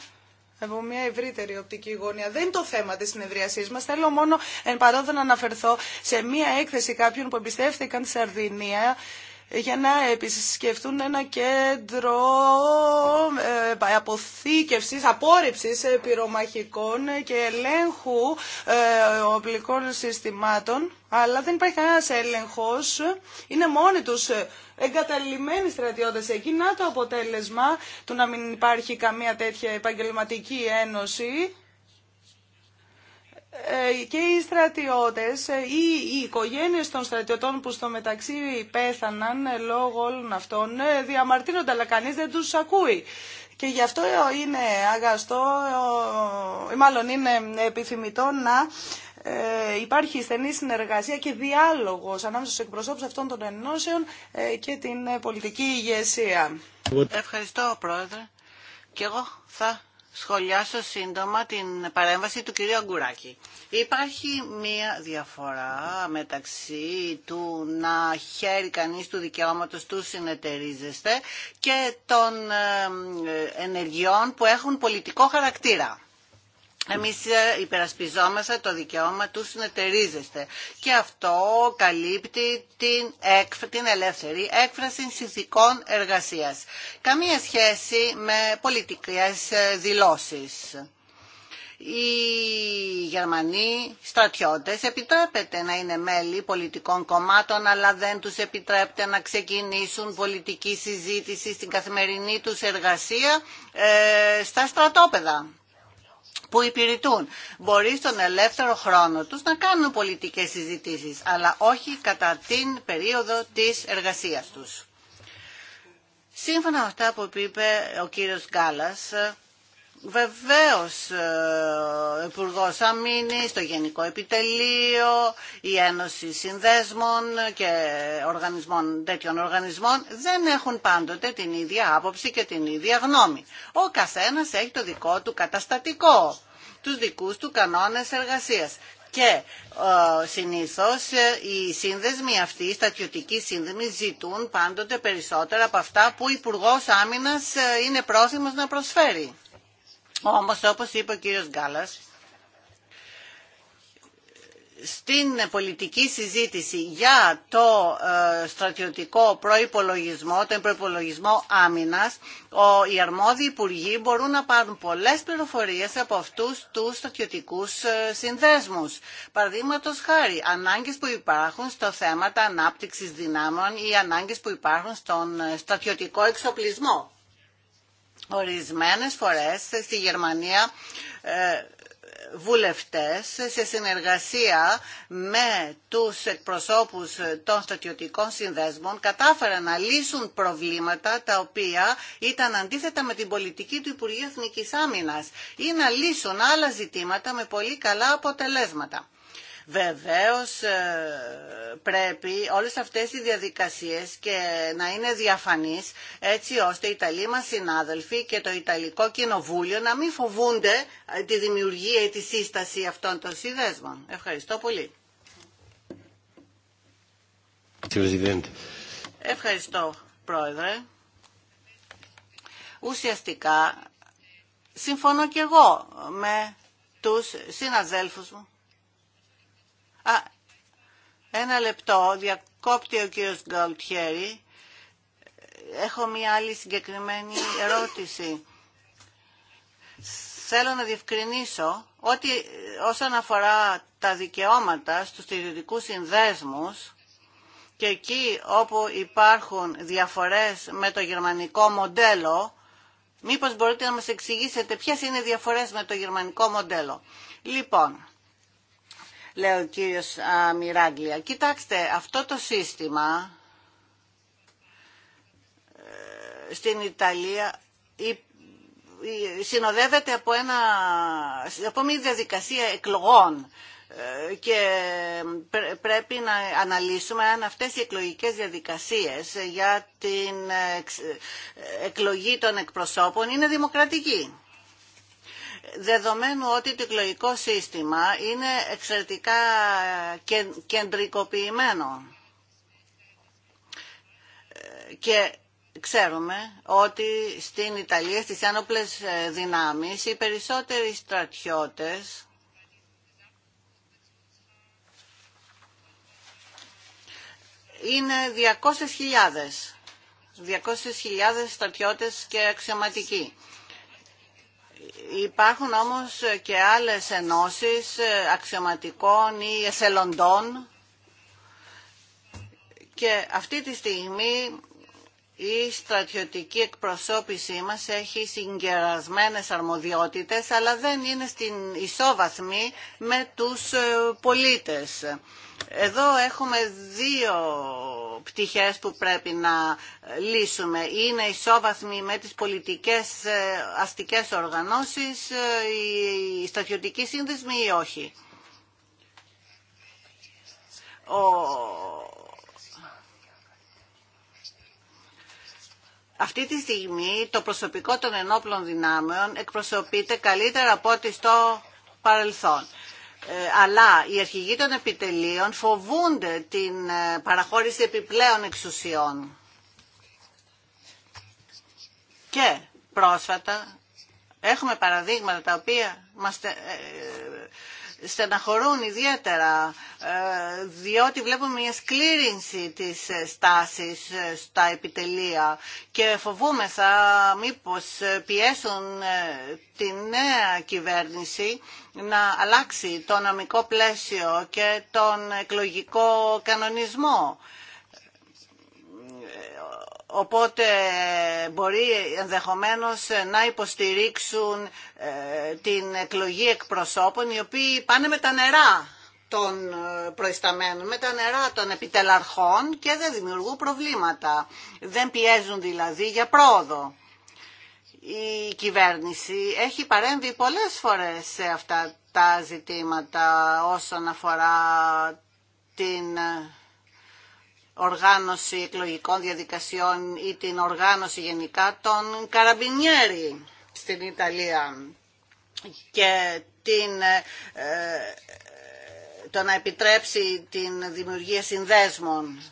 D: από μια ευρύτερη οπτική γωνία. Δεν είναι το θέμα τη συνεδρίασή μα. Θέλω μόνο εν παρόδο να αναφερθώ σε μια έκθεση κάποιων που εμπιστεύτηκαν τη Σαρδινία για να επισκεφτούν ένα κέντρο ε, αποθήκευσης, απόρριψης πυρομαχικών και ελέγχου ε, οπλικών συστημάτων. Αλλά δεν υπάρχει κανένας έλεγχος. Είναι μόνοι τους εγκαταλειμμένοι στρατιώτες εκεί. Να το αποτέλεσμα του να μην υπάρχει καμία τέτοια επαγγελματική ένωση ε, και οι στρατιώτες ε, ή οι οικογένειες των στρατιωτών που στο μεταξύ πέθαναν ε, λόγω όλων αυτών διαμαρτύρονται αλλά κανείς δεν τους ακούει. Και γι' αυτό είναι αγαστό, ή μάλλον είναι επιθυμητό να υπάρχει στενή συνεργασία και διάλογος ανάμεσα στους εκπροσώπους αυτών των ενώσεων και την πολιτική ηγεσία. Ευχαριστώ Πρόεδρε. Και εγώ θα σχολιάσω σύντομα
C: την παρέμβαση του κυρίου Αγκουράκη. Υπάρχει μία διαφορά μεταξύ του να χαίρει κανείς του δικαιώματος του συνεταιρίζεστε και των ε, ε, ενεργειών που έχουν πολιτικό χαρακτήρα. Εμείς ε, υπερασπιζόμαστε το δικαίωμα του συνεταιρίζεστε και αυτό καλύπτει την, την ελεύθερη έκφραση συνθηκών εργασίας. Καμία σχέση με πολιτικές ε, δηλώσεις. Οι Γερμανοί στρατιώτες επιτρέπεται να είναι μέλη πολιτικών κομμάτων αλλά δεν τους επιτρέπεται να ξεκινήσουν πολιτική συζήτηση στην καθημερινή τους εργασία ε, στα στρατόπεδα που υπηρετούν. Μπορεί στον ελεύθερο χρόνο τους να κάνουν πολιτικές συζητήσεις, αλλά όχι κατά την περίοδο της εργασίας τους. Σύμφωνα με αυτά που είπε ο κύριος Γκάλας, Βεβαίω, ε, ο Υπουργό Αμήνη, το Γενικό Επιτελείο, η Ένωση Συνδέσμων και οργανισμών, τέτοιων οργανισμών δεν έχουν πάντοτε την ίδια άποψη και την ίδια γνώμη. Ο καθένα έχει το δικό του καταστατικό, τους δικούς του κανόνε εργασίας. Και ε, συνήθως ε, οι σύνδεσμοι αυτοί, οι στατιωτικοί σύνδεσμοι ζητούν πάντοτε περισσότερα από αυτά που ο Άμυνα ε, είναι πρόθυμο να προσφέρει. Όμως όπως είπε ο κύριος Γκάλα, στην πολιτική συζήτηση για το ε, στρατιωτικό προϋπολογισμό, τον προϋπολογισμό άμυνας, ο, οι αρμόδιοι υπουργοί μπορούν να πάρουν πολλές πληροφορίες από αυτούς τους στρατιωτικούς ε, συνδέσμους. Παραδείγματο χάρη, ανάγκες που υπάρχουν στο θέματα ανάπτυξης δυνάμεων ή ανάγκες που υπάρχουν στον ε, στρατιωτικό εξοπλισμό. Ορισμένες φορές στη Γερμανία ε, βουλευτές σε συνεργασία με τους εκπροσώπους των στρατιωτικών συνδέσμων κατάφεραν να λύσουν προβλήματα τα οποία ήταν αντίθετα με την πολιτική του Υπουργείου Εθνικής Άμυνας ή να λύσουν άλλα ζητήματα με πολύ καλά αποτελέσματα. Βεβαίως ε, πρέπει όλες αυτές οι διαδικασίες και να είναι διαφανείς έτσι ώστε οι Ιταλοί μας συνάδελφοι και το Ιταλικό Κοινοβούλιο να μην φοβούνται ε, τη δημιουργία ή τη σύσταση αυτών των συνδέσμων. Ευχαριστώ πολύ. Ευχαριστώ, Πρόεδρε. Ουσιαστικά, συμφωνώ και εγώ με τους συναδέλφους μου Α, ένα λεπτό, διακόπτει ο κύριος Γκαουτιέρη. Έχω μία άλλη συγκεκριμένη ερώτηση. Θέλω να διευκρινίσω ότι ε, όσον αφορά τα δικαιώματα στους ιδιωτικούς συνδέσμους και εκεί όπου υπάρχουν διαφορές με το γερμανικό μοντέλο, μήπως μπορείτε να μας εξηγήσετε ποιες είναι οι διαφορές με το γερμανικό μοντέλο. Λοιπόν, λέει ο κύριος Μιράγκλια. Κοιτάξτε, αυτό το σύστημα ε, στην Ιταλία συνοδεύεται από, ένα, από μια διαδικασία εκλογών ε, και πρέπει να αναλύσουμε αν αυτές οι εκλογικές διαδικασίες για την ε, εκλογή των εκπροσώπων είναι δημοκρατική δεδομένου ότι το εκλογικό σύστημα είναι εξαιρετικά κεντρικοποιημένο και ξέρουμε ότι στην Ιταλία, στις άνοπλες ε, δυνάμεις, οι περισσότεροι στρατιώτες είναι 200.000. 200.000 στρατιώτες και αξιωματικοί. Υπάρχουν όμως και άλλες ενώσεις ε, αξιωματικών ή εθελοντών και αυτή τη στιγμή η στρατιωτική εκπροσώπησή μας έχει συγκερασμένες αρμοδιότητες αλλά δεν είναι στην ισόβαθμη με τους ε, πολίτες. Εδώ έχουμε δύο πτυχές που πρέπει να λύσουμε. Είναι ισόβαθμοι με τις πολιτικές ε, αστικές οργανώσεις, η ε, στρατιωτικοί σύνδεσμοι ή όχι. Αυτή τη στιγμή το προσωπικό των ενόπλων δυνάμεων εκπροσωπείται καλύτερα από ό,τι στο παρελθόν. Ε, αλλά οι αρχηγοί των επιτελείων φοβούνται την ε, παραχώρηση επιπλέον εξουσιών. Και πρόσφατα έχουμε παραδείγματα τα οποία μας ε, στεναχωρούν ιδιαίτερα ε, διότι βλέπουμε μια σκλήρινση της ε, στάσης ε, στα επιτελεία και φοβούμεθα μήπως πιέσουν τη νέα κυβέρνηση να αλλάξει το νομικό πλαίσιο και τον εκλογικό κανονισμό. Οπότε μπορεί ενδεχομένως να υποστηρίξουν ε, την εκλογή εκπροσώπων οι οποίοι πάνε με τα νερά των ε, προϊσταμένων, με τα νερά των επιτελαρχών και δεν δημιουργούν προβλήματα. Δεν πιέζουν δηλαδή για πρόοδο. Η κυβέρνηση έχει παρέμβει πολλές φορές σε αυτά τα ζητήματα όσον αφορά την ε, οργάνωση εκλογικών διαδικασιών ή την οργάνωση γενικά των Καραμπινιέρι στην Ιταλία και την, ε, ε, το να επιτρέψει την δημιουργία συνδέσμων.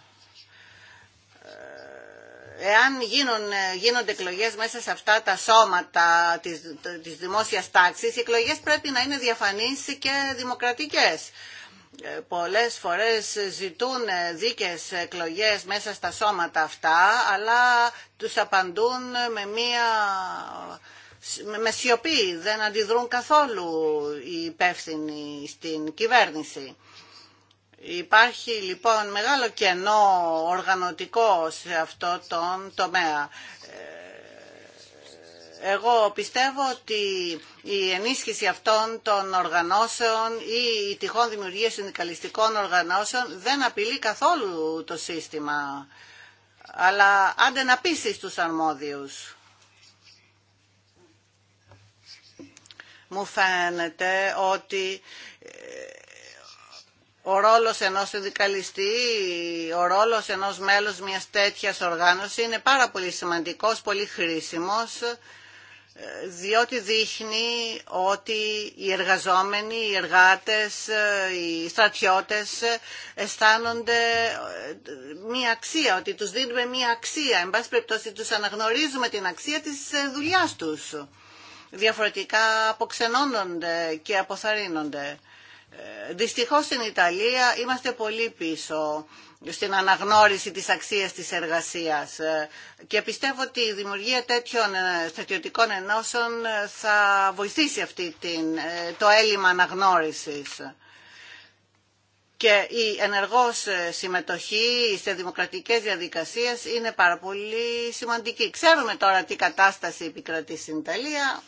C: Ε, εάν γίνονται εκλογές μέσα σε αυτά τα σώματα της, της δημόσιας τάξης, οι εκλογές πρέπει να είναι διαφανείς και δημοκρατικές πολλές φορές ζητούν δίκες εκλογές μέσα στα σώματα αυτά, αλλά τους απαντούν με μία... Με σιωπή δεν αντιδρούν καθόλου οι υπεύθυνοι στην κυβέρνηση. Υπάρχει λοιπόν μεγάλο κενό οργανωτικό σε αυτό τον τομέα. Ε, εγώ πιστεύω ότι η ενίσχυση αυτών των οργανώσεων ή η τυχόν δημιουργία συνδικαλιστικών οργανώσεων δεν απειλεί καθόλου το σύστημα. Αλλά άντε να πείσει τους αρμόδιους. Μου φαίνεται ότι ε, ο ρόλος ενός συνδικαλιστή, ο ρόλος ενός μέλους μιας τέτοιας οργάνωσης είναι πάρα πολύ σημαντικός, πολύ χρήσιμος διότι δείχνει ότι οι εργαζόμενοι, οι εργάτες, οι στρατιώτες αισθάνονται ε, μία αξία, ότι τους δίνουμε μία αξία. Εν πάση περιπτώσει τους αναγνωρίζουμε την αξία της ε, δουλειάς τους. Διαφορετικά αποξενώνονται και αποθαρρύνονται. Ε, δυστυχώς στην Ιταλία είμαστε πολύ πίσω στην αναγνώριση της αξίας της εργασίας. Ε, και πιστεύω ότι η δημιουργία τέτοιων ε, στρατιωτικών ενώσεων ε, θα βοηθήσει αυτή την, το έλλειμμα αναγνώρισης. Και η ενεργός συμμετοχή σε δημοκρατικές διαδικασίες είναι πάρα πολύ σημαντική. Ξέρουμε τώρα τι κατάσταση επικρατεί στην Ιταλία.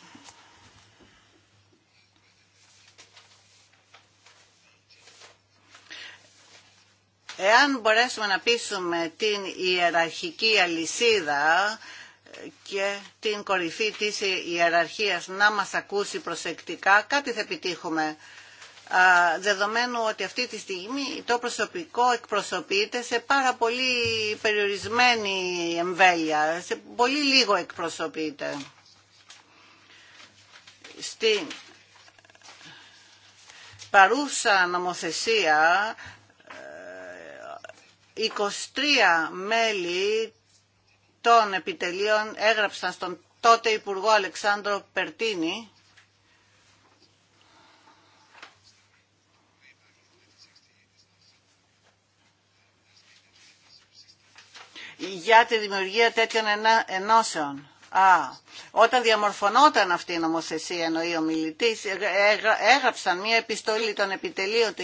C: Εάν μπορέσουμε να πείσουμε την ιεραρχική αλυσίδα και την κορυφή της ιεραρχίας να μας ακούσει προσεκτικά, κάτι θα επιτύχουμε. Δεδομένου ότι αυτή τη στιγμή το προσωπικό εκπροσωπείται σε πάρα πολύ περιορισμένη εμβέλεια, σε πολύ λίγο εκπροσωπείται. Στην παρούσα νομοθεσία 23 μέλη των επιτελείων έγραψαν στον τότε Υπουργό Αλεξάνδρο Περτίνη για τη δημιουργία τέτοιων ενώσεων. Α, όταν διαμορφωνόταν αυτή η νομοθεσία, εννοεί ο μιλητής, έγραψαν μια επιστολή των επιτελείων το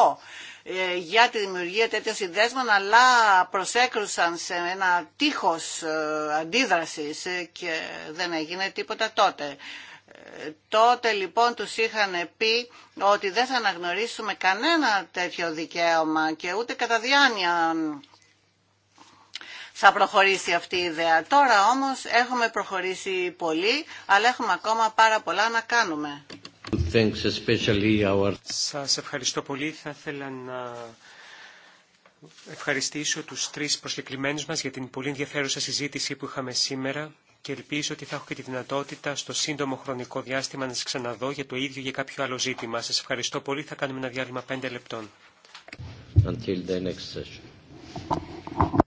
C: 1968 ε, για τη δημιουργία τέτοιων συνδέσμων, αλλά προσέκρουσαν σε ένα τείχος ε, αντίδρασης ε, και δεν έγινε τίποτα τότε. Τότε λοιπόν τους είχαν πει ότι δεν θα αναγνωρίσουμε κανένα τέτοιο δικαίωμα και ούτε κατά διάνοια θα προχωρήσει αυτή η ιδέα. Τώρα όμως έχουμε προχωρήσει πολύ, αλλά έχουμε ακόμα πάρα πολλά να
B: κάνουμε. Our... Σας ευχαριστώ πολύ. Θα ήθελα να ευχαριστήσω τους τρεις προσκεκλημένους μας για την πολύ ενδιαφέρουσα συζήτηση που είχαμε σήμερα και ελπίζω ότι θα έχω και τη δυνατότητα στο σύντομο χρονικό διάστημα να σας ξαναδώ για το ίδιο για κάποιο άλλο ζήτημα. Σας ευχαριστώ πολύ. Θα κάνουμε ένα διάλειμμα πέντε λεπτών.
A: Until the next session.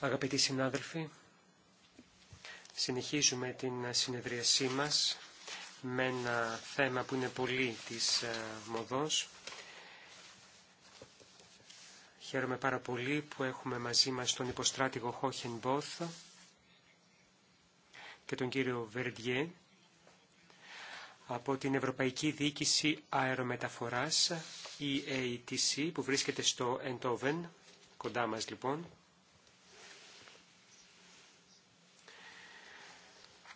B: Αγαπητοί συνάδελφοι, συνεχίζουμε την συνεδρίασή μας με ένα θέμα που είναι πολύ της ε, μοδός. Χαίρομαι πάρα πολύ που έχουμε μαζί μας τον υποστράτηγο Χόχεν Μπόθ και τον κύριο Βερντιέ από την Ευρωπαϊκή Διοίκηση Αερομεταφοράς, EATC, ε που βρίσκεται στο Εντόβεν κοντά μας λοιπόν.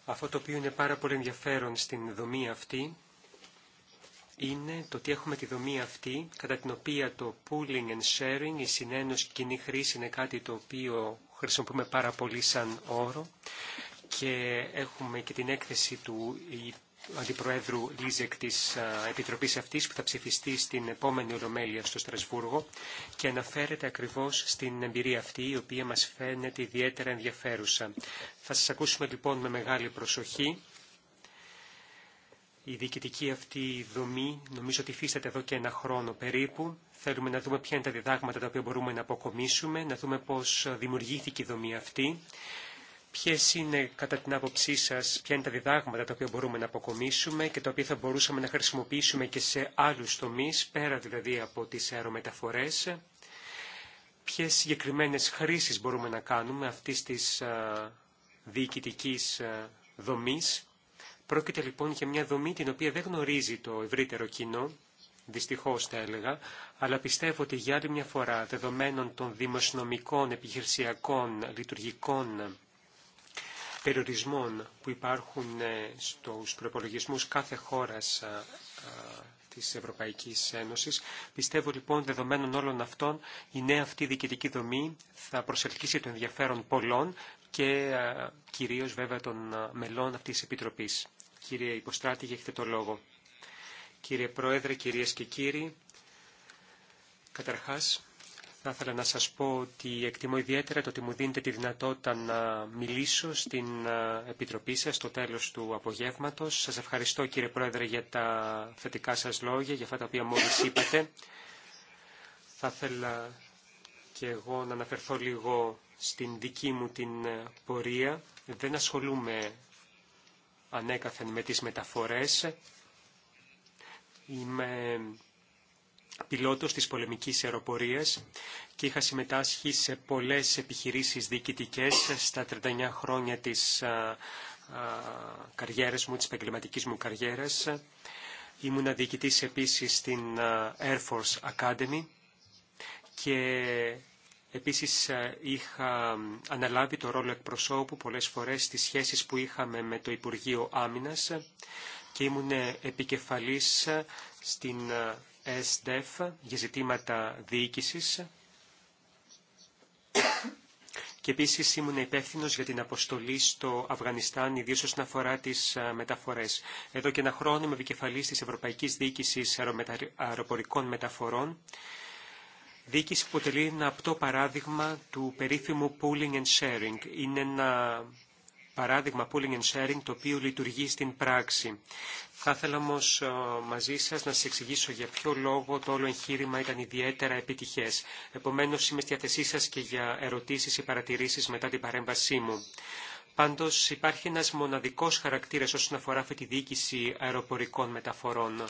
B: Αυτό το οποίο είναι πάρα πολύ ενδιαφέρον στην δομή αυτή είναι το ότι έχουμε τη δομή αυτή κατά την οποία το pooling and sharing, η συνένωση και η κοινή χρήση είναι κάτι το οποίο χρησιμοποιούμε πάρα πολύ σαν όρο και έχουμε και την έκθεση του Αντιπροέδρου Λίζεκ της ε, Επιτροπής αυτής που θα ψηφιστεί στην επόμενη Ολομέλεια στο Στρασβούργο και αναφέρεται ακριβώς στην εμπειρία αυτή η οποία μας φαίνεται ιδιαίτερα ενδιαφέρουσα. Θα σας ακούσουμε λοιπόν με μεγάλη προσοχή. Η διοικητική αυτή δομή νομίζω ότι υφίσταται εδώ και ένα χρόνο περίπου. Θέλουμε να δούμε ποια είναι τα διδάγματα τα οποία μπορούμε να αποκομίσουμε, να δούμε πώς δημιουργήθηκε η δομή αυτή Ποιε είναι κατά την άποψή σα ποια είναι τα διδάγματα τα οποία μπορούμε να αποκομίσουμε και τα οποία θα μπορούσαμε να χρησιμοποιήσουμε και σε άλλου τομεί, πέρα δηλαδή από τι αερομεταφορέ. Ποιε συγκεκριμένε χρήσει μπορούμε να κάνουμε αυτή τη διοικητική δομής. Πρόκειται λοιπόν για μια δομή την οποία δεν γνωρίζει το ευρύτερο κοινό, δυστυχώ τα έλεγα, αλλά πιστεύω ότι για άλλη μια φορά, δεδομένων των δημοσιονομικών, επιχειρησιακών, λειτουργικών περιορισμών που υπάρχουν ε, στους προπολογισμούς κάθε χώρας ε, ε, της Ευρωπαϊκής Ένωσης. Πιστεύω λοιπόν δεδομένων όλων αυτών η νέα αυτή διοικητική δομή θα προσελκύσει το ενδιαφέρον πολλών και κυρίως βέβαια των μελών αυτής της Επιτροπής. Κύριε Υποστράτη, έχετε το λόγο. Κύριε Πρόεδρε, κυρίες και κύριοι, καταρχάς θα ήθελα να σας πω ότι εκτιμώ ιδιαίτερα το ότι μου δίνετε τη δυνατότητα να μιλήσω στην ε, Επιτροπή σας στο τέλος του απογεύματος. Σας ευχαριστώ κύριε Πρόεδρε για τα θετικά σας λόγια, για αυτά τα οποία μόλις είπατε. Θα ήθελα και εγώ να αναφερθώ λίγο στην δική μου την ε, πορεία. Δεν ασχολούμαι ανέκαθεν με τις μεταφορές πιλότος της πολεμικής αεροπορίας και είχα συμμετάσχει σε πολλές επιχειρήσεις διοικητικές στα 39 χρόνια της καριέρας μου, της επαγγελματική μου καριέρας. Ήμουν διοικητής επίσης στην Air Force Academy και επίσης είχα αναλάβει το ρόλο εκπροσώπου πολλές φορές στις σχέσεις που είχαμε με το Υπουργείο Άμυνας και ήμουν επικεφαλής στην ΕΣΔΕΦ για ζητήματα διοίκησης και επίσης ήμουν υπεύθυνο για την αποστολή στο Αφγανιστάν, ιδίω όσον αφορά τις ε, μεταφορές. Εδώ και ένα χρόνο είμαι επικεφαλής της Ευρωπαϊκής Διοίκησης Αεροπορικών Μεταφορών, διοίκηση που αποτελεί ένα απτό παράδειγμα του περίφημου pooling and sharing. Είναι παράδειγμα pooling and sharing το οποίο λειτουργεί στην πράξη. Θα ήθελα όμω ε, μαζί σα να σα εξηγήσω για ποιο λόγο το όλο εγχείρημα ήταν ιδιαίτερα επιτυχέ. Επομένω, είμαι στη διάθεσή σα και για ερωτήσει ή παρατηρήσει μετά την παρέμβασή μου. Πάντω, υπάρχει ένα μοναδικό χαρακτήρα όσον αφορά αυτή τη διοίκηση αεροπορικών μεταφορών.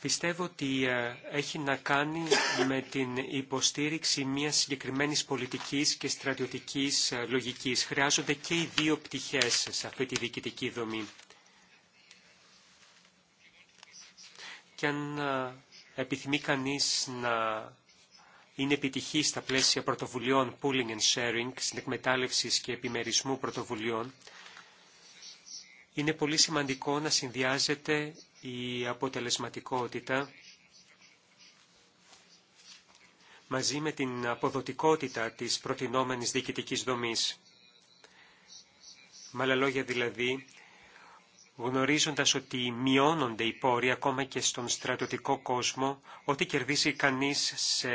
B: πιστεύω ότι ε, έχει να κάνει με την υποστήριξη μιας συγκεκριμένης πολιτικής και στρατιωτικής ε, λογικής. Χρειάζονται και οι δύο πτυχές σε αυτή τη διοικητική δομή. Και αν ε, επιθυμεί κανείς να είναι επιτυχή στα πλαίσια πρωτοβουλειών pooling and sharing, συνεκμετάλλευσης και επιμερισμού πρωτοβουλειών, είναι πολύ σημαντικό να συνδυάζεται η αποτελεσματικότητα μαζί με την αποδοτικότητα της προτινόμενης διοικητικής δομής. Με άλλα λόγια δηλαδή, γνωρίζοντας ότι μειώνονται οι πόροι ακόμα και στον στρατιωτικό κόσμο, ό,τι κερδίσει κανείς σε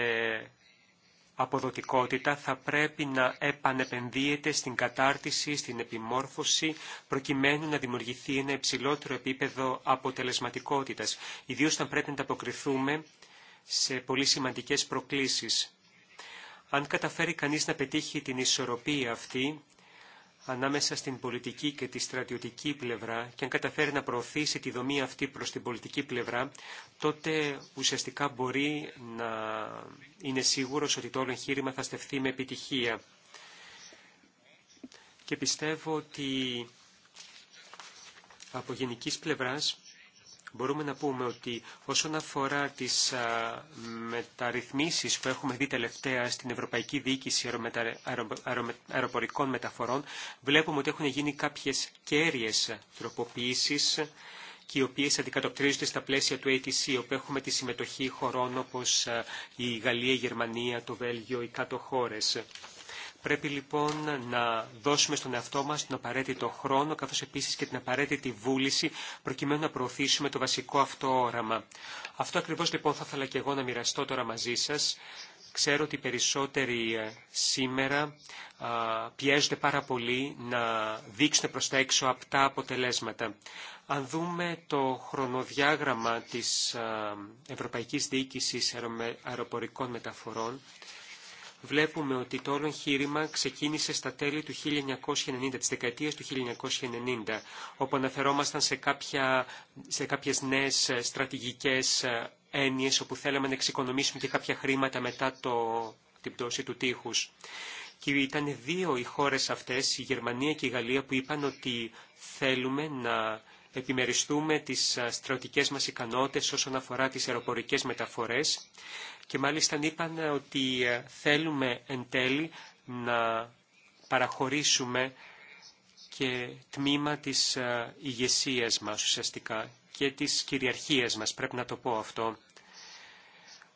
B: αποδοτικότητα θα πρέπει να επανεπενδύεται στην κατάρτιση, στην επιμόρφωση, προκειμένου να δημιουργηθεί ένα υψηλότερο επίπεδο αποτελεσματικότητας, ιδίως όταν πρέπει να ανταποκριθούμε σε πολύ σημαντικές προκλήσεις. Αν καταφέρει κανείς να πετύχει την ισορροπία αυτή, ανάμεσα στην πολιτική και τη στρατιωτική πλευρά και αν καταφέρει να προωθήσει τη δομή αυτή προς την πολιτική πλευρά, τότε ουσιαστικά μπορεί να είναι σίγουρος ότι το όλο εγχείρημα θα στεφθεί με επιτυχία. Και πιστεύω ότι από γενικής πλευράς μπορούμε να πούμε ότι όσον αφορά τις μεταρρυθμίσεις που έχουμε δει τελευταία στην Ευρωπαϊκή Διοίκηση Αεροπορικών Μεταφορών, βλέπουμε ότι έχουν γίνει κάποιες κέρυες τροποποιήσεις και οι οποίες αντικατοπτρίζονται στα πλαίσια του ATC, όπου έχουμε τη συμμετοχή χωρών όπως η Γαλλία, η Γερμανία, το Βέλγιο, οι κάτω χώρες. Πρέπει λοιπόν να δώσουμε στον εαυτό μας τον απαραίτητο χρόνο, καθώς επίσης και την απαραίτητη βούληση, προκειμένου να προωθήσουμε το βασικό αυτό όραμα. Αυτό ακριβώς λοιπόν θα ήθελα και εγώ να μοιραστώ τώρα μαζί σας. Ξέρω ότι οι περισσότεροι ε, σήμερα πιέζονται πάρα πολύ να δείξουν προς τα έξω αυτά αποτελέσματα. Αν δούμε το χρονοδιάγραμμα της Ευρωπαϊκής Διοίκησης Αεροπορικών Μεταφορών, βλέπουμε ότι το όλο εγχείρημα ξεκίνησε στα τέλη του 1990, της δεκαετίας του 1990, όπου αναφερόμασταν σε, κάποια, σε κάποιες νέες στρατηγικές έννοιες, όπου θέλαμε να εξοικονομήσουμε και κάποια χρήματα μετά το, την πτώση του τείχους. Και ήταν δύο οι χώρες αυτές, η Γερμανία και η Γαλλία, που είπαν ότι θέλουμε να επιμεριστούμε τις στρατιωτικές μας ικανότητες όσον αφορά τις αεροπορικές μεταφορές και μάλιστα είπαν ε, ότι ε, θέλουμε εν τέλει να παραχωρήσουμε και τμήμα της ε, ηγεσία μας ουσιαστικά και της κυριαρχίας μας, πρέπει να το πω αυτό.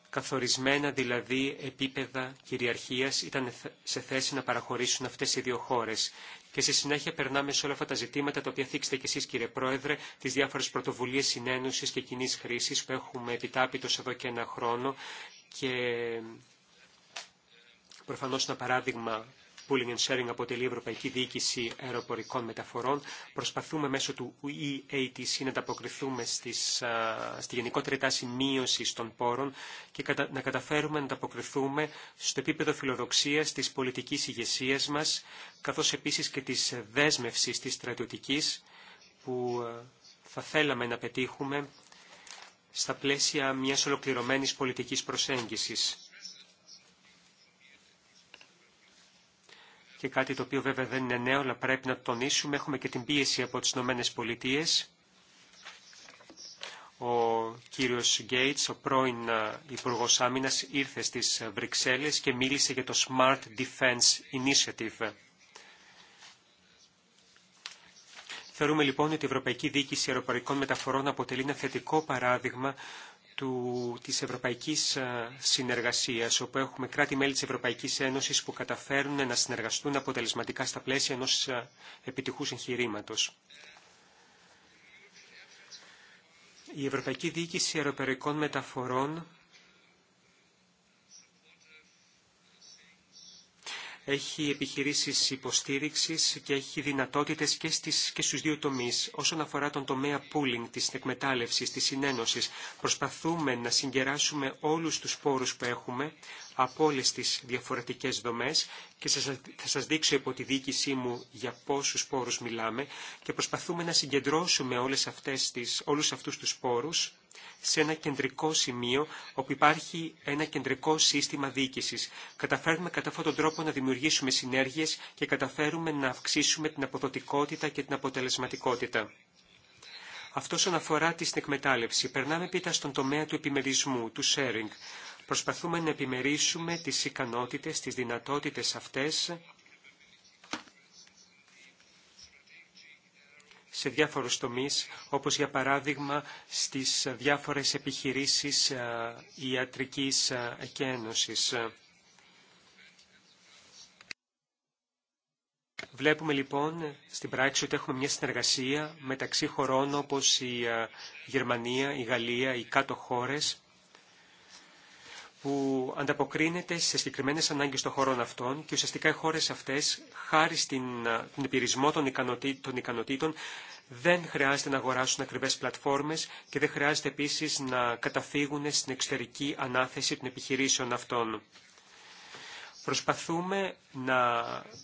B: Καθορισμένα δηλαδή επίπεδα κυριαρχίας ήταν σε θέση να παραχωρήσουν αυτές οι δύο χώρες και στη συνέχεια περνάμε σε όλα αυτά τα ζητήματα τα οποία θίξετε κι εσείς κύριε Πρόεδρε, τις διάφορες πρωτοβουλίες συνένωσης και κοινή χρήση που έχουμε επιτάπητος εδώ και ένα χρόνο και προφανώς ένα παράδειγμα pooling and sharing αποτελεί η Ευρωπαϊκή Διοίκηση Αεροπορικών Μεταφορών. Προσπαθούμε μέσω του EATC να ανταποκριθούμε στις, στη γενικότερη τάση μείωση των πόρων και να καταφέρουμε να ανταποκριθούμε στο επίπεδο φιλοδοξίας της πολιτική ηγεσία μας, καθώς επίσης και της δέσμευση της στρατιωτική που θα θέλαμε να πετύχουμε στα πλαίσια μιας ολοκληρωμένης πολιτικής προσέγγισης. και κάτι το οποίο βέβαια δεν είναι νέο, αλλά πρέπει να τονίσουμε. Έχουμε και την πίεση από τις Ηνωμένες Πολιτείες. Ο κύριος Γκέιτς, ο πρώην υπουργό Άμυνα, ήρθε στις Βρυξέλλες και μίλησε για το Smart Defense Initiative. Θεωρούμε λοιπόν ότι η Ευρωπαϊκή Διοίκηση αεροπαρικών Μεταφορών αποτελεί ένα θετικό παράδειγμα του, της Ευρωπαϊκής ε, Συνεργασίας, όπου έχουμε κράτη-μέλη της Ευρωπαϊκής Ένωσης που καταφέρουν να συνεργαστούν αποτελεσματικά στα πλαίσια ενός ε, επιτυχούς εγχειρήματο. Η Ευρωπαϊκή Διοίκηση Αεροπερικών Μεταφορών έχει επιχειρήσεις υποστήριξης και έχει δυνατότητες και, στις, και στους δύο τομείς. Όσον αφορά τον τομέα pooling, της εκμετάλλευσης, της συνένωσης, προσπαθούμε να συγκεράσουμε όλους τους πόρους που έχουμε από όλε τις διαφορετικές δομές και σας, θα σας δείξω υπό τη διοίκησή μου για πόσους πόρους μιλάμε και προσπαθούμε να συγκεντρώσουμε όλες αυτές τις, όλους πόρους σε ένα κεντρικό σημείο όπου υπάρχει ένα κεντρικό σύστημα διοίκησης. Καταφέρνουμε κατά αυτόν τον τρόπο να δημιουργήσουμε συνέργειες και καταφέρουμε να αυξήσουμε την αποδοτικότητα και την αποτελεσματικότητα. Αυτό όσον αφορά την εκμετάλλευση. Περνάμε πίτα στον τομέα του επιμερισμού, του sharing. Προσπαθούμε να επιμερίσουμε τις ικανότητες, τις δυνατότητες αυτές σε διάφορους τομείς, όπως για παράδειγμα στις διάφορες επιχειρήσεις ε, ιατρικής ε, και Βλέπουμε λοιπόν στην πράξη ότι έχουμε μια συνεργασία μεταξύ χωρών όπως η ε, Γερμανία, η Γαλλία, οι κάτω χώρες που ανταποκρίνεται σε συγκεκριμένε ανάγκες των χωρών αυτών και ουσιαστικά οι χώρες αυτές, χάρη στην, ε, τον των, των ικανοτήτων, δεν χρειάζεται να αγοράσουν ακριβές πλατφόρμες και δεν χρειάζεται επίσης να καταφύγουν στην εξωτερική ανάθεση των επιχειρήσεων αυτών. Προσπαθούμε να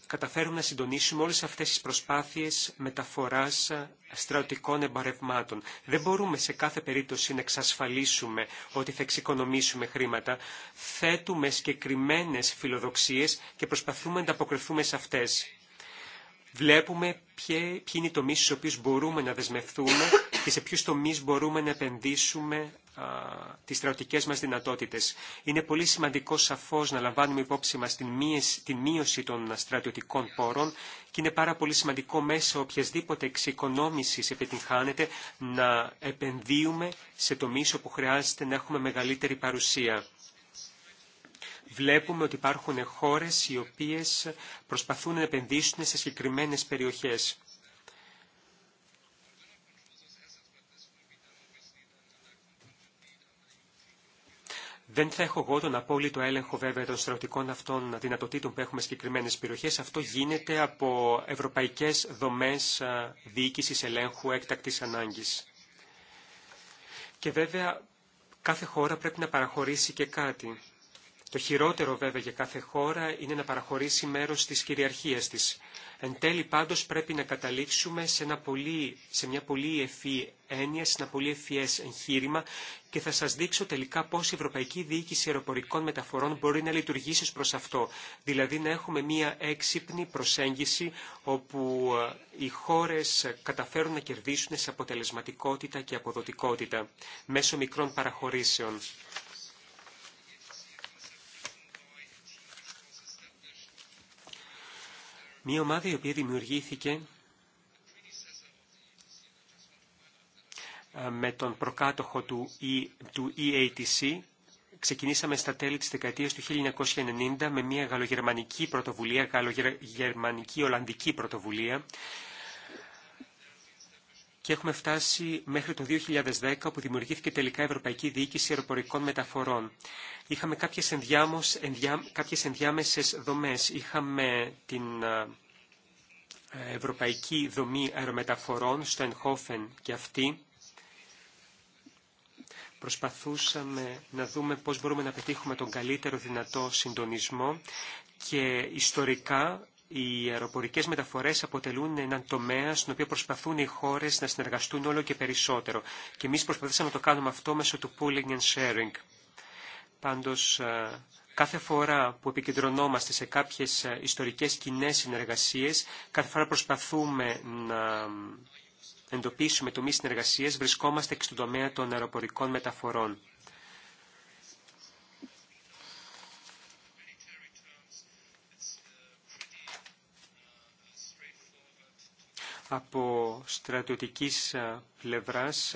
B: καταφέρουμε να συντονίσουμε όλες αυτές τις προσπάθειες μεταφοράς στρατιωτικών εμπαρευμάτων. Δεν μπορούμε σε κάθε περίπτωση να εξασφαλίσουμε ότι θα εξοικονομήσουμε χρήματα. Θέτουμε συγκεκριμένε φιλοδοξίες και προσπαθούμε να ανταποκριθούμε σε αυτές. Βλέπουμε ποιοι είναι οι τομείς στους οποίους μπορούμε να δεσμευτούμε και σε ποιους τομείς μπορούμε να επενδύσουμε τις στρατιωτικές μας δυνατότητες. Είναι πολύ σημαντικό σαφώς να λαμβάνουμε υπόψη μας την, μείωση, των στρατιωτικών πόρων και είναι πάρα πολύ σημαντικό μέσα οποιασδήποτε εξοικονόμησης επιτυγχάνεται να επενδύουμε σε τομείς όπου χρειάζεται να έχουμε μεγαλύτερη παρουσία. Βλέπουμε ότι υπάρχουν χώρες οι οποίες προσπαθούν να επενδύσουν σε συγκεκριμένες περιοχές. Δεν θα έχω εγώ τον απόλυτο έλεγχο βέβαια των στρατικών αυτών δυνατοτήτων που έχουμε συγκεκριμένε περιοχέ. Αυτό γίνεται από ευρωπαϊκέ δομέ διοίκηση ελέγχου έκτακτη ανάγκη. Και βέβαια κάθε χώρα πρέπει να παραχωρήσει και κάτι. Το χειρότερο βέβαια για κάθε χώρα είναι να παραχωρήσει μέρος της κυριαρχίας της. Εν τέλει πάντως πρέπει να καταλήξουμε σε, πολύ, σε μια πολύ ευφύ Έννοια, είναι ένα πολύ ευφυέ εγχείρημα και θα σας δείξω τελικά πώ η Ευρωπαϊκή Διοίκηση Αεροπορικών Μεταφορών μπορεί να λειτουργήσει προ προς αυτό. Δηλαδή να έχουμε μία έξυπνη προσέγγιση όπου ε, οι χώρες ε, καταφέρουν να κερδίσουν σε αποτελεσματικότητα και αποδοτικότητα μέσω μικρών παραχωρήσεων. Μία ομάδα η οποία δημιουργήθηκε Ε, με τον προκάτοχο του, e, EATC. Ξεκινήσαμε στα τέλη της δεκαετίας του 1990 με μια γαλλογερμανική πρωτοβουλία, γαλλογερμανική-ολλανδική πρωτοβουλία και έχουμε φτάσει μέχρι το 2010 που δημιουργήθηκε τελικά η Ευρωπαϊκή Διοίκηση Αεροπορικών Μεταφορών. Είχαμε κάποιες, ενδιάμος, ενδιά, κάποιες ενδιάμεσες δομές. Είχαμε την ε, Ευρωπαϊκή Δομή Αερομεταφορών στο Ενχόφεν και αυτή Προσπαθούσαμε να δούμε πώς μπορούμε να πετύχουμε τον καλύτερο δυνατό συντονισμό και ιστορικά οι αεροπορικές μεταφορές αποτελούν έναν τομέα στον οποίο προσπαθούν οι χώρες να συνεργαστούν όλο και περισσότερο. Και εμείς προσπαθήσαμε να το κάνουμε αυτό μέσω του pooling and sharing. Πάντως κάθε φορά που επικεντρωνόμαστε σε κάποιες ιστορικές κοινέ συνεργασίες κάθε φορά προσπαθούμε να εντοπίσουμε τομεί συνεργασία, βρισκόμαστε και στον τομέα των αεροπορικών μεταφορών. Από στρατιωτικής ε, πλευράς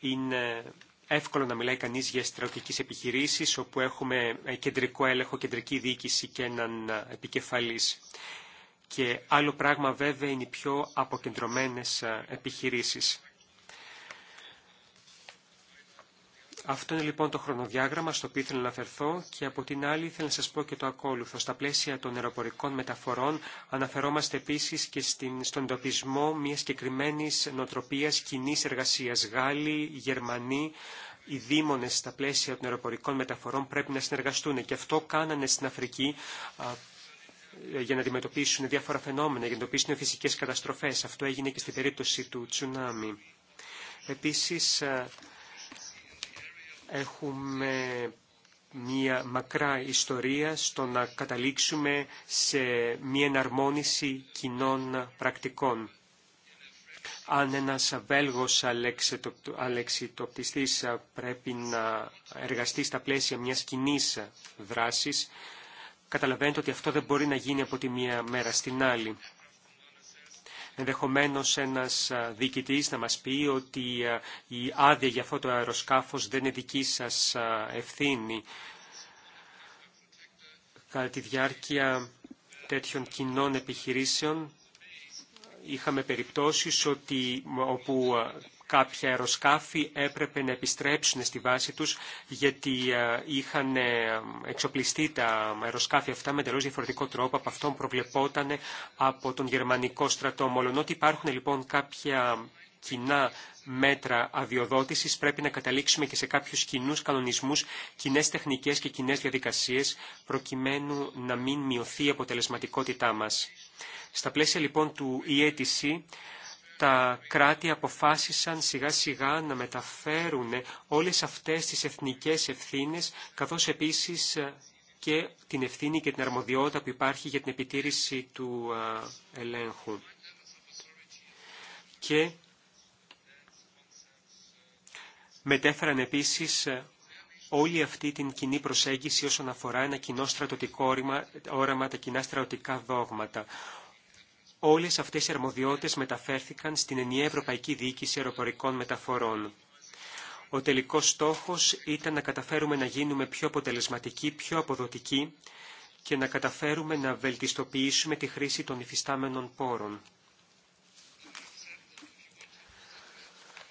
B: είναι εύκολο να μιλάει κανείς για στρατιωτικές επιχειρήσει, όπου έχουμε ε, κεντρικό έλεγχο, κεντρική διοίκηση και έναν ε, επικεφαλής και άλλο πράγμα βέβαια είναι οι πιο αποκεντρωμένες ε, επιχειρήσεις. Αυτό είναι λοιπόν το χρονοδιάγραμμα στο οποίο ήθελα να αναφερθώ και από την άλλη ήθελα να σας πω και το ακόλουθο. Στα πλαίσια των αεροπορικών μεταφορών αναφερόμαστε επίσης και στην, στον εντοπισμό μιας συγκεκριμένη νοοτροπίας κοινή εργασίας. Γάλλοι, Γερμανοί, οι δήμονες στα πλαίσια των αεροπορικών μεταφορών πρέπει να συνεργαστούν και αυτό κάνανε στην Αφρική ε, για να αντιμετωπίσουν διάφορα φαινόμενα, για να αντιμετωπίσουν φυσικές καταστροφές. Αυτό έγινε και στην περίπτωση του τσουνάμι. Επίσης, ε, έχουμε μια μακρά ιστορία στο να καταλήξουμε σε μια εναρμόνιση κοινών πρακτικών. Αν ένας Βέλγος αλεξιτοπτιστής ε, πρέπει να εργαστεί στα πλαίσια μιας κοινή δράσης, καταλαβαίνετε ότι αυτό δεν μπορεί να γίνει από τη μία μέρα στην άλλη. Ενδεχομένω ένας διοικητή να μας πει ότι η άδεια για αυτό το αεροσκάφο δεν είναι δική σα ευθύνη. Κατά τη διάρκεια τέτοιων κοινών επιχειρήσεων είχαμε περιπτώσεις ότι, όπου κάποια αεροσκάφη έπρεπε να επιστρέψουν στη βάση τους γιατί ε, είχαν ε, εξοπλιστεί τα αεροσκάφη αυτά με εντελώ διαφορετικό τρόπο από αυτόν προβλεπόταν από τον γερμανικό στρατό. ότι υπάρχουν λοιπόν κάποια κοινά μέτρα αδειοδότησης... πρέπει να καταλήξουμε και σε κάποιου κοινούς κανονισμούς... κοινέ τεχνικές και κοινέ διαδικασίες... προκειμένου να μην μειωθεί η αποτελεσματικότητά μα. Στα πλαίσια λοιπόν του EATC, τα κράτη αποφάσισαν σιγά σιγά να μεταφέρουν όλες αυτές τις εθνικές ευθύνες, καθώς επίσης ε, και την ευθύνη και την αρμοδιότητα που υπάρχει για την επιτήρηση του ε, ελέγχου. Και μετέφεραν επίσης ε, όλη αυτή την κοινή προσέγγιση όσον αφορά ένα κοινό στρατοτικό όραμα, τα κοινά στρατοτικά δόγματα. Όλες αυτές οι αρμοδιότητες μεταφέρθηκαν στην ενιαία Ευρωπαϊκή Διοίκηση Αεροπορικών Μεταφορών. Ο τελικός στόχος ήταν να καταφέρουμε να γίνουμε πιο αποτελεσματικοί, πιο αποδοτικοί και να καταφέρουμε να βελτιστοποιήσουμε τη χρήση των υφιστάμενων πόρων.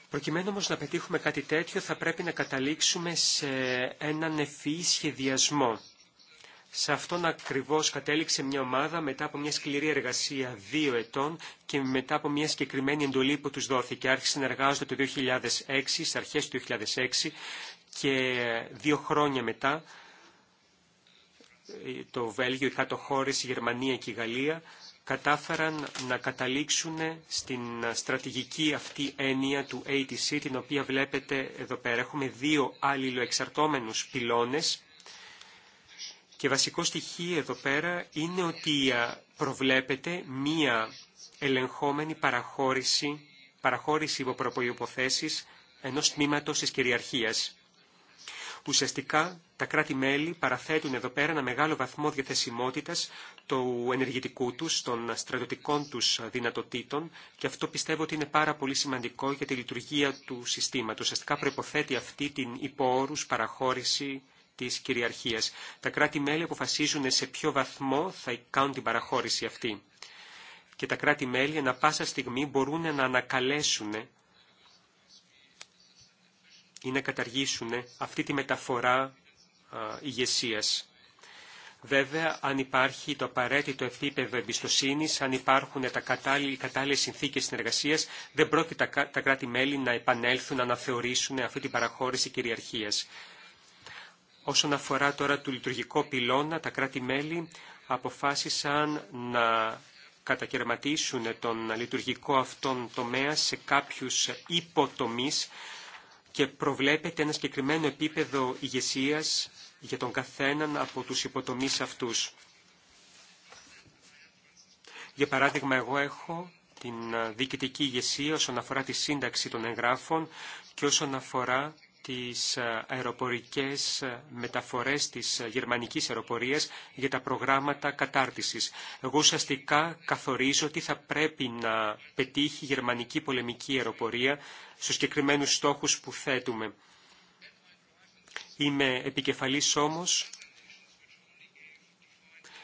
B: Προκειμένου όμως να πετύχουμε κάτι τέτοιο θα πρέπει να καταλήξουμε σε έναν ευφυή σχεδιασμό σε αυτόν ακριβώς κατέληξε μια ομάδα μετά από μια σκληρή εργασία δύο ετών και μετά από μια συγκεκριμένη εντολή που τους δόθηκε. Άρχισε να εργάζονται το 2006, στις αρχές του 2006 και δύο χρόνια μετά το Βέλγιο, οι κάτω χώρες, η Γερμανία και η Γαλλία κατάφεραν να καταλήξουν στην στρατηγική αυτή έννοια του ATC, την οποία βλέπετε εδώ πέρα. Έχουμε δύο αλληλοεξαρτώμενους πυλώνες, και βασικό στοιχείο εδώ πέρα είναι ότι προβλέπεται μία ελεγχόμενη παραχώρηση, παραχώρηση ενό ενός τμήματος της κυριαρχίας. Ουσιαστικά, τα κράτη-μέλη παραθέτουν εδώ πέρα ένα μεγάλο βαθμό διαθεσιμότητας του ενεργητικού τους, των στρατιωτικών τους δυνατοτήτων και αυτό πιστεύω ότι είναι πάρα πολύ σημαντικό για τη λειτουργία του συστήματος. Ουσιαστικά προϋποθέτει αυτή την υποόρους παραχώρηση της κυριαρχίας. Τα κράτη-μέλη αποφασίζουν σε ποιο βαθμό θα κάνουν την παραχώρηση αυτή. Και τα κράτη-μέλη ανα πάσα στιγμή μπορούν να ανακαλέσουν ή να καταργήσουν αυτή τη μεταφορά ηγεσία. Βέβαια, αν υπάρχει το απαραίτητο επίπεδο εμπιστοσύνη, αν υπάρχουν τα κατάλληλε συνθήκε συνεργασία, δεν πρόκειται τα κράτη-μέλη να επανέλθουν να αναθεωρήσουν αυτή την παραχώρηση κυριαρχία. Όσον αφορά τώρα το λειτουργικό πυλώνα, τα κράτη-μέλη αποφάσισαν να κατακαιρματίσουν τον λειτουργικό αυτόν τομέα σε κάποιους υποτομείς και προβλέπεται ένα συγκεκριμένο επίπεδο ηγεσία για τον καθέναν από τους υποτομείς αυτούς. Για παράδειγμα, εγώ έχω την διοικητική ηγεσία όσον αφορά τη σύνταξη των εγγράφων και όσον αφορά τις ε, αεροπορικές ε, μεταφορές της ε, γερμανικής αεροπορίας για τα προγράμματα κατάρτισης. Εγώ ουσιαστικά καθορίζω τι θα πρέπει να πετύχει η γερμανική πολεμική αεροπορία στους συγκεκριμένου στόχους που θέτουμε. Είμαι επικεφαλής όμως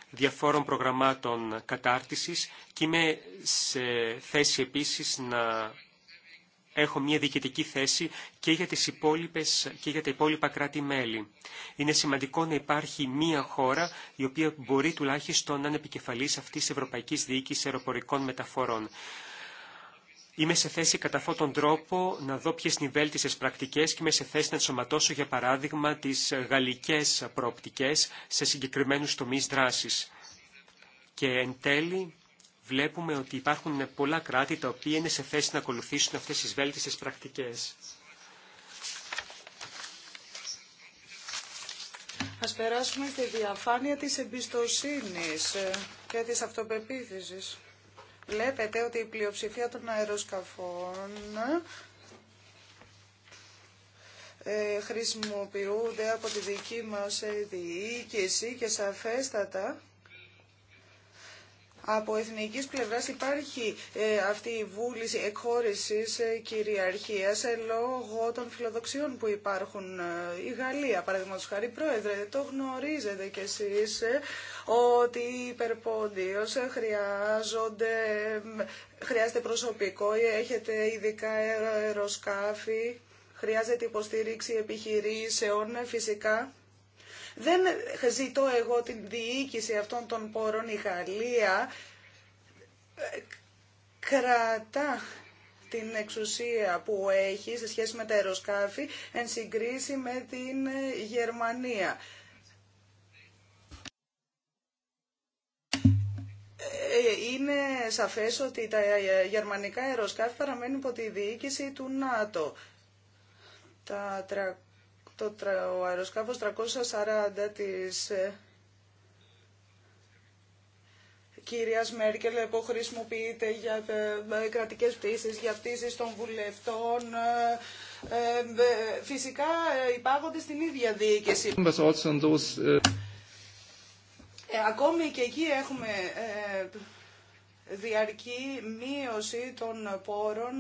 B: διαφόρων προγραμμάτων κατάρτισης και είμαι σε θέση επίσης να έχω μια διοικητική θέση και για, τις υπόλοιπες, και για τα υπόλοιπα κράτη-μέλη. Είναι σημαντικό να υπάρχει μια χώρα η οποία μπορεί τουλάχιστον να είναι επικεφαλής αυτής της Ευρωπαϊκής Διοίκησης Αεροπορικών Μεταφορών. Είμαι σε θέση κατά αυτόν τον τρόπο να δω ποιε είναι οι βέλτιστε πρακτικέ και είμαι σε θέση να ενσωματώσω, για παράδειγμα, τι γαλλικέ προοπτικέ σε συγκεκριμένου τομεί δράση. Και εν τέλει, βλέπουμε ότι υπάρχουν πολλά κράτη τα οποία είναι σε θέση να ακολουθήσουν αυτές τις βέλτιστες πρακτικές.
D: Ας περάσουμε στη διαφάνεια της εμπιστοσύνης ε, και της αυτοπεποίθησης. Βλέπετε ότι η πλειοψηφία των αεροσκαφών ε, χρησιμοποιούνται από τη δική μας διοίκηση και σαφέστατα από εθνικής πλευράς υπάρχει ε, αυτή η βούληση εκχώρησης ε, κυριαρχίας ε, λόγω των φιλοδοξιών που υπάρχουν. Η Γαλλία, παραδείγματος χάρη, πρόεδρε, το γνωρίζετε κι εσείς ότι ε χρειάζονται, χρειάζεται προσωπικό, έχετε ειδικά αεροσκάφη, χρειάζεται υποστήριξη επιχειρήσεων φυσικά δεν ζητώ εγώ την διοίκηση αυτών των πόρων. Η Γαλλία ε, κρατά την εξουσία που έχει σε σχέση με τα αεροσκάφη εν συγκρίση με την ε, Γερμανία. Ε, είναι σαφές ότι τα γερμανικά αεροσκάφη παραμένουν υπό τη διοίκηση του ΝΑΤΟ. Τα το, ο αεροσκάφος 340 της ε, κυρίας Μέρκελ που χρησιμοποιείται για ε, ε, κρατικές πτήσεις, για πτήσεις των βουλευτών. Φυσικά υπάγονται στην ίδια διοίκηση. Ε, ακόμη και εκεί έχουμε ε, διαρκή μείωση των πόρων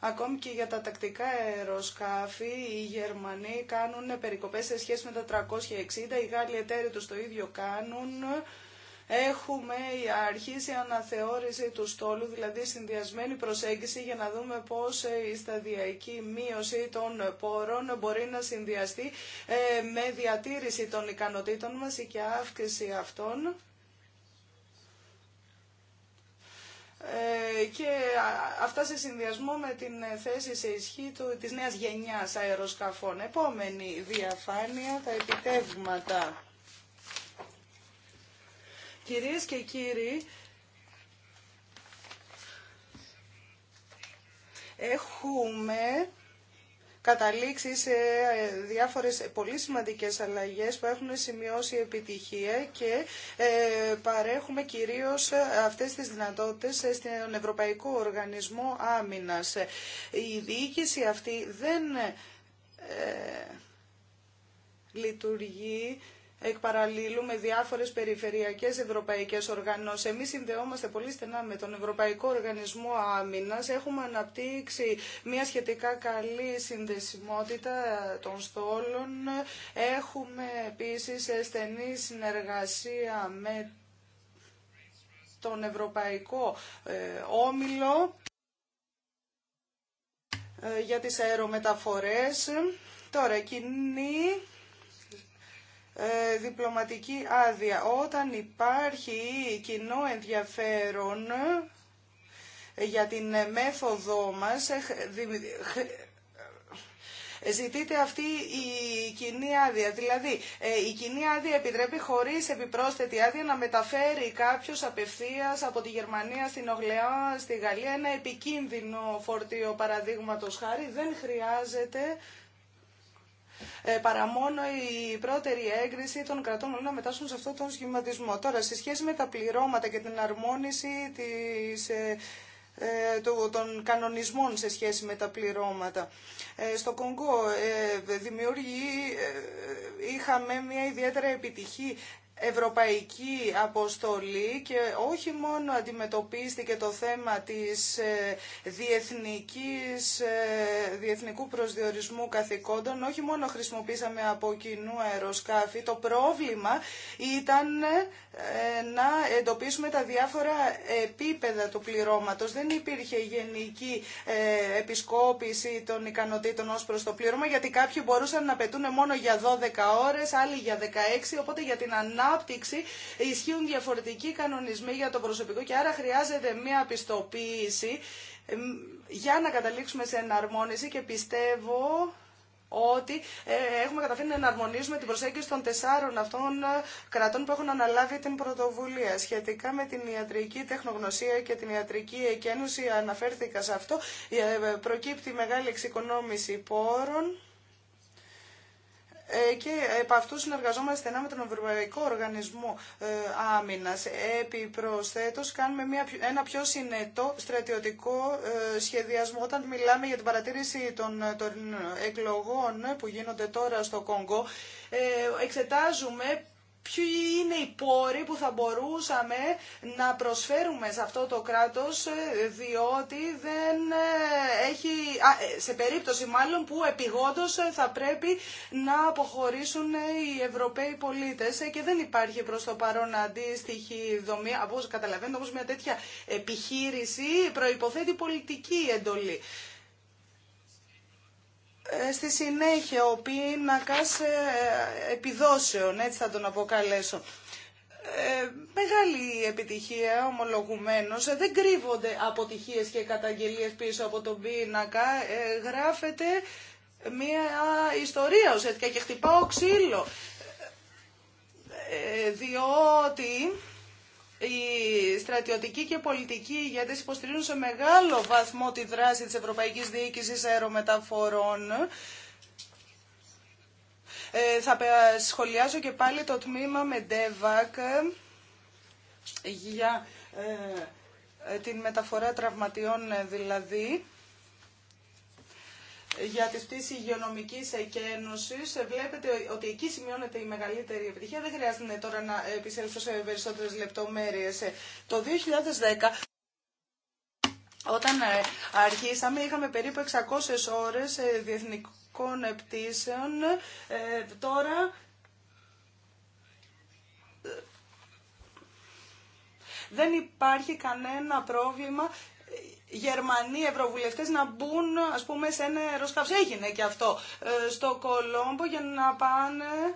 D: Ακόμη και για τα τακτικά αεροσκάφη, οι Γερμανοί κάνουν περικοπές σε σχέση με τα 360, οι Γάλλοι εταίροι τους το ίδιο κάνουν. Έχουμε αρχίσει αναθεώρηση του στόλου, δηλαδή συνδυασμένη προσέγγιση για να δούμε πώς η σταδιακή μείωση των πόρων μπορεί να συνδυαστεί ε, με διατήρηση των ικανοτήτων μας και αύξηση αυτών. Ε, και αυτά σε συνδυασμό με την θέση σε ισχύ του, της νέας γενιάς αεροσκαφών. Επόμενη διαφάνεια, τα επιτεύγματα. Κυρίες και κύριοι, έχουμε καταλήξει σε ε, διάφορες πολύ σημαντικές αλλαγές που έχουν σημειώσει επιτυχία και ε, παρέχουμε κυρίως αυτές τις δυνατότητες στον Ευρωπαϊκό Οργανισμό Άμυνας. Η διοίκηση αυτή δεν ε, λειτουργεί εκ παραλίλου με διάφορες περιφερειακές ευρωπαϊκές οργανώσεις. Εμείς συνδεόμαστε πολύ στενά με τον Ευρωπαϊκό Οργανισμό Άμυνας. Έχουμε αναπτύξει μια σχετικά καλή συνδεσιμότητα των στόλων. Έχουμε επίσης στενή συνεργασία με τον Ευρωπαϊκό ε, Όμιλο ε, για τις αερομεταφορές. Τώρα, κοινή ε, διπλωματική άδεια. Όταν υπάρχει κοινό ενδιαφέρον ε, για την ε, μέθοδό μας, ζητείται αυτή η κοινή άδεια. Δηλαδή, η κοινή άδεια επιτρέπει χωρίς επιπρόσθετη άδεια να μεταφέρει κάποιος απευθείας από τη Γερμανία στην Ογλεά, στη Γαλλία, ένα επικίνδυνο φορτίο παραδείγματος χάρη. Δεν χρειάζεται ε, παρά μόνο η πρώτερη έγκριση των κρατών να μετάσχουν σε αυτόν τον σχηματισμό. Τώρα, σε σχέση με τα πληρώματα και την αρμόνιση της, ε, ε, των κανονισμών σε σχέση με τα πληρώματα. Στο Κονγκό δημιουργεί, είχαμε μια ιδιαίτερα επιτυχή ευρωπαϊκή αποστολή και όχι μόνο αντιμετωπίστηκε το θέμα της ε, διεθνικής, ε, διεθνικού προσδιορισμού καθηκόντων, όχι μόνο χρησιμοποίησαμε από κοινού αεροσκάφη, το πρόβλημα ήταν ε, να εντοπίσουμε τα διάφορα επίπεδα του πληρώματος. Δεν υπήρχε γενική επισκόπηση των ικανοτήτων ως προς το πλήρωμα, γιατί κάποιοι μπορούσαν να πετούν μόνο για 12 ώρες, άλλοι για 16, οπότε για την ανάπτυξη ισχύουν διαφορετικοί κανονισμοί για το προσωπικό και άρα χρειάζεται μια πιστοποίηση για να καταλήξουμε σε εναρμόνιση και πιστεύω ότι ε, έχουμε καταφέρει να εναρμονίσουμε την προσέγγιση των τεσσάρων αυτών ε, κρατών που έχουν αναλάβει την πρωτοβουλία. Σχετικά με την ιατρική τεχνογνωσία και την ιατρική εκένωση, αναφέρθηκα σε αυτό, ε, προκύπτει μεγάλη εξοικονόμηση πόρων ε, και επ' αυτού συνεργαζόμαστε στενά με τον Ευρωπαϊκό Οργανισμό ε, Άμυνα. Επιπροσθέτω, κάνουμε μια, ένα πιο συνετό στρατιωτικό ε, σχεδιασμό. Όταν μιλάμε για την παρατήρηση των, των εκλογών που γίνονται τώρα στο Κονγκό, εξετάζουμε ποιοι είναι οι πόροι που θα μπορούσαμε να προσφέρουμε σε αυτό το κράτος ε, διότι δεν ε, έχει, ε, σε περίπτωση μάλλον που επιγόντως θα πρέπει να αποχωρήσουν οι Ευρωπαίοι πολίτες και δεν υπάρχει προς το παρόν αντίστοιχη δομή. Από καταλαβαίνετε όμως μια τέτοια επιχείρηση προϋποθέτει πολιτική εντολή. Ε, στη συνέχεια ο πίνακας ε, επιδόσεων, έτσι θα τον αποκαλέσω. Ε, μεγάλη επιτυχία, ομολογουμένως. Ε, δεν κρύβονται αποτυχίες και καταγγελίες πίσω από τον πίνακα. γράφεται μια ιστορία ουσιαστικά και χτυπάω ξύλο. Ε, διότι οι στρατιωτικοί και πολιτικοί ηγέτε υποστηρίζουν σε μεγάλο βαθμό τη δράση της Ευρωπαϊκής Διοίκηση Αερομεταφορών. Ε, θα σχολιάσω και πάλι το τμήμα με για ε, ε, την μεταφορά τραυματιών ε, δηλαδή για τη πτήσεις υγειονομική εκένωση. Βλέπετε ότι εκεί σημειώνεται η μεγαλύτερη επιτυχία. Δεν χρειάζεται τώρα να επισέλθω σε περισσότερες λεπτομέρειες. Το 2010... Όταν ε, αρχίσαμε είχαμε περίπου 600 ώρες ε, διεθνικών πτήσεων. Ε, τώρα δεν υπάρχει κανένα πρόβλημα Γερμανοί ευρωβουλευτές να μπουν ας πούμε σε ένα αεροσκάφο. Έγινε και αυτό ε, στο Κολόμπο για να πάνε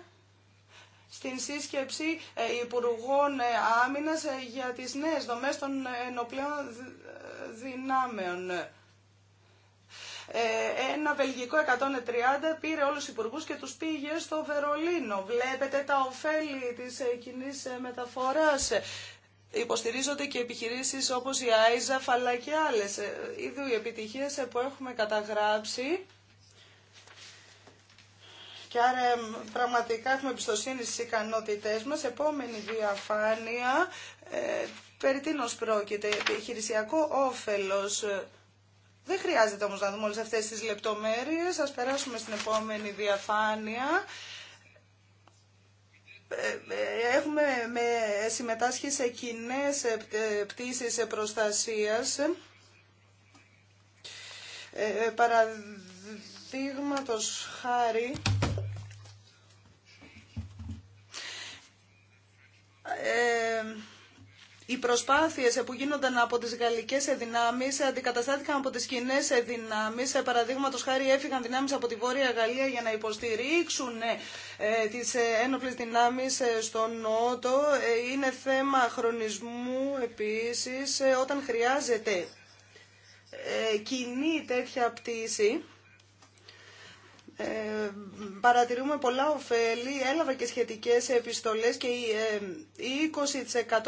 D: στην σύσκεψη ε, Υπουργών ε, Άμυνας για τις νέε δομέ των ενοπλέων δυνάμεων. Ένα βελγικό 130 πήρε όλους τους υπουργούς και τους πήγε στο Βερολίνο. Βλέπετε τα ωφέλη της κοινή μεταφοράς υποστηρίζονται και επιχειρήσεις όπως η ΆΙΖΑΦ αλλά και άλλες. Είδου οι επιτυχίες ε, που έχουμε καταγράψει και άρα πραγματικά έχουμε εμπιστοσύνη στις ικανότητές μας. Επόμενη διαφάνεια, ε, περί τίνος πρόκειται, επιχειρησιακό όφελος. Δεν χρειάζεται όμως να δούμε όλες αυτές τις λεπτομέρειες. Ας περάσουμε στην επόμενη διαφάνεια έχουμε με, συμμετάσχει σε κοινέ ε, ε, πτήσεις προστασίας. Ε, ε παραδείγματος χάρη, οι προσπάθειες που γίνονταν από τι γαλλικέ δυνάμεις αντικαταστάθηκαν από τι κοινέ δυνάμεις. Ε, Παραδείγματο χάρη έφυγαν δυνάμεις από τη Βόρεια Γαλλία για να υποστηρίξουν ε, τις ε, ένοπλες δυνάμεις στο Νότο. Είναι θέμα χρονισμού επίσης όταν χρειάζεται κοινή τέτοια πτήση. Ε, παρατηρούμε πολλά ωφέλη, έλαβα και σχετικές επιστολές και ε, οι,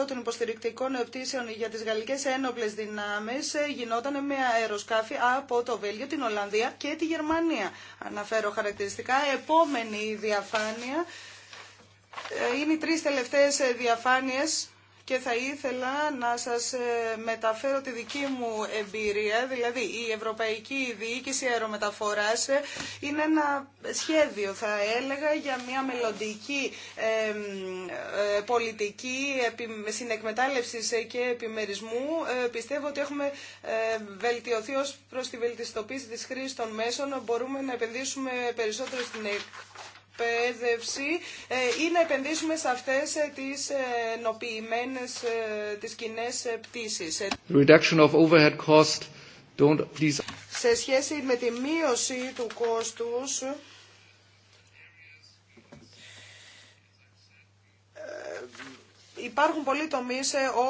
D: 20% των υποστηρικτικών επτήσεων για τις γαλλικές ένοπλες δυνάμεις ε, γινόταν με αεροσκάφη από το Βέλγιο, την Ολλανδία και τη Γερμανία. Αναφέρω χαρακτηριστικά. Επόμενη διαφάνεια είναι οι τρεις τελευταίες διαφάνειες και θα ήθελα να σας ε, μεταφέρω τη δική μου εμπειρία. Δηλαδή, η Ευρωπαϊκή Διοίκηση Αερομεταφοράς ε, είναι ένα σχέδιο, θα έλεγα, για μια μελλοντική ε, πολιτική συνεκμετάλλευσης και επιμερισμού. Πιστεύω ότι έχουμε βελτιωθεί ως προς τη βελτιστοποίηση της χρήσης των μέσων. Μπορούμε να επενδύσουμε περισσότερο στην εκπαίδευση ε, ή να επενδύσουμε σε αυτές ε, τις ε, ε τις κοινέ πτήσεις.
E: Reduction of overhead cost. Don't please.
D: Σε σχέση με τη μείωση του κόστους, Υπάρχουν πολλοί τομεί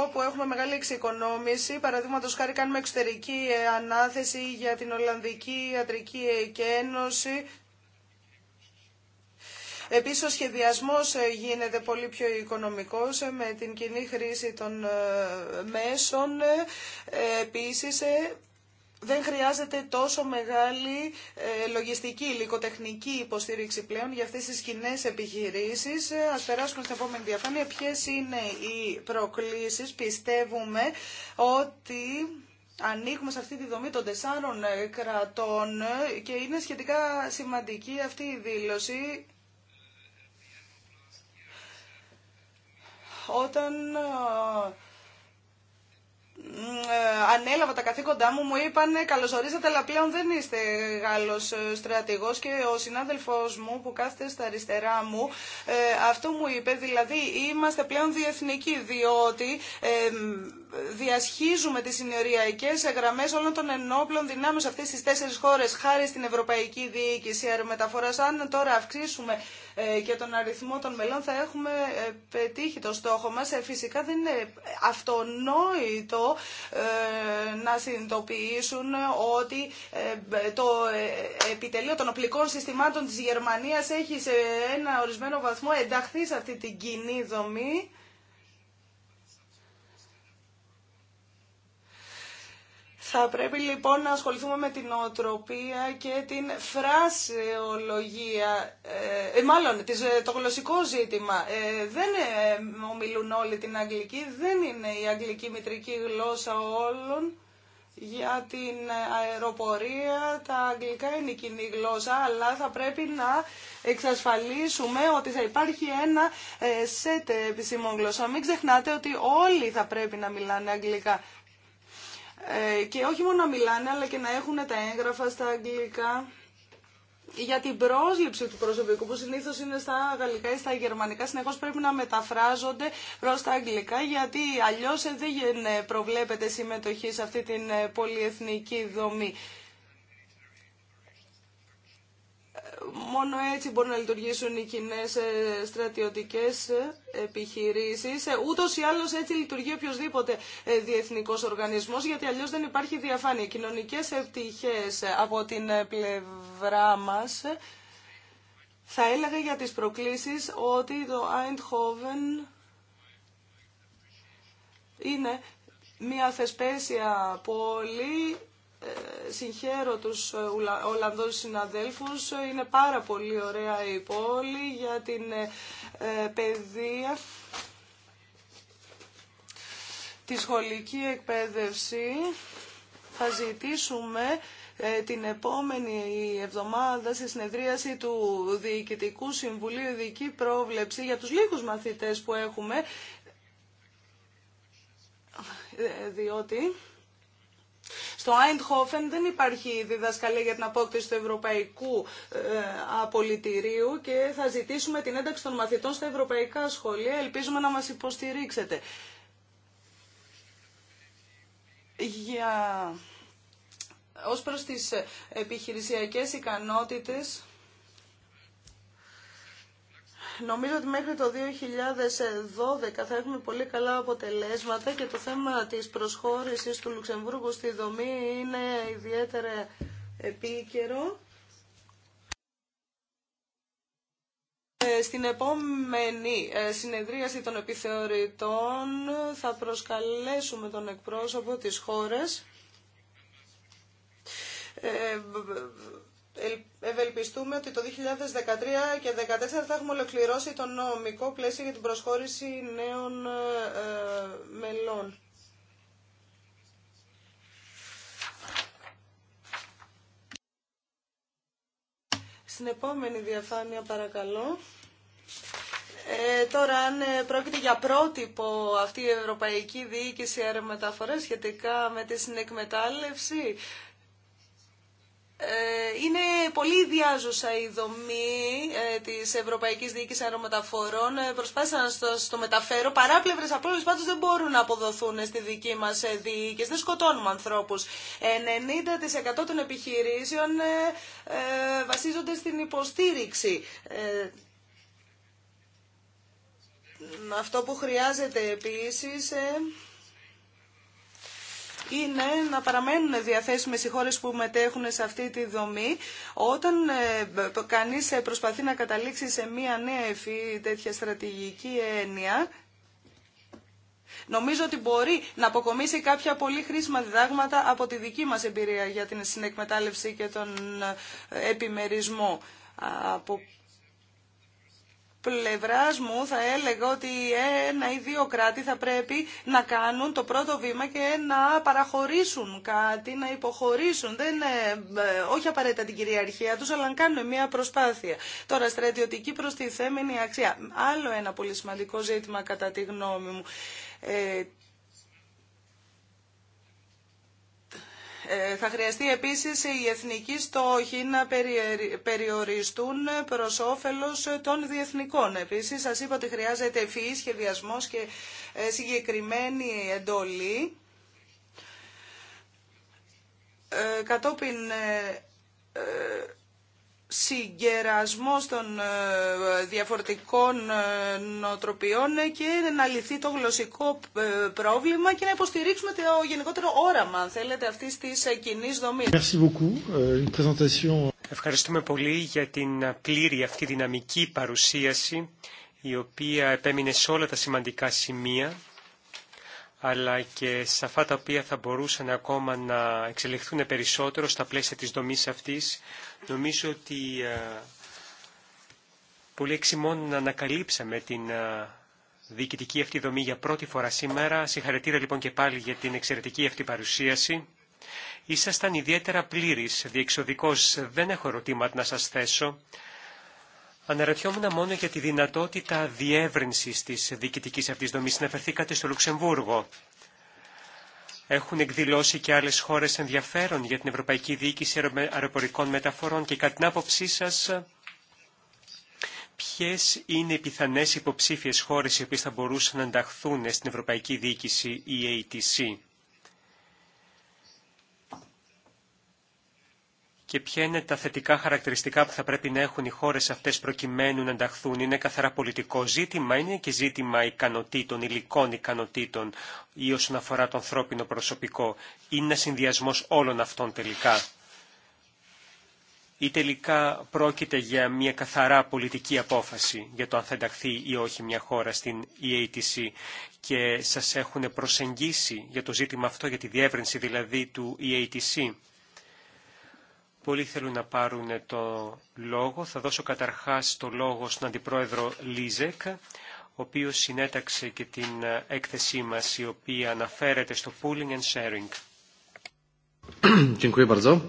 D: όπου έχουμε μεγάλη εξοικονόμηση. Παραδείγματο χάρη κάνουμε εξωτερική ανάθεση για την Ολλανδική Ιατρική Εκένωση. Επίσης ο σχεδιασμός ε, γίνεται πολύ πιο οικονομικός ε, με την κοινή χρήση των ε, μέσων. Επίσης δεν χρειάζεται τόσο μεγάλη λογιστική, υλικοτεχνική υποστήριξη πλέον για αυτές τις κοινέ επιχειρήσεις. Ας περάσουμε στην επόμενη διαφάνεια. Ποιες είναι οι προκλήσεις. Πιστεύουμε ότι ανοίγουμε σε αυτή τη δομή των τεσσάρων κρατών και είναι σχετικά σημαντική αυτή η δήλωση όταν ε, ε, ανέλαβα τα καθήκοντά μου, μου είπανε καλωσορίσατε αλλά πλέον δεν είστε Γάλλος ε, στρατηγός και ο συνάδελφός μου που κάθεται στα αριστερά μου αυτό μου είπε, δηλαδή είμαστε πλέον διεθνικοί διότι διασχίζουμε τις συνοριακές γραμμές όλων των ενόπλων δυνάμεων σε αυτές τις τέσσερις χώρες χάρη στην Ευρωπαϊκή Διοίκηση Αερομεταφοράς. Αν τώρα αυξήσουμε ε, και τον αριθμό των μελών θα έχουμε ε, πετύχει το στόχο μας. Ε, φυσικά δεν είναι αυτονόητο να συνειδητοποιήσουν ότι το επιτελείο των οπλικών συστημάτων της Γερμανίας έχει σε ένα ορισμένο βαθμό ενταχθεί σε αυτή την κοινή δομή. Θα πρέπει λοιπόν να ασχοληθούμε με την οτροπία και την φράσεολογία, ε, ε, μάλλον ε, το γλωσσικό ζήτημα. Ε, δεν ε, ομιλούν όλοι την αγγλική, δεν είναι η αγγλική μητρική γλώσσα όλων. Για την αεροπορία τα αγγλικά είναι η κοινή γλώσσα, αλλά θα πρέπει να εξασφαλίσουμε ότι θα υπάρχει ένα ε, σετ επισήμων γλώσσα. Μην ξεχνάτε ότι όλοι θα πρέπει να μιλάνε αγγλικά. Ε, και όχι μόνο να μιλάνε αλλά και να έχουν τα έγγραφα στα αγγλικά για την πρόσληψη του προσωπικού που συνήθως είναι στα γαλλικά ή στα γερμανικά συνεχώ πρέπει να μεταφράζονται προς τα αγγλικά γιατί αλλιώς δεν προβλέπεται συμμετοχή σε αυτή την ε, πολυεθνική δομή μόνο έτσι μπορούν να λειτουργήσουν οι κοινέ ε, στρατιωτικές ε, επιχειρήσεις. Ε, ούτως ή άλλως έτσι λειτουργεί οποιοδήποτε διεθνικός οργανισμός, γιατί αλλιώς δεν υπάρχει διαφάνεια. Κοινωνικές επιτυχίες από την πλευρά μας, θα έλεγα για τις προκλήσεις ότι το Eindhoven είναι μια θεσπέσια πόλη συγχαίρω τους ε, Ολλανδούς συναδέλφους. Είναι πάρα πολύ ωραία η πόλη για την ε, ε, παιδεία, τη σχολική εκπαίδευση. Θα ζητήσουμε την επόμενη εβδομάδα στη συνεδρίαση του Διοικητικού Συμβουλίου ειδική πρόβλεψη για τους λίγους μαθητές που έχουμε, διότι στο Άιντχόφεν δεν υπάρχει διδασκαλία για την απόκτηση του ευρωπαϊκού ε, απολυτηρίου και θα ζητήσουμε την ένταξη των μαθητών στα ευρωπαϊκά σχολεία. Ελπίζουμε να μας υποστηρίξετε. Για... Ως προς τις επιχειρησιακές ικανότητες Νομίζω ότι μέχρι το 2012 θα έχουμε πολύ καλά αποτελέσματα και το θέμα της προσχώρησης του Λουξεμβούργου στη δομή είναι ιδιαίτερα επίκαιρο. Ε, στην επόμενη ε, συνεδρίαση των επιθεωρητών θα προσκαλέσουμε τον εκπρόσωπο της χώρας ε, ευελπιστούμε ότι το 2013 και 2014 θα έχουμε ολοκληρώσει το νομικό πλαίσιο για την προσχώρηση νέων ε, ε μελών. Στην επόμενη διαφάνεια παρακαλώ. Ε, τώρα, αν ε, πρόκειται για πρότυπο αυτή η Ευρωπαϊκή Διοίκηση Αερομεταφορές σχετικά με τη συνεκμετάλλευση, ε, είναι πολύ διάζουσα η δομή ε, της Ευρωπαϊκής Διοίκησης Αερομεταφορών. Ε, προσπάθησα να στο, στο μεταφέρω. Παράπλευρες απόλυτες πάντως δεν μπορούν να αποδοθούν στη δική μας διοίκηση. Δεν σκοτώνουμε ανθρώπους. 90% των επιχειρήσεων βασίζονται στην υποστήριξη. αυτό που χρειάζεται επίσης είναι να παραμένουν διαθέσιμε οι χώρες που μετέχουν σε αυτή τη δομή. Όταν ε, κανείς ε, προσπαθεί να καταλήξει σε μία νέα ευφύ τέτοια στρατηγική έννοια, Νομίζω ότι μπορεί να αποκομίσει κάποια πολύ χρήσιμα διδάγματα από τη δική μας εμπειρία για την συνεκμετάλλευση και τον ε, επιμερισμό. Από πλευράς μου θα έλεγα ότι ένα ή δύο κράτη θα πρέπει να κάνουν το πρώτο βήμα και να παραχωρήσουν κάτι, να υποχωρήσουν. Δεν, ε, ε, όχι απαραίτητα την κυριαρχία τους, αλλά να κάνουν μια προσπάθεια. Τώρα, στρατιωτική προστιθέμενη αξία. Άλλο ένα πολύ σημαντικό ζήτημα κατά τη γνώμη μου. Ε, Ε, θα χρειαστεί επίσης οι εθνικοί στόχοι να περιοριστούν προς όφελος των διεθνικών. Επίσης, σας είπα ότι χρειάζεται ευφυή σχεδιασμός και ε, συγκεκριμένη εντολή. Ε, κατόπιν συγκερασμός των ε, διαφορετικών ε, νοοτροπιών και να λυθεί το γλωσσικό ε, πρόβλημα και να υποστηρίξουμε το γενικότερο όραμα, αν θέλετε, αυτή της κοινή δομή.
E: Euh, euh,
B: Ευχαριστούμε πολύ για την πλήρη αυτή δυναμική παρουσίαση, η οποία επέμεινε σε όλα τα σημαντικά σημεία αλλά και σε αυτά τα οποία θα μπορούσαν ακόμα να εξελιχθούν περισσότερο στα πλαίσια της δομής αυτής. Νομίζω ότι ε, πολύ εξημών ανακαλύψαμε την ε, διοικητική αυτή δομή για πρώτη φορά σήμερα. Συγχαρητήρια λοιπόν και πάλι για την εξαιρετική αυτή παρουσίαση. Ήσασταν ιδιαίτερα πλήρης, διεξοδικός. Δεν έχω ερωτήματα να σας θέσω. Αναρωτιόμουν μόνο για τη δυνατότητα διεύρυνσης της διοικητικής αυτής δομής. Συναφερθήκατε στο Λουξεμβούργο. Έχουν εκδηλώσει και άλλες χώρες ενδιαφέρον για την Ευρωπαϊκή Διοίκηση Αεροπορικών Μεταφορών και κατά την άποψή σας ποιες είναι οι πιθανές υποψήφιες χώρες οι οποίες θα μπορούσαν να ενταχθούν στην Ευρωπαϊκή Διοίκηση EATC. και ποια είναι τα θετικά χαρακτηριστικά που θα πρέπει να έχουν οι χώρες αυτές προκειμένου να ενταχθούν. Είναι καθαρά πολιτικό ζήτημα, είναι και ζήτημα ικανοτήτων, υλικών ικανοτήτων ή όσον αφορά το ανθρώπινο προσωπικό. Είναι ένα συνδυασμό όλων αυτών τελικά. Ή τελικά πρόκειται για μια καθαρά πολιτική απόφαση για το αν θα ενταχθεί ή όχι μια χώρα στην EATC και σας έχουν προσεγγίσει για το ζήτημα αυτό, για τη διεύρυνση δηλαδή του EATC. Πολλοί θέλουν να πάρουν το λόγο. Θα δώσω καταρχάς το λόγο στον Αντιπρόεδρο Λίζεκ, ο οποίος συνέταξε και την έκθεσή μας, η οποία αναφέρεται στο pooling and sharing. Ευχαριστώ.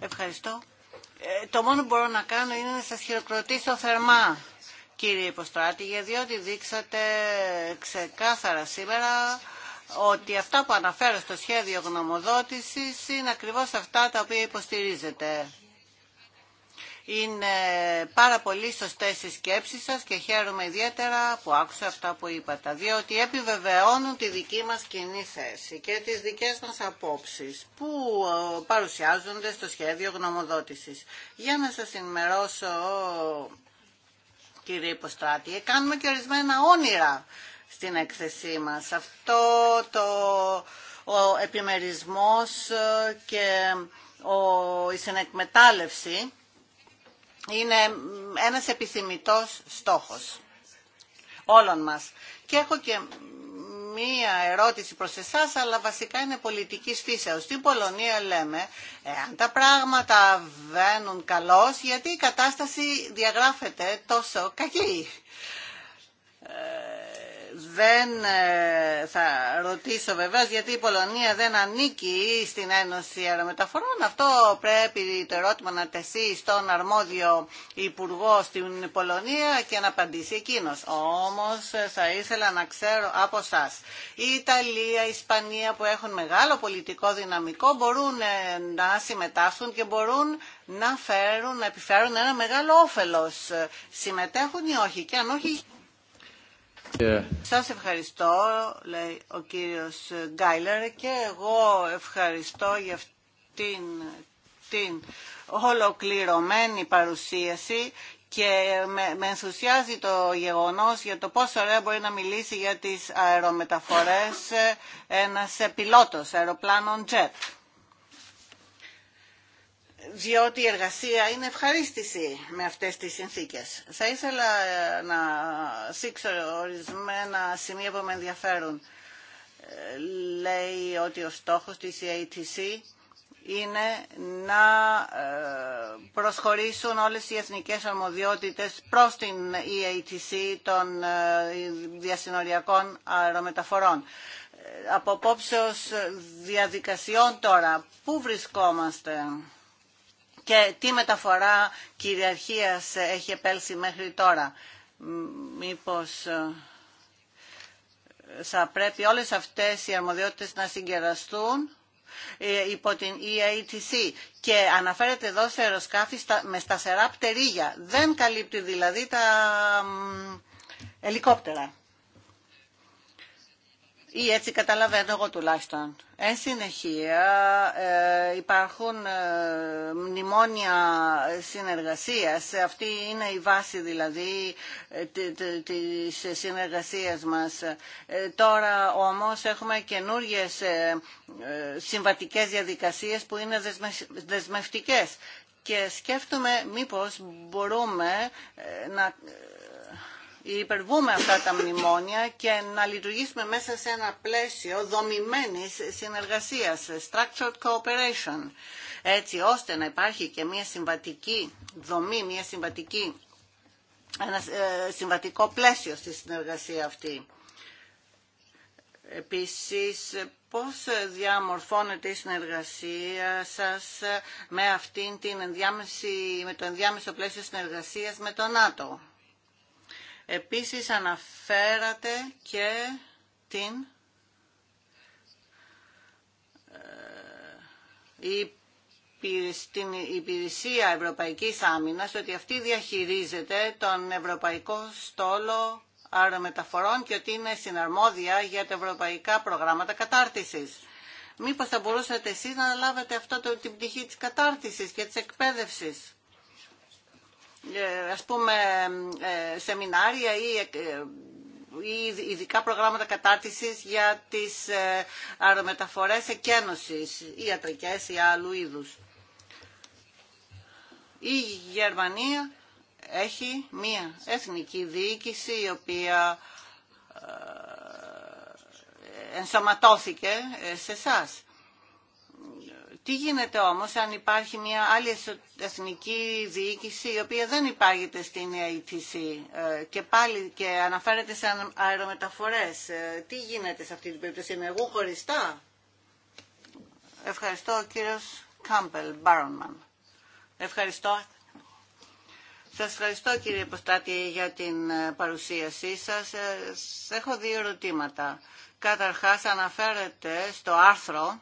B: Ευχαριστώ.
C: Ε, το μόνο που μπορώ να κάνω είναι να σας χειροκροτήσω θερμά, κύριε υποστράτη, γιατί δείξατε ξεκάθαρα σήμερα ότι αυτά που αναφέρω στο σχέδιο γνωμοδότησης είναι ακριβώς αυτά τα οποία υποστηρίζετε. Είναι πάρα πολύ σωστές οι σκέψεις σας και χαίρομαι ιδιαίτερα που άκουσα αυτά που είπατε, διότι επιβεβαιώνουν τη δική μας κοινή θέση και τις δικές μας απόψεις που παρουσιάζονται στο σχέδιο γνωμοδότησης. Για να σας ενημερώσω, κύριε Υποστράτη, κάνουμε και ορισμένα όνειρα στην έκθεσή μας. Αυτό το ο επιμερισμός ε, και ο, η συνεκμετάλλευση είναι ένας επιθυμητός στόχος όλων μας. Και έχω και μία ερώτηση προς εσάς, αλλά βασικά είναι πολιτική φύσεως. Στην Πολωνία λέμε, εάν τα πράγματα βαίνουν καλώς, γιατί η κατάσταση διαγράφεται τόσο κακή. Ε, δεν ε, θα ρωτήσω βεβαίως γιατί η Πολωνία δεν ανήκει στην Ένωση Αερομεταφορών. Αυτό πρέπει το ερώτημα να τεθεί στον αρμόδιο υπουργό στην Πολωνία και να απαντήσει εκείνος. Όμως ε, θα ήθελα να ξέρω από εσά. Η Ιταλία, η Ισπανία που έχουν μεγάλο πολιτικό δυναμικό μπορούν ε, να συμμετάσχουν και μπορούν να φέρουν, να επιφέρουν ένα μεγάλο όφελος. Συμμετέχουν ή όχι και αν όχι σας ευχαριστώ, λέει ο κύριος Γκάιλερ, και εγώ ευχαριστώ για αυτήν την ολοκληρωμένη παρουσίαση και με, ενθουσιάζει το γεγονός για το πόσο ωραία μπορεί να μιλήσει για τις αερομεταφορές ένας πιλότος αεροπλάνων jet διότι η εργασία είναι ευχαρίστηση με αυτές τις συνθήκες. Θα ήθελα ε, να σήξω ορισμένα σημεία που με ενδιαφέρουν. Ε, λέει ότι ο στόχος της EATC είναι να ε, προσχωρήσουν όλες οι εθνικές αρμοδιότητες προς την EATC των διασυνοριακών αερομεταφορών. Από απόψεως διαδικασιών τώρα, πού βρισκόμαστε και τι μεταφορά κυριαρχίας έχει επέλθει μέχρι τώρα. Μήπως ε, θα πρέπει όλες αυτές οι αρμοδιότητες να συγκεραστούν ε, υπό την EATC και αναφέρεται εδώ σε αεροσκάφη με σταθερά πτερίγια. Δεν καλύπτει δηλαδή τα ελικόπτερα ή έτσι καταλαβαίνω εγώ τουλάχιστον. Εν συνεχεία ε, υπάρχουν ε, μνημόνια συνεργασίας. Αυτή είναι η βάση δηλαδή ε, της συνεργασίας μας. Τώρα όμως έχουμε καινούργιες συμβατικές διαδικασίες που είναι δεσμευτικές. Και σκέφτομαι μήπως μπορούμε να υπερβούμε αυτά τα μνημόνια και να λειτουργήσουμε μέσα σε ένα πλαίσιο δομημένης συνεργασίας, structured cooperation, έτσι ώστε να υπάρχει και μια συμβατική δομή, μια συμβατική, ένα ε, συμβατικό πλαίσιο στη συνεργασία αυτή. Επίσης, πώς διαμορφώνεται η συνεργασία σας με, αυτήν την ενδιάμεση, με το ενδιάμεσο πλαίσιο συνεργασίας με τον ΝΑΤΟ. Επίσης αναφέρατε και την ε, την υπηρεσία Ευρωπαϊκής Άμυνας ότι αυτή διαχειρίζεται τον Ευρωπαϊκό Στόλο Αερομεταφορών και ότι είναι συναρμόδια για τα ευρωπαϊκά προγράμματα κατάρτισης. Μήπως θα μπορούσατε εσείς να λάβετε αυτό το, την πτυχή της κατάρτισης και της εκπαίδευσης. Ε, ας πούμε ε, σεμινάρια ε, ή ειδικά προγράμματα κατάρτισης για τις αερομεταφορές εκένωσης, ιατρικές ή άλλου είδους. Η Γερμανία έχει μία εθνική διοίκηση η οποία ενσωματώθηκε σε εσά. Τι γίνεται όμως αν υπάρχει μια άλλη εθνική διοίκηση η οποία δεν υπάρχει στην ATC ε, και πάλι και αναφέρεται σε αερομεταφορές. Ε, τι γίνεται σε αυτή την περίπτωση, εγώ χωριστά. Ευχαριστώ ο κύριος Κάμπελ Μπάρονμαν. Ευχαριστώ. Σας ευχαριστώ κύριε Ποστάτη για την ε, παρουσίασή σας. Έχω δύο ερωτήματα. Καταρχάς αναφέρεται στο άρθρο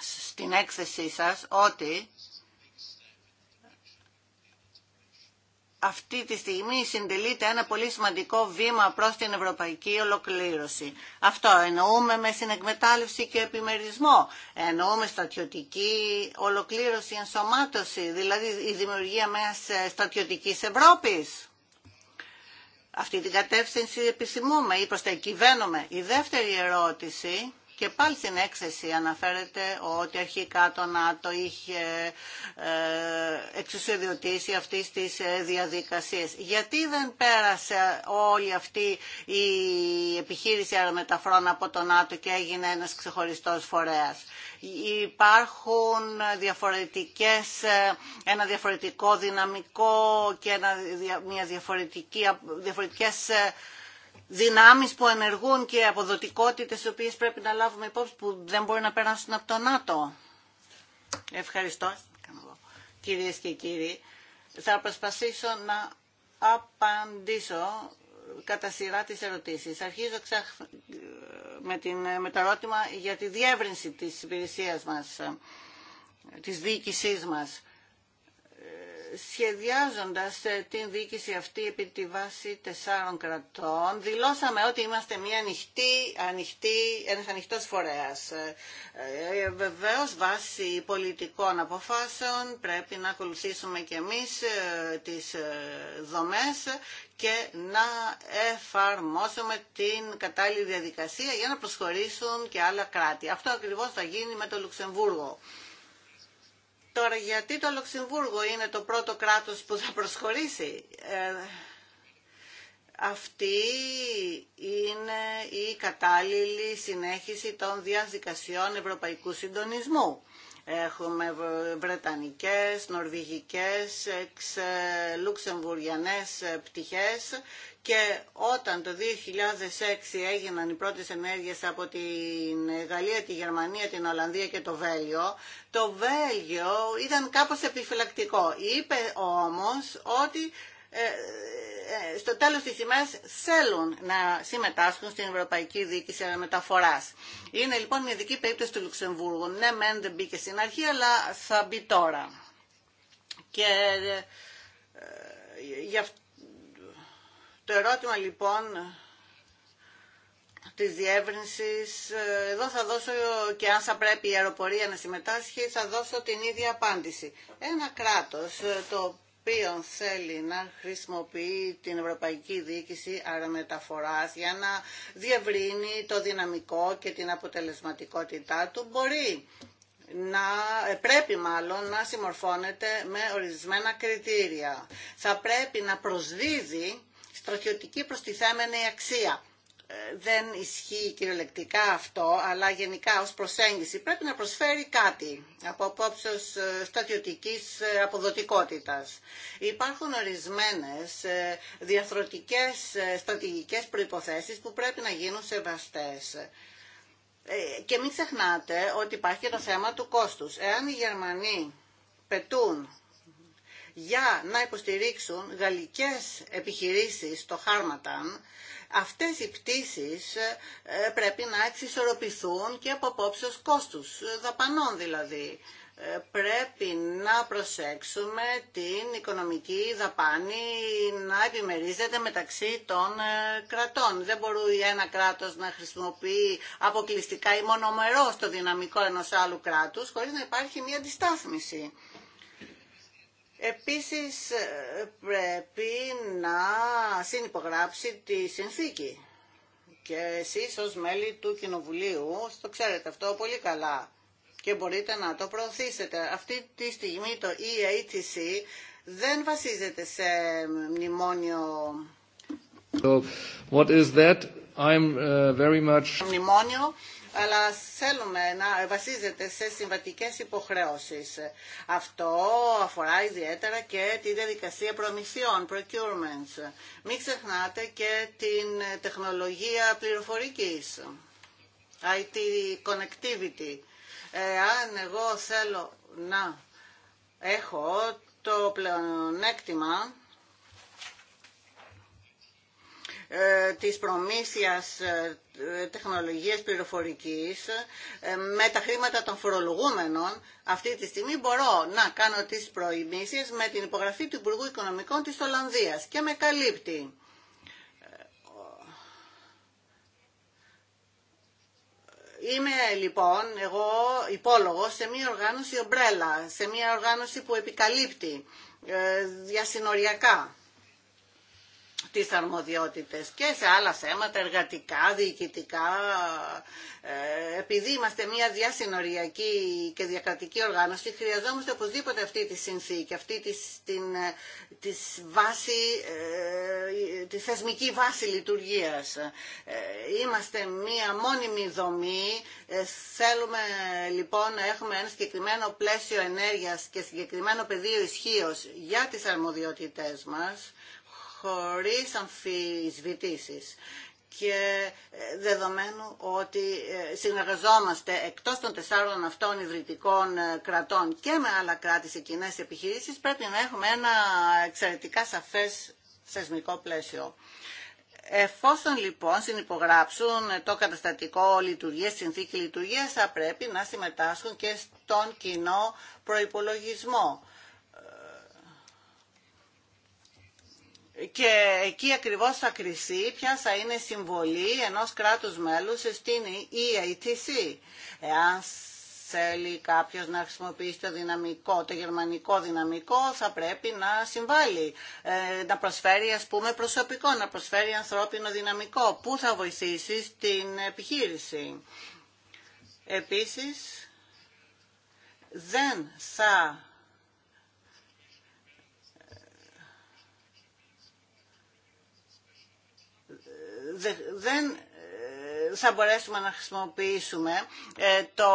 C: στην έκθεσή σας ότι αυτή τη στιγμή συντελείται ένα πολύ σημαντικό βήμα προς την ευρωπαϊκή ολοκλήρωση. Αυτό εννοούμε με συνεκμετάλλευση και επιμερισμό. Εννοούμε στρατιωτική ολοκλήρωση, ενσωμάτωση, δηλαδή η δημιουργία μιας ε, στρατιωτικής Ευρώπης. Αυτή την κατεύθυνση επισημούμε ή προστακυβαίνουμε. Η δεύτερη ερώτηση και πάλι στην έκθεση αναφέρεται ότι αρχικά το ΝΑΤΟ είχε ε, εξουσιοδιωτήσει αυτή τις ε, διαδικασίες. Γιατί δεν πέρασε όλη αυτή η επιχείρηση αερομεταφρών από το ΝΑΤΟ και έγινε ένας ξεχωριστός φορέας. Υπάρχουν διαφορετικές, ε, ένα διαφορετικό δυναμικό και μια διαφορετική, διαφορετικές Δυνάμει που ενεργούν και αποδοτικότητες οι οποίε πρέπει να λάβουμε υπόψη που δεν μπορεί να περάσουν από το ΝΑΤΟ. Ευχαριστώ. Κυρίες και κύριοι, θα προσπαθήσω να απαντήσω κατά σειρά τις ερωτήσεις. Αρχίζω με, την... με το ερώτημα για τη διεύρυνση της υπηρεσίας μας, της διοίκησής μας σχεδιάζοντας ε, την διοίκηση αυτή επί τη βάση τεσσάρων κρατών, δηλώσαμε ότι είμαστε μια ανοιχτή, ανοιχτή, ένας ανοιχτός φορέας. Ε, ε, βεβαίως, βάσει πολιτικών αποφάσεων, πρέπει να ακολουθήσουμε και εμείς τις δομές και να εφαρμόσουμε την κατάλληλη διαδικασία για να προσχωρήσουν και άλλα κράτη. Αυτό ακριβώς θα γίνει με το Λουξεμβούργο. Τώρα γιατί το Λουξεμβούργο είναι το πρώτο κράτος που θα προσχωρήσει. Ε, αυτή είναι η κατάλληλη συνέχιση των διαδικασιών ευρωπαϊκού συντονισμού. Έχουμε βρετανικές, νορβηγικές, εξ, λουξεμβουριανές ε, πτυχές και όταν το 2006 έγιναν οι πρώτες ενέργειες από την Γαλλία, τη Γερμανία, την Ολλανδία και το Βέλγιο, το Βέλγιο ήταν κάπως επιφυλακτικό. Είπε όμως ότι ε, ε, στο τέλος της ημέρας θέλουν να συμμετάσχουν στην Ευρωπαϊκή Διοίκηση Μεταφοράς. Είναι λοιπόν μια ειδική περίπτωση του Λουξεμβούργου. Ναι, μεν δεν μπήκε στην αρχή, αλλά θα μπει τώρα. Και ε, για το ερώτημα λοιπόν της διεύρυνσης, εδώ θα δώσω και αν θα πρέπει η αεροπορία να συμμετάσχει, θα δώσω την ίδια απάντηση. Ένα κράτος το οποίο θέλει να χρησιμοποιεί την Ευρωπαϊκή Διοίκηση Αερομεταφοράς για να διευρύνει το δυναμικό και την αποτελεσματικότητά του μπορεί να, ε, πρέπει μάλλον να συμμορφώνεται με ορισμένα κριτήρια. Θα πρέπει να προσδίδει στρατιωτική προστιθέμενη αξία. Ε, δεν ισχύει κυριολεκτικά αυτό, αλλά γενικά ως προσέγγιση πρέπει να προσφέρει κάτι από απόψεως ε, στατιωτικής ε, αποδοτικότητας. Υπάρχουν ορισμένες διαθροτικές στρατηγικές προϋποθέσεις που πρέπει να γίνουν σεβαστές. Και μην ξεχνάτε ότι υπάρχει και το θέμα του κόστους. Εάν οι Γερμανοί πετούν για να υποστηρίξουν γαλλικές επιχειρήσεις στο Χάρματαν, Αυτές οι πτήσεις ε, πρέπει να εξισορροπηθούν και από απόψεως κόστους, δαπανών δηλαδή. Ε, πρέπει να προσέξουμε την οικονομική δαπάνη να επιμερίζεται μεταξύ των ε, κρατών. Δεν μπορεί ένα κράτος να χρησιμοποιεί αποκλειστικά ή μονομερό το δυναμικό ενός άλλου κράτους χωρίς να υπάρχει μια αντιστάθμιση. Επίσης ε, πρέπει να συνυπογράψει τη συνθήκη. Και εσείς ως μέλη του Κοινοβουλίου το ξέρετε αυτό πολύ καλά και μπορείτε να το προωθήσετε. Αυτή τη στιγμή το EATC δεν βασίζεται σε μνημόνιο.
B: So,
E: what is that? I'm, uh, very much...
C: Μνημόνιο αλλά θέλουμε να βασίζεται σε συμβατικές υποχρεώσεις. Αυτό αφορά ιδιαίτερα και τη διαδικασία προμηθειών, procurements. Μην ξεχνάτε και την τεχνολογία πληροφορικής, IT connectivity. Αν εγώ θέλω να έχω το πλεονέκτημα ε, της προμήθειας ε, τεχνολογίες πληροφορικής ε, με τα χρήματα των φορολογούμενων αυτή τη στιγμή μπορώ να κάνω τις προημήσεις με την υπογραφή του Υπουργού Οικονομικών της Ολλανδίας και με καλύπτει. Είμαι λοιπόν εγώ υπόλογος σε μια οργάνωση ομπρέλα, σε μια οργάνωση που επικαλύπτει ε, διασυνοριακά τις αρμοδιότητες και σε άλλα θέματα, εργατικά, διοικητικά. Ε, επειδή είμαστε μια διασυνοριακή και διακρατική οργάνωση, χρειαζόμαστε οπωσδήποτε αυτή τη συνθήκη, αυτή τη την, ε, της βάση, ε, τη θεσμική βάση λειτουργίας. Είμαστε μια μόνιμη δομή. Θέλουμε λοιπόν να έχουμε ένα συγκεκριμένο πλαίσιο ενέργειας και συγκεκριμένο πεδίο ισχύω για τις αρμοδιότητές μας χωρίς αμφισβητήσεις και ε, δεδομένου ότι ε, συνεργαζόμαστε εκτός των τεσσάρων αυτών ιδρυτικών ε, κρατών και με άλλα κράτη σε κοινέ επιχειρήσεις πρέπει να έχουμε ένα εξαιρετικά σαφές θεσμικό πλαίσιο. Εφόσον λοιπόν συνυπογράψουν το καταστατικό λειτουργία, συνθήκη λειτουργία, θα πρέπει να συμμετάσχουν και στον κοινό προπολογισμό. και εκεί ακριβώς θα κρυθεί ποια θα είναι συμβολή ενός κράτους μέλους στην EATC. Εάν θέλει κάποιος να χρησιμοποιήσει το δυναμικό, το γερμανικό δυναμικό, θα πρέπει να συμβάλλει, ε, να προσφέρει ας πούμε προσωπικό, να προσφέρει ανθρώπινο δυναμικό, που θα βοηθήσει στην επιχείρηση. Επίσης, δεν θα δεν ε, θα μπορέσουμε να χρησιμοποιήσουμε ε, το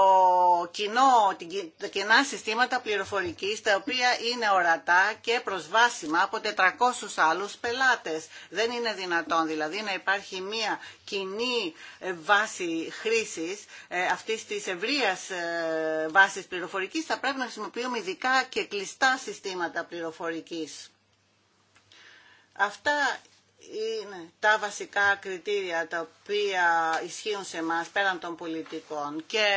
C: κοινό, τα κοινά συστήματα πληροφορικής τα οποία είναι ορατά και προσβάσιμα από 400 άλλους πελάτες. Δεν είναι δυνατόν δηλαδή να υπάρχει μία κοινή ε, βάση χρήσης αυτής της ευρείας βάσης πληροφορικής. Θα πρέπει να χρησιμοποιούμε ειδικά και κλειστά συστήματα πληροφορικής. Αυτά είναι τα βασικά κριτήρια τα οποία ισχύουν σε εμά πέραν των πολιτικών και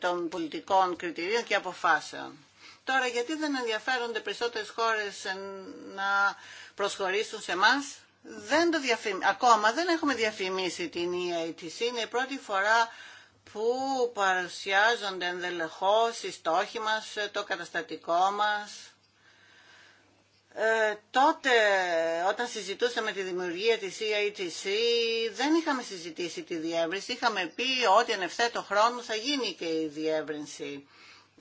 C: των πολιτικών κριτηρίων και αποφάσεων. Τώρα, γιατί δεν ενδιαφέρονται περισσότερε χώρε να προσχωρήσουν σε εμά. Δεν το Ακόμα δεν έχουμε διαφημίσει την EATC. Είναι η πρώτη φορά που παρουσιάζονται ενδελεχώς οι στόχοι μας, το καταστατικό μας, ε, τότε όταν συζητούσαμε τη δημιουργία της EITC δεν είχαμε συζητήσει τη διεύρυνση. Είχαμε πει ότι εν ευθέτω χρόνο θα γίνει και η διεύρυνση.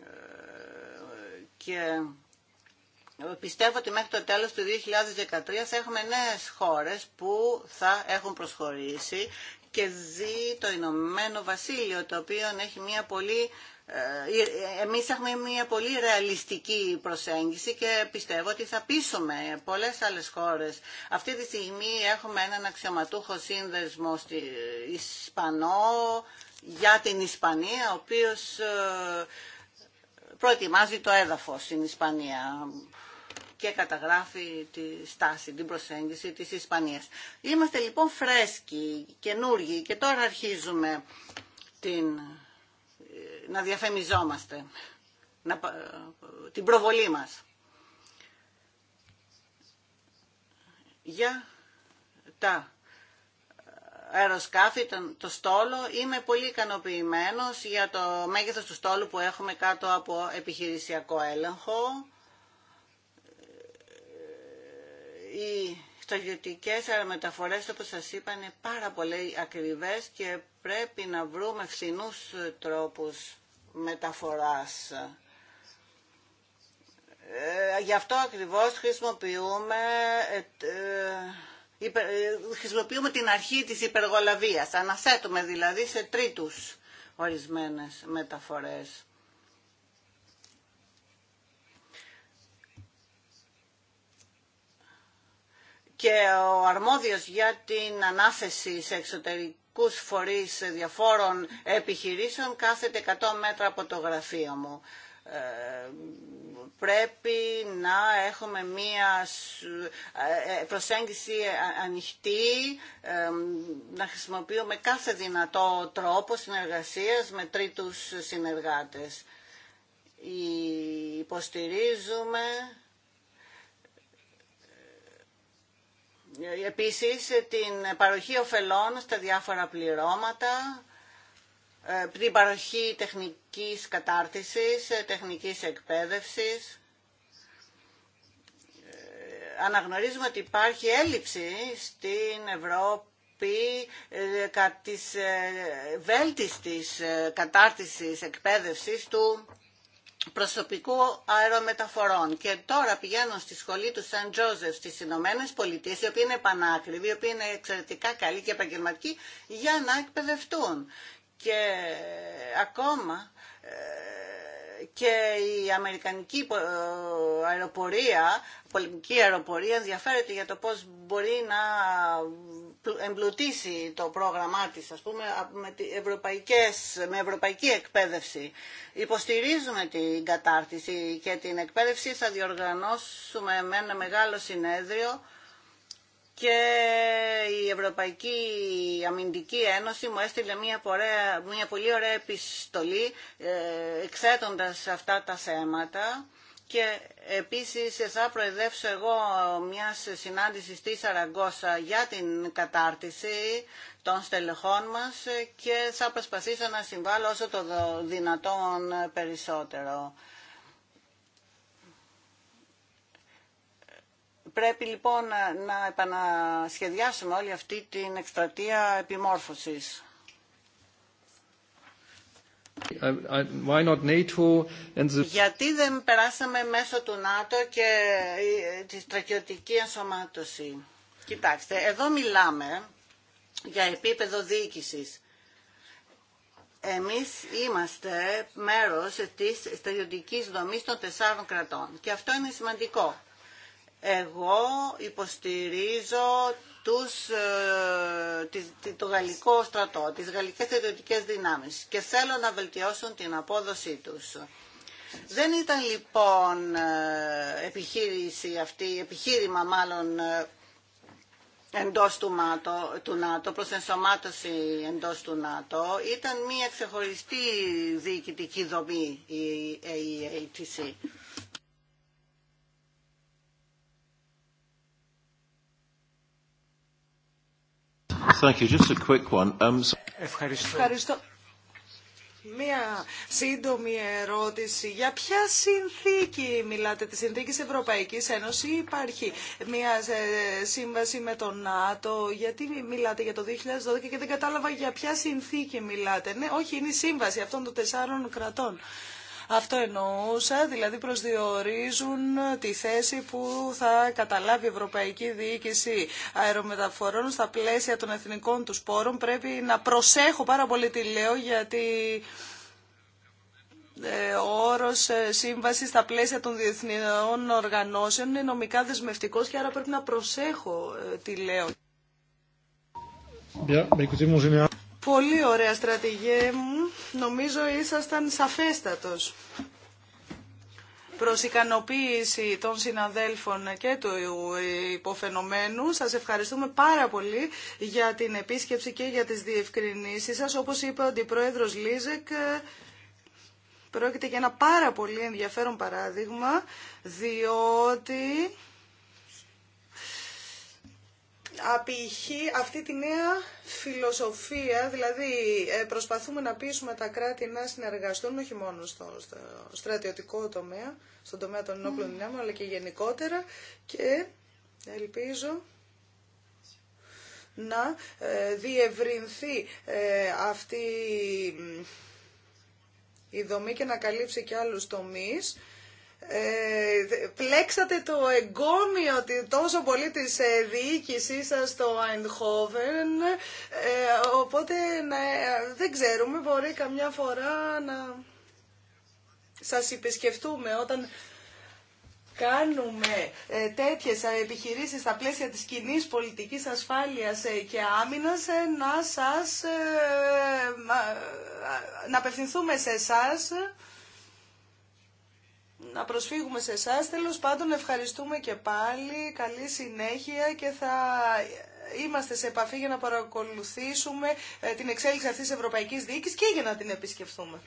C: Ε, και πιστεύω ότι μέχρι το τέλος του 2013 θα έχουμε νέες χώρες που θα έχουν προσχωρήσει και δει το Ηνωμένο Βασίλειο το οποίο έχει μια πολύ ε, εμείς έχουμε μια πολύ ρεαλιστική προσέγγιση και πιστεύω ότι θα πείσουμε πολλές άλλες χώρες. Αυτή τη στιγμή έχουμε έναν αξιωματούχο σύνδεσμο στη Ισπανό για την Ισπανία, ο οποίος ε, προετοιμάζει το έδαφος στην Ισπανία και καταγράφει τη στάση, την προσέγγιση της Ισπανίας. Είμαστε λοιπόν φρέσκοι, καινούργοι και τώρα αρχίζουμε την να διαφεμιζόμαστε την προβολή μας. Για τα αεροσκάφη, το στόλο, είμαι πολύ ικανοποιημένο για το μέγεθος του στόλου που έχουμε κάτω από επιχειρησιακό έλεγχο. Οι στρατιωτικές αερομεταφορές, όπως σας είπα, είναι πάρα πολύ ακριβές και πρέπει να βρούμε φθηνούς τρόπους μεταφοράς. Ε, γι' αυτό ακριβώς χρησιμοποιούμε, ε, ε, χρησιμοποιούμε την αρχή της υπεργολαβίας. Αναθέτουμε δηλαδή σε τρίτους ορισμένες μεταφορές. Και ο αρμόδιος για την ανάθεση σε εξωτερική ιδιωτικούς φορείς διαφόρων επιχειρήσεων κάθεται 100 μέτρα από το γραφείο μου. Ε, πρέπει να έχουμε μία ε, ε, προσέγγιση ανοιχτή, ε, να χρησιμοποιούμε κάθε δυνατό τρόπο συνεργασίας με τρίτους συνεργάτες. Υποστηρίζουμε Επίσης την παροχή ωφελών στα διάφορα πληρώματα, ε, την παροχή τεχνικής κατάρτισης, ε, τεχνικής εκπαίδευσης. Ε, αναγνωρίζουμε ότι υπάρχει έλλειψη στην Ευρώπη της βέλτιστης κατάρτισης εκπαίδευσης του προσωπικού αερομεταφορών και τώρα πηγαίνουν στη σχολή του Σαν Τζόζεφ στις Ηνωμένε Πολιτείε, οι οποίοι είναι πανάκριβοι, οι οποίοι είναι εξαιρετικά καλοί και επαγγελματικοί, για να εκπαιδευτούν. Και ακόμα ε, και η αμερικανική ε, αεροπορία, πολεμική αεροπορία ενδιαφέρεται για το πώς μπορεί να εμπλουτίσει το πρόγραμμά της, ας πούμε, με, ευρωπαϊκές, με ευρωπαϊκή εκπαίδευση. Υποστηρίζουμε την κατάρτιση και την εκπαίδευση. Θα διοργανώσουμε με ένα μεγάλο συνέδριο και η Ευρωπαϊκή Αμυντική Ένωση μου έστειλε μια, μια πολύ ωραία επιστολή εξέτοντας αυτά τα θέματα και επίσης θα προεδρεύσω εγώ μία συνάντηση στη Σαραγκώσα για την κατάρτιση των στελεχών μας και θα προσπαθήσω να συμβάλλω όσο το δυνατόν περισσότερο. Πρέπει λοιπόν να επανασχεδιάσουμε όλη αυτή την εκστρατεία επιμόρφωσης. Γιατί δεν περάσαμε μέσω του ΝΑΤΟ και ε, τη στρατιωτική ενσωμάτωση. Κοιτάξτε, εδώ μιλάμε για επίπεδο διοίκησης. Εμείς είμαστε μέρος της στρατιωτικής δομής των τεσσάρων κρατών και αυτό είναι σημαντικό. Εγώ υποστηρίζω τους, το γαλλικό στρατό, τις γαλλικές στρατιωτικές δυνάμεις και θέλουν να βελτιώσουν την απόδοσή τους. Δεν ήταν λοιπόν επιχείρηση αυτή, επιχείρημα μάλλον εντός του, ΜΑΤΟ, του ΝΑΤΟ, προς ενσωμάτωση εντός του ΝΑΤΟ, ήταν μια ξεχωριστή διοικητική δομή η AATC. Um,
D: Ευχαριστώ. Μία σύντομη ερώτηση. Για ποια συνθήκη μιλάτε, τη συνθήκη Ευρωπαϊκής Ένωσης υπάρχει μία ε, σύμβαση με τον ΝΑΤΟ, γιατί μιλάτε για το 2012 και δεν κατάλαβα για ποια συνθήκη μιλάτε. Ναι, όχι, είναι η σύμβαση αυτών των τεσσάρων κρατών. Αυτό εννοούσα, δηλαδή προσδιορίζουν τη θέση που θα καταλάβει η Ευρωπαϊκή Διοίκηση Αερομεταφορών στα πλαίσια των εθνικών του πόρων. Πρέπει να προσέχω πάρα πολύ τι λέω γιατί ε, ο όρος ε, σύμβαση στα πλαίσια των διεθνών οργανώσεων είναι νομικά δεσμευτικός και άρα πρέπει να προσέχω ε, τι λέω. Πολύ ωραία στρατηγέ μου. Νομίζω ήσασταν σαφέστατος προς ικανοποίηση των συναδέλφων και του υποφαινομένου. Σας ευχαριστούμε πάρα πολύ για την επίσκεψη και για τις διευκρινήσεις σας. Όπως είπε ο Αντιπρόεδρος Λίζεκ, πρόκειται για ένα πάρα πολύ ενδιαφέρον παράδειγμα, διότι απηχεί αυτή τη νέα φιλοσοφία, δηλαδή ε, προσπαθούμε να πείσουμε τα κράτη να συνεργαστούν όχι μόνο στο, στρατιωτικό τομέα, στον τομέα των ενόπλων mm. δυνάμεων, αλλά και γενικότερα και ελπίζω να ε, διευρυνθεί ε, αυτή η δομή και να καλύψει και άλλους τομείς. Ε, πλέξατε το εγκόμιο τόσο πολύ της ε, διοίκησής σας στο Eindhoven, ε, οπότε ε, δεν ξέρουμε, μπορεί καμιά φορά να σας επισκεφτούμε όταν κάνουμε τέτοιες επιχειρήσεις στα πλαίσια της κοινή πολιτικής ασφάλειας και άμυνας να σας να απευθυνθούμε σε εσάς να προσφύγουμε σε εσά. Τέλο πάντων ευχαριστούμε και πάλι. Καλή συνέχεια και θα είμαστε σε επαφή για να παρακολουθήσουμε ε, την εξέλιξη αυτή της Ευρωπαϊκής Διοίκησης και για να την επισκεφθούμε.